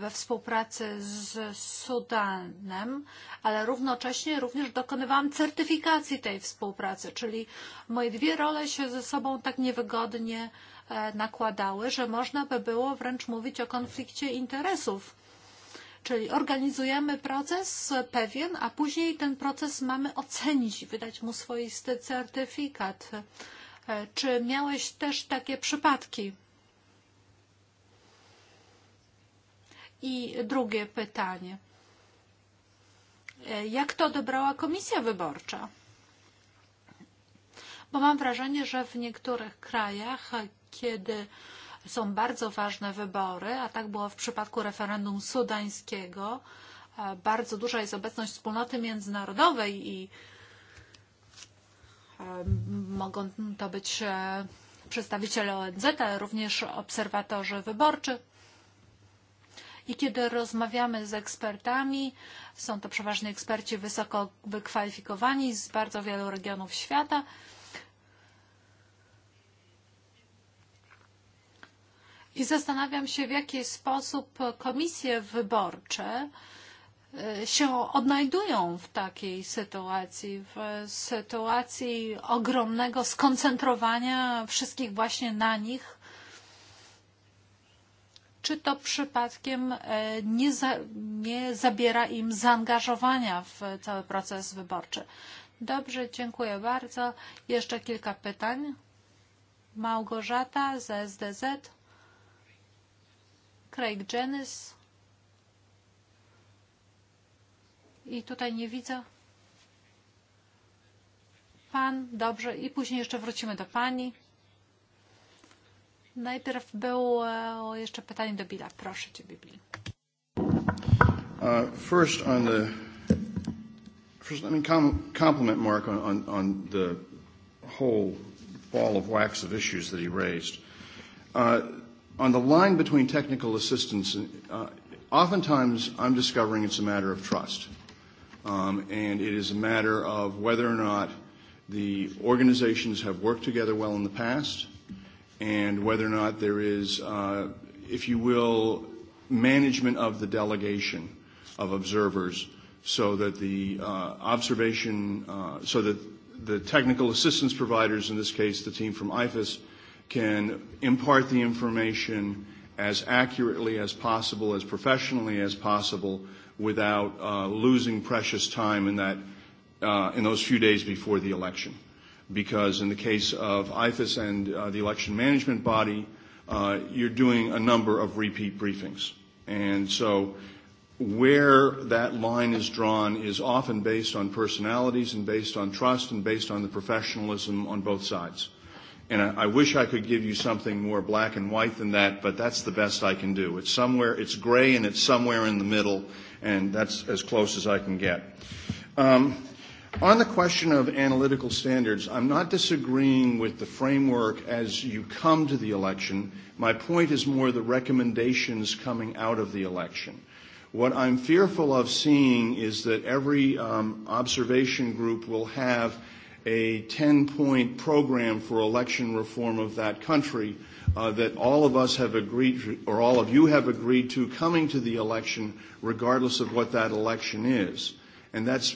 we współpracy z Sudanem, ale równocześnie również dokonywałam certyfikacji tej współpracy, czyli moje dwie role się ze sobą tak niewygodnie e, nakładały, że można by było wręcz mówić o konflikcie interesów. Czyli organizujemy proces pewien, a później ten proces mamy ocenić, wydać mu swoisty certyfikat. E, czy miałeś też takie przypadki? I drugie pytanie. E, jak to odebrała komisja wyborcza? Bo mam wrażenie, że w niektórych krajach, kiedy są bardzo ważne wybory, a tak było w przypadku referendum sudańskiego, e, bardzo duża jest obecność wspólnoty międzynarodowej i e, mogą to być przedstawiciele ONZ, ale również obserwatorzy wyborczy. I kiedy rozmawiamy z ekspertami, są to przeważnie eksperci wysoko wykwalifikowani z bardzo wielu regionów świata, I zastanawiam się, w jaki sposób komisje wyborcze się odnajdują w takiej sytuacji, w sytuacji ogromnego skoncentrowania wszystkich właśnie na nich czy to przypadkiem e, nie, za, nie zabiera im zaangażowania w cały proces wyborczy. Dobrze, dziękuję bardzo. Jeszcze kilka pytań. Małgorzata z SDZ, Craig Jennings. I tutaj nie widzę. Pan, dobrze. I później jeszcze wrócimy do pani. Najpierw było e, jeszcze pytanie do Billa. Proszę Cię, Bill. Uh, first on the first, let me compliment Mark on, on, on the whole ball of wax of issues that he raised. Uh, on the line between technical assistance, and, uh, oftentimes I'm discovering it's a matter of trust. Um, and it is a matter of whether or not the organizations have worked together well in the past – and whether or not there is, uh, if you will, management of the delegation of observers so that the uh, observation, uh, so that the technical assistance providers, in this case the team from IFAS, can impart the information as accurately as possible, as professionally as possible, without uh, losing precious time in that uh, in those few days before the election because in the case of IFAS and uh, the election management body, uh, you're doing a number of repeat briefings. And so where that line is drawn is often based on personalities and based on trust and based on the professionalism on both sides. And I, I wish I could give you something more black and white than that, but that's the best I can do. It's somewhere, it's gray and it's somewhere in the middle, and that's as close as I can get. Um, on the question of analytical standards, I'm not disagreeing with the framework as you come to the election. My point is more the recommendations coming out of the election. What I'm fearful of seeing is that every um, observation group will have a 10-point program for election reform of that country uh, that all of us have agreed, to, or all of you have agreed to coming to the election, regardless of what that election is. And that's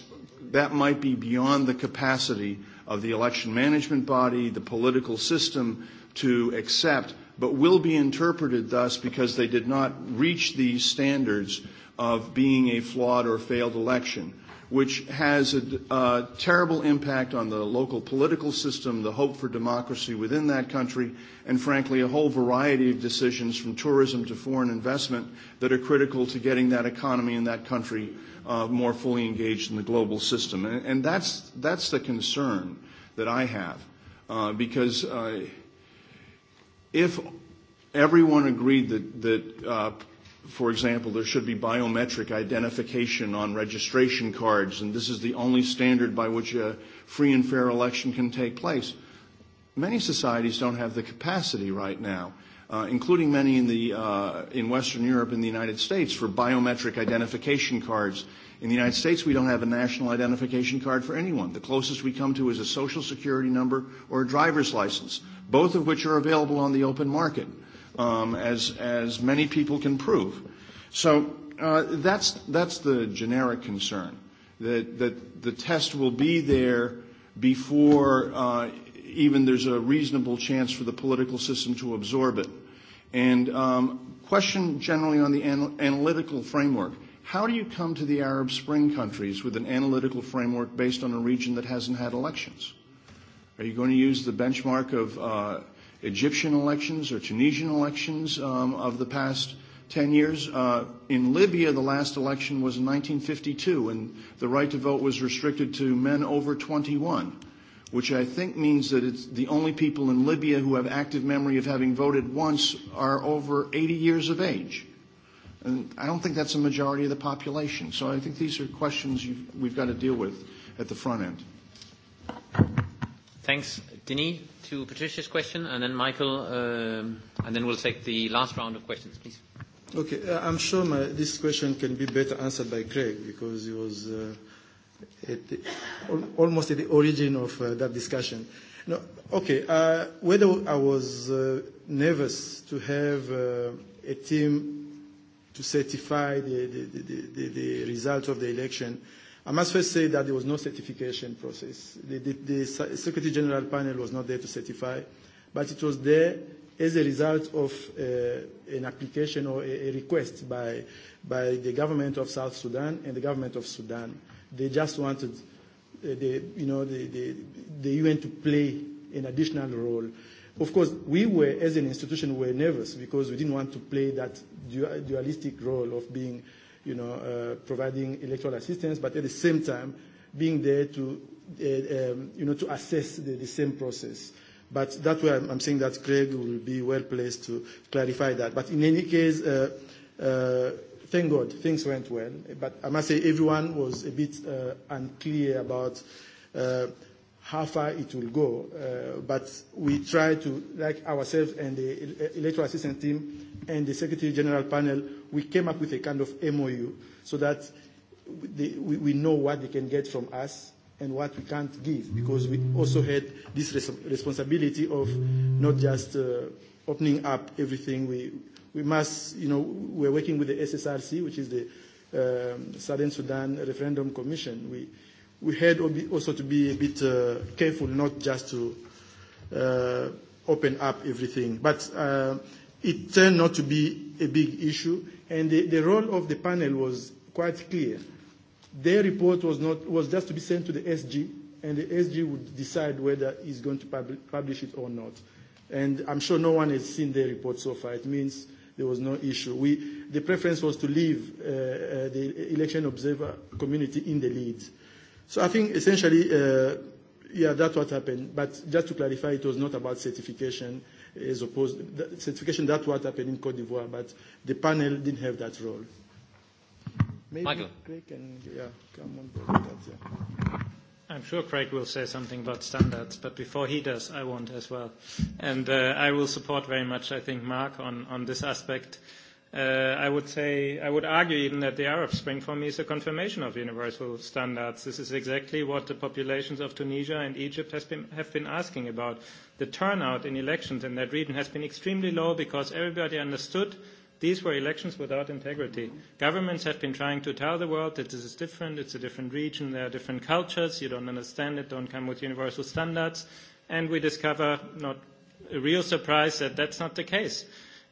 that might be beyond the capacity of the election management body, the political system to accept, but will be interpreted thus because they did not reach the standards of being a flawed or failed election, which has a a terrible impact on the local political system, the hope for democracy within that country, and frankly, a whole variety of decisions from tourism to foreign investment that are critical to getting that economy in that country Uh, more fully engaged in the global system. And, and that's, that's the concern that I have, uh, because uh, if everyone agreed that, that uh, for example, there should be biometric identification on registration cards, and this is the only standard by which a free and fair election can take place. Many societies don't have the capacity right now Uh, including many in, the, uh, in Western Europe and the United States, for biometric identification cards. In the United States, we don't have a national identification card for anyone. The closest we come to is a social security number or a driver's license, both of which are available on the open market, um, as, as many people can prove. So uh, that's, that's the generic concern, that, that the test will be there before uh, even there's a reasonable chance for the political system to absorb it. And um, question generally on the anal- analytical framework. How do you come to the Arab Spring countries with an analytical framework based on a region that hasn't had elections? Are you going to use the benchmark of uh, Egyptian elections or Tunisian elections um, of the past 10 years. Uh, in Libya, the last election was in 1952, and the right to vote was restricted to men over 21 which I think means that it's the only people in Libya who have active memory of having voted once are over 80 years of age. And I don't think that's a majority of the population. So I think these are questions you've, we've got to deal with at the front end. Thanks, Denis, to Patricia's question, and then Michael, um, and then we'll take the last round of questions, please. Okay, uh, I'm sure my, this question can be better answered by Craig because he was. Uh it, almost at the origin of uh, that discussion. Now, okay, uh, whether I was uh, nervous to have uh, a team to certify the, the, the, the, the result of the election, I must first say that there was no certification process. The, the, the Secretary General panel was not there to certify, but it was there as a result of uh, an application or a, a request by, by the government of South Sudan and the government of Sudan. Uh, They just wanted uh, the, you know, the, the, the UN to play an additional role. Of course, we were, as an institution, were nervous because we didn't want to play that dualistic role of being, you know, uh, providing electoral assistance, but at the same time, being there to, uh, um, you know, to assess the, the same process. But that's why I'm, I'm saying that Craig will be well placed to clarify that. But in any case, uh, uh, thank God, things went well. But I must say, everyone was a bit uh, unclear about uh, how far it will go. Uh, but we try to, like ourselves and the electoral assistance team and the Secretary General panel, we came up with a kind of MOU so that they, we, we know what they can get from us and what we can't give, because we also had this res- responsibility of not just uh, opening up everything we We must, you know, we're working with the SSRC, which is the um, Southern Sudan Referendum Commission. We, we had also to be a bit uh, careful not just to uh, open up everything. But uh, it turned not to be a big issue, and the, the role of the panel was quite clear. Their report was, not, was just to be sent to the SG, and the SG would decide whether he's going to pub- publish it or not. And I'm sure no one has seen their report so far. It means there was no issue. We, the preference was to leave uh, uh, the election observer community in the lead. So I think essentially, uh, yeah, that's what happened. But just to clarify, it was not about certification as opposed to certification. That's what happened in Cote d'Ivoire, but the panel didn't have that role. Maybe Michael. Greg can yeah, come on board with that. Yeah. I'm sure Craig will say something about standards, but before he does, I want as well. And uh, I will support very much, I think, Mark on, on this aspect. Uh, I would say, I would argue even that the Arab Spring for me is a confirmation of universal standards. This is exactly what the populations of Tunisia and Egypt has been, have been asking about. The turnout in elections in that region has been extremely low because everybody understood – These were elections without integrity. Governments have been trying to tell the world that this is different, it's a different region, there are different cultures, you don't understand it, don't come with universal standards. And we discover, not a real surprise, that that's not the case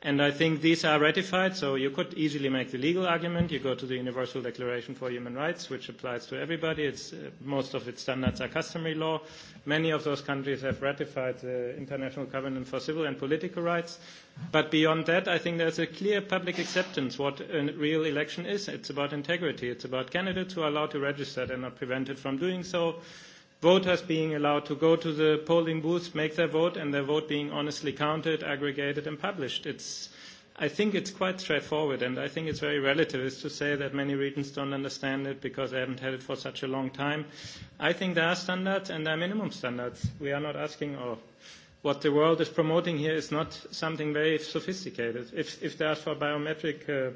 And I think these are ratified, so you could easily make the legal argument. You go to the Universal Declaration for Human Rights, which applies to everybody. It's, uh, most of its standards are customary law. Many of those countries have ratified the International Covenant for Civil and Political Rights. But beyond that, I think there's a clear public acceptance what a real election is. It's about integrity. It's about candidates who are allowed to register and are prevented from doing so voters being allowed to go to the polling booths, make their vote, and their vote being honestly counted, aggregated, and published. It's, I think it's quite straightforward, and I think it's very relative to say that many regions don't understand it because they haven't had it for such a long time. I think there are standards, and there are minimum standards. We are not asking, all. Oh, what the world is promoting here is not something very sophisticated. If, if they ask for biometric uh,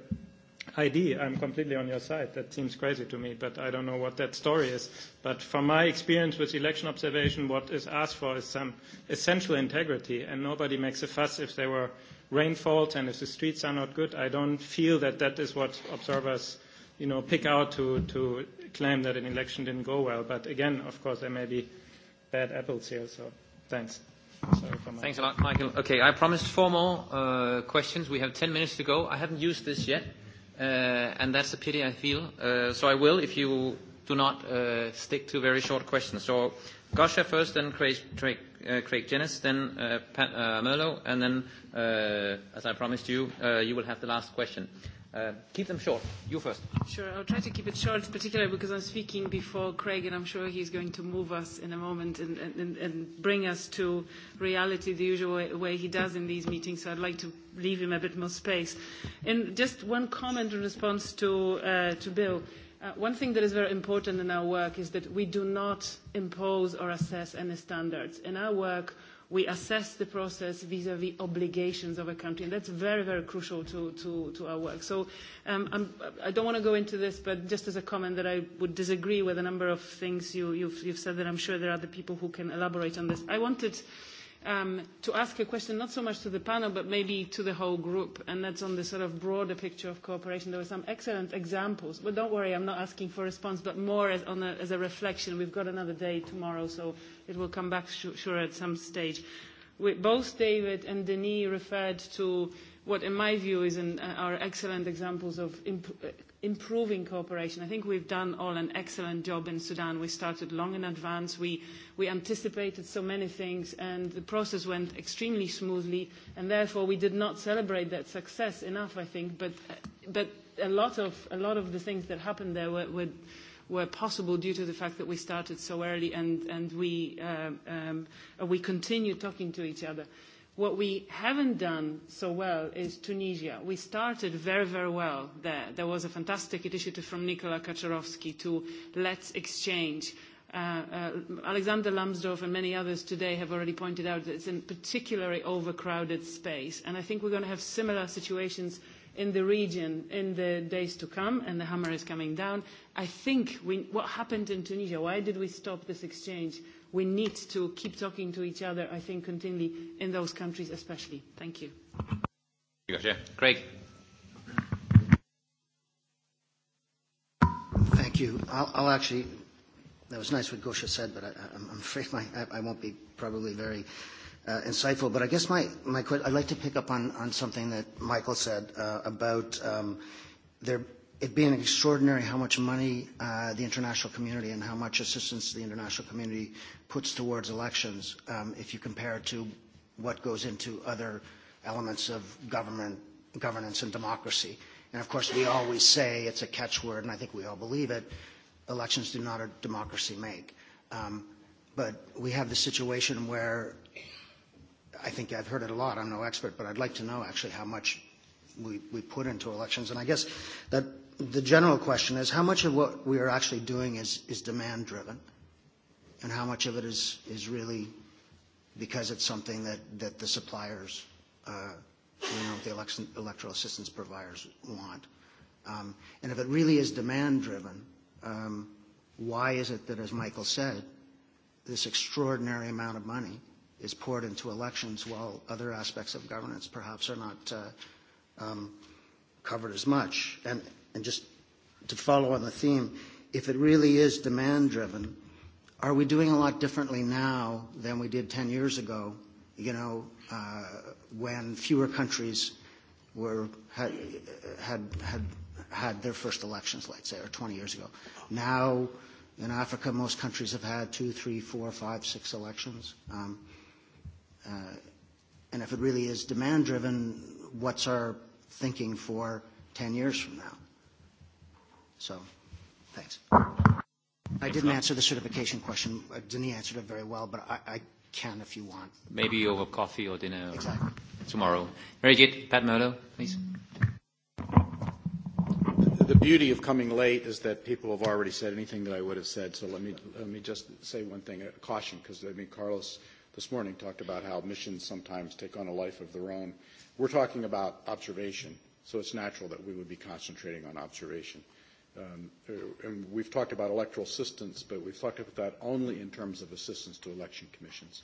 ID, I'm completely on your side. That seems crazy to me, but I don't know what that story is. But from my experience with election observation, what is asked for is some essential integrity, and nobody makes a fuss if there were rainfalls and if the streets are not good. I don't feel that that is what observers, you know, pick out to, to claim that an election didn't go well. But again, of course, there may be bad apples here, so thanks. Thanks a lot, Michael. Okay, I promised four more uh, questions. We have 10 minutes to go. I haven't used this yet uh, and that's a pity, I feel. Uh, so I will, if you do not uh, stick to very short questions. So Gosha first, then Craig, Craig, uh, Craig Jennis, then uh, Pat uh, Merlo, and then, uh, as I promised you, uh, you will have the last question. Uh, Uh, keep them short. You first. Sure, I'll try to keep it short, particularly because I'm speaking before Craig, and I'm sure he's going to move us in a moment and, and, and bring us to reality the usual way, way he does in these meetings, so I'd like to leave him a bit more space. And just one comment in response to, uh, to Bill. Uh, one thing that is very important in our work is that we do not impose or assess any standards. In our work, we assess the process vis-à-vis -vis obligations of a country. And that's very, very crucial to, to, to our work. So um, I'm, I don't want to go into this, but just as a comment that I would disagree with a number of things you, you've, you've said that I'm sure there are other people who can elaborate on this. I wanted um, to ask a question, not so much to the panel, but maybe to the whole group, and that's on the sort of broader picture of cooperation. There were some excellent examples, but don't worry, I'm not asking for a response, but more as, on a, as a reflection. We've got another day tomorrow, so it will come back sure at some stage. We, both David and Denis referred to what, in my view, is an, uh, are excellent examples of imp- improving cooperation. I think we've done all an excellent job in Sudan. We started long in advance. We, we anticipated so many things, and the process went extremely smoothly, and therefore we did not celebrate that success enough, I think. But, but a, lot of, a lot of the things that happened there were, were, were possible due to the fact that we started so early and, and we, uh, um, we continued talking to each other. What we haven't done so well is Tunisia. We started very, very well there. There was a fantastic initiative from Nikola Kaczorowski to let's exchange. Uh, uh, Alexander Lambsdorff and many others today have already pointed out that it's a particularly overcrowded space. And I think we're going to have similar situations in the region in the days to come, and the hammer is coming down. I think what happened in Tunisia, why did we stop this exchange? we need to keep talking to each other, I think, continually in those countries especially. Thank you. Gotcha. Craig. Thank you. I'll, actually, that was nice what Gosha said, but I'm, afraid I, won't be probably very uh, insightful. But I guess my, my I'd like to pick up on, on something that Michael said uh, about um, there it being extraordinary how much money uh, the international community and how much assistance the international community puts towards elections um, if you compare it to what goes into other elements of government governance and democracy. And of course, we always say it's a catchword, and I think we all believe it. Elections do not a democracy make. Um, but we have the situation where I think I've heard it a lot. I'm no expert, but I'd like to know actually how much we, we put into elections. And I guess that the general question is how much of what we are actually doing is, is demand driven and how much of it is, is really because it's something that, that the suppliers, uh, you know, the election, electoral assistance providers want. Um, and if it really is demand driven, um, why is it that, as Michael said, this extraordinary amount of money is poured into elections while other aspects of governance perhaps are not uh, um, covered as much? And And just to follow on the theme, if it really is demand driven, are we doing a lot differently now than we did 10 years ago, you know, uh, when fewer countries were, had, had, had, had their first elections, let's say, or 20 years ago? Now, in Africa, most countries have had two, three, four, five, six elections. Um, uh, and if it really is demand driven, what's our thinking for 10 years from now? So, thanks. I didn't answer the certification question. Uh, Denis answered it very well, but I, I can if you want. Maybe over coffee or dinner. Exactly. Tomorrow. Very good. Pat Murdo, please. The beauty of coming late is that people have already said anything that I would have said. So let me let me just say one thing, a caution, because I mean Carlos this morning talked about how missions sometimes take on a life of their own. We're talking about observation, so it's natural that we would be concentrating on observation. Uh, Um, and we've talked about electoral assistance, but we've talked about that only in terms of assistance to election commissions.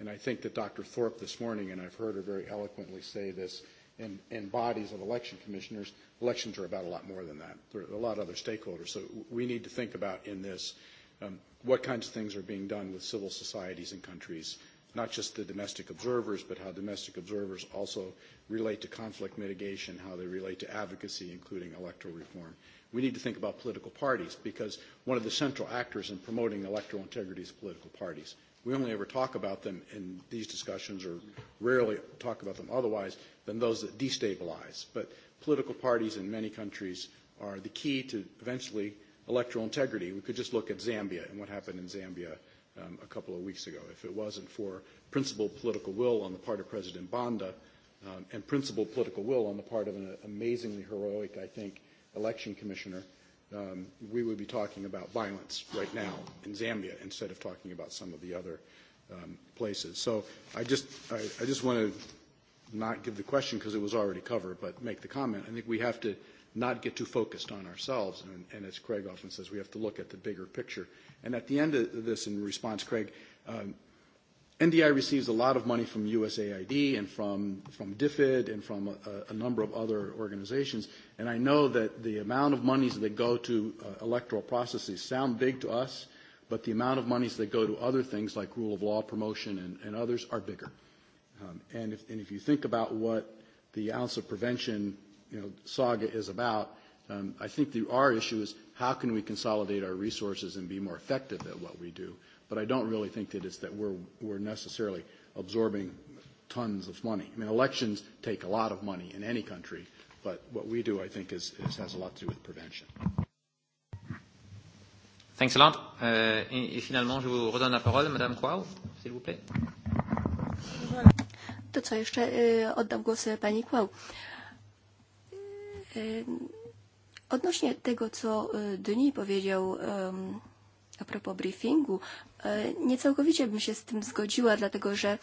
And I think that Dr. Thorpe this morning, and I've heard her very eloquently say this, in, in bodies of election commissioners, elections are about a lot more than that. There are a lot of other stakeholders. So we need to think about in this um, what kinds of things are being done with civil societies and countries, not just the domestic observers, but how domestic observers also relate to conflict mitigation, how they relate to advocacy, including electoral reform. We need to think about political parties because one of the central actors in promoting electoral integrity is political parties. We only ever talk about them in these discussions or rarely talk about them otherwise than those that destabilize. But political parties in many countries are the key to eventually electoral integrity. We could just look at Zambia and what happened in Zambia um, a couple of weeks ago. If it wasn't for principled political will on the part of President Banda um, and principled political will on the part of an amazingly heroic, I think, election commissioner, um, we would be talking about violence right now in Zambia instead of talking about some of the other um, places. So I just, I, I just want to not give the question because it was already covered, but make the comment. I think we have to not get too focused on ourselves. And, and as Craig often says, we have to look at the bigger picture. And at the end of this, in response, Craig, um, NDI receives a lot of money from USAID and from, from DFID and from a, a number of other organizations. And I know that the amount of monies that go to uh, electoral processes sound big to us, but the amount of monies that go to other things like rule of law promotion and, and others are bigger. Um, and, if, and if you think about what the ounce of prevention you know, saga is about, um, I think the, our issue is how can we consolidate our resources and be more effective at what we do. But I don't really think that it's that we're, we're necessarily absorbing tons of money. I mean, elections take a lot of money in any country, but what we do, I think, is, is has a lot to do with prevention. Thanks a lot. Euh, et, et finalement, je vous redonne la parole, Madame Kwao, s'il vous plaît. To co, jeszcze y, oddam głos Pani Kwao. Y, odnośnie tego, co Dni powiedział y, a propos briefingu, E, nie całkowicie bym się z tym zgodziła, dlatego że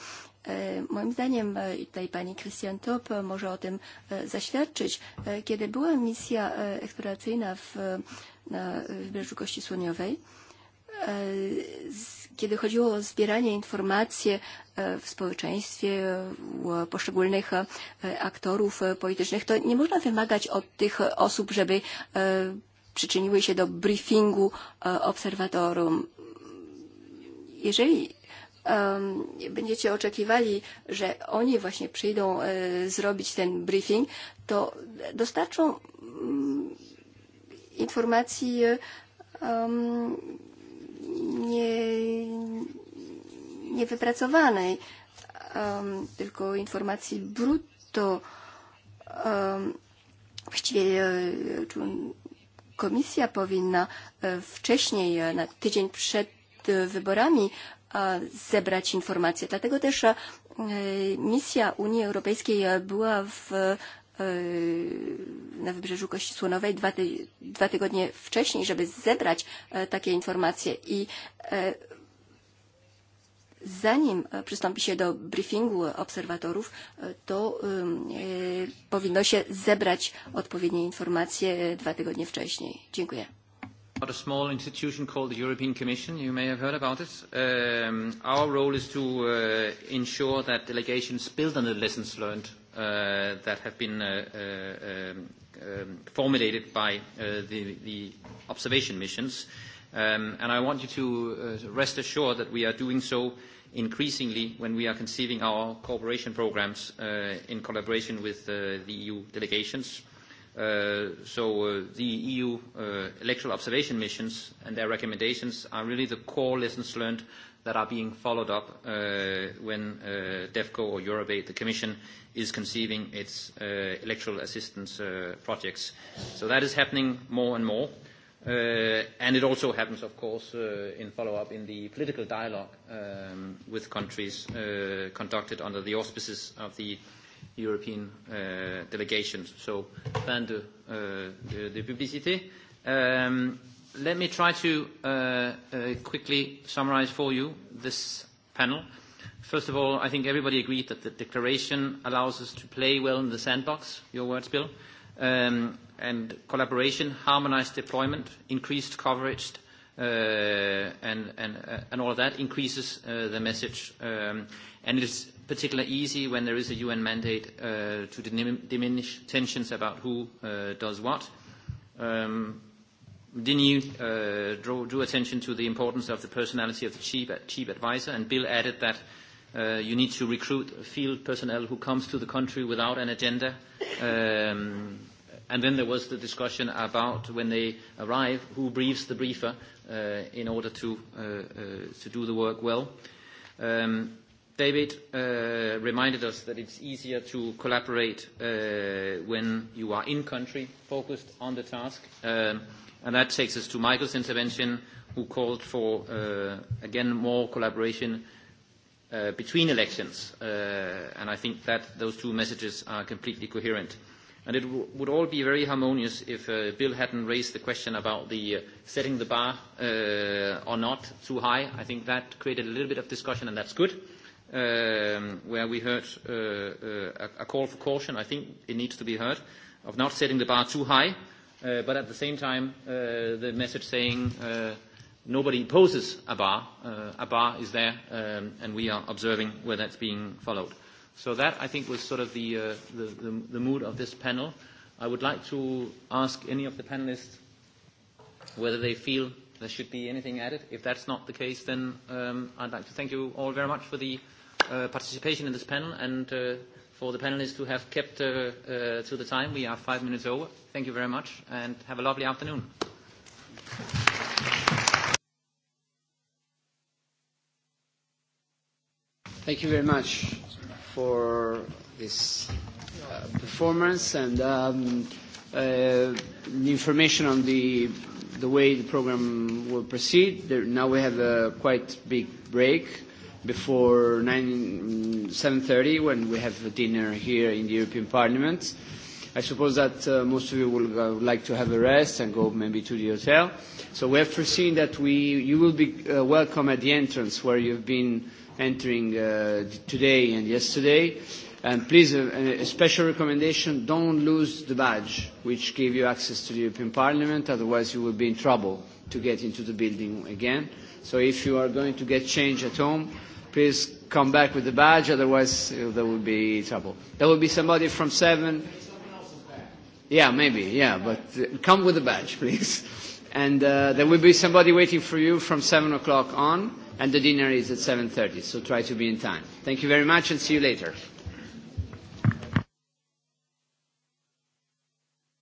e, moim zdaniem, i e, tutaj pani Christian Top może o tym zaświadczyć, kiedy była misja eksploracyjna w, na Wybrzeżu Kości Słoniowej, kiedy chodziło o zbieranie informacji w społeczeństwie, u poszczególnych aktorów politycznych, to nie można wymagać od tych osób, żeby przyczyniły się do briefingu obserwatorom jeżeli um, będziecie oczekiwali, że oni właśnie przyjdą e, zrobić ten briefing, to dostarczą mm, informacji um, nie, niewypracowanej, tylko informacji brutto. Um, Właściwie e, komisja powinna e, wcześniej, na tydzień przed wyborami zebrać informacje. Dlatego też e, misja Unii Europejskiej była w, e, na Wybrzeżu Kości Słonowej dwa, ty, dwa tygodnie wcześniej, żeby zebrać e, takie informacje i zanim przystąpi się do briefingu obserwatorów, to powinno się zebrać odpowiednie informacje dwa tygodnie wcześniej. Dziękuję about a small institution called the European Commission. You may have heard about it. Um, our role is to uh, ensure that delegations build on the lessons learned uh, that have been uh, uh, um, um, formulated by uh, the, the observation missions. Um, and I want you to uh, rest assured that we are doing so increasingly when we are conceiving our cooperation programs uh, in collaboration with uh, the EU delegations Uh, so uh, the EU uh, electoral observation missions and their recommendations are really the core lessons learned that are being followed up uh, when uh, DEFCO or Eurobate, the Commission, is conceiving its uh, electoral assistance uh, projects. So that is happening more and more. Uh, and it also happens, of course, uh, in follow-up in the political dialogue um, with countries uh, conducted under the auspices of the European uh, delegations. So, fin de, uh, de, de publicité. Um, let me try to uh, uh, quickly summarize for you this panel. First of all, I think everybody agreed that the declaration allows us to play well in the sandbox, your words, Bill, um, and collaboration, harmonized deployment, increased coverage, Uh, uh, and, all of that increases uh, the message. Um, and it's particularly easy when there is a UN mandate uh, to dimin diminish tensions about who uh, does what. Um, Dinu uh, drew, drew attention to the importance of the personality of the chief, uh, chief advisor, and Bill added that uh, you need to recruit field personnel who comes to the country without an agenda, um, And then there was the discussion about when they arrive, who briefs the briefer uh, in order to, uh, uh, to do the work well. Um, David uh, reminded us that it's easier to collaborate uh, when you are in country, focused on the task. Um, and that takes us to Michael's intervention, who called for, uh, again, more collaboration uh, between elections. Uh, and I think that those two messages are completely coherent and it would all be very harmonious if uh, Bill hadn't raised the question about the uh, setting the bar uh, or not too high. I think that created a little bit of discussion, and that's good. Um, where we heard uh, uh, a call for caution, I think it needs to be heard, of not setting the bar too high, uh, but at the same time, uh, the message saying uh, nobody imposes a bar. Uh, a bar is there, um, and we are observing where that's being followed. So that, I think, was sort of the, uh, the, the, the mood of this panel. I would like to ask any of the panelists whether they feel there should be anything added. If that's not the case, then um, I'd like to thank you all very much for the uh, participation in this panel and uh, for the panelists who have kept uh, uh, to the time. We are five minutes over. Thank you very much and have a lovely afternoon. Thank you very much for this uh, performance and um, uh, the information on the, the way the program will proceed. There, now we have a quite big break before 9, 7.30 when we have a dinner here in the European Parliament. I suppose that uh, most of you will uh, like to have a rest and go maybe to the hotel. So we have foreseen that we, you will be uh, welcome at the entrance where you've been uh, entering uh, today and yesterday. And please, uh, a, a special recommendation, don't lose the badge which gave you access to the European Parliament, otherwise you will be in trouble to get into the building again. So if you are going to get change at home, please come back with the badge, otherwise uh, there will be trouble. There will be somebody from seven. Yeah, maybe, yeah, but uh, come with the badge, please. And uh, there will be somebody waiting for you from seven o'clock on and the dinner is at 7.30, so try to be in time. Thank you very much and see you later.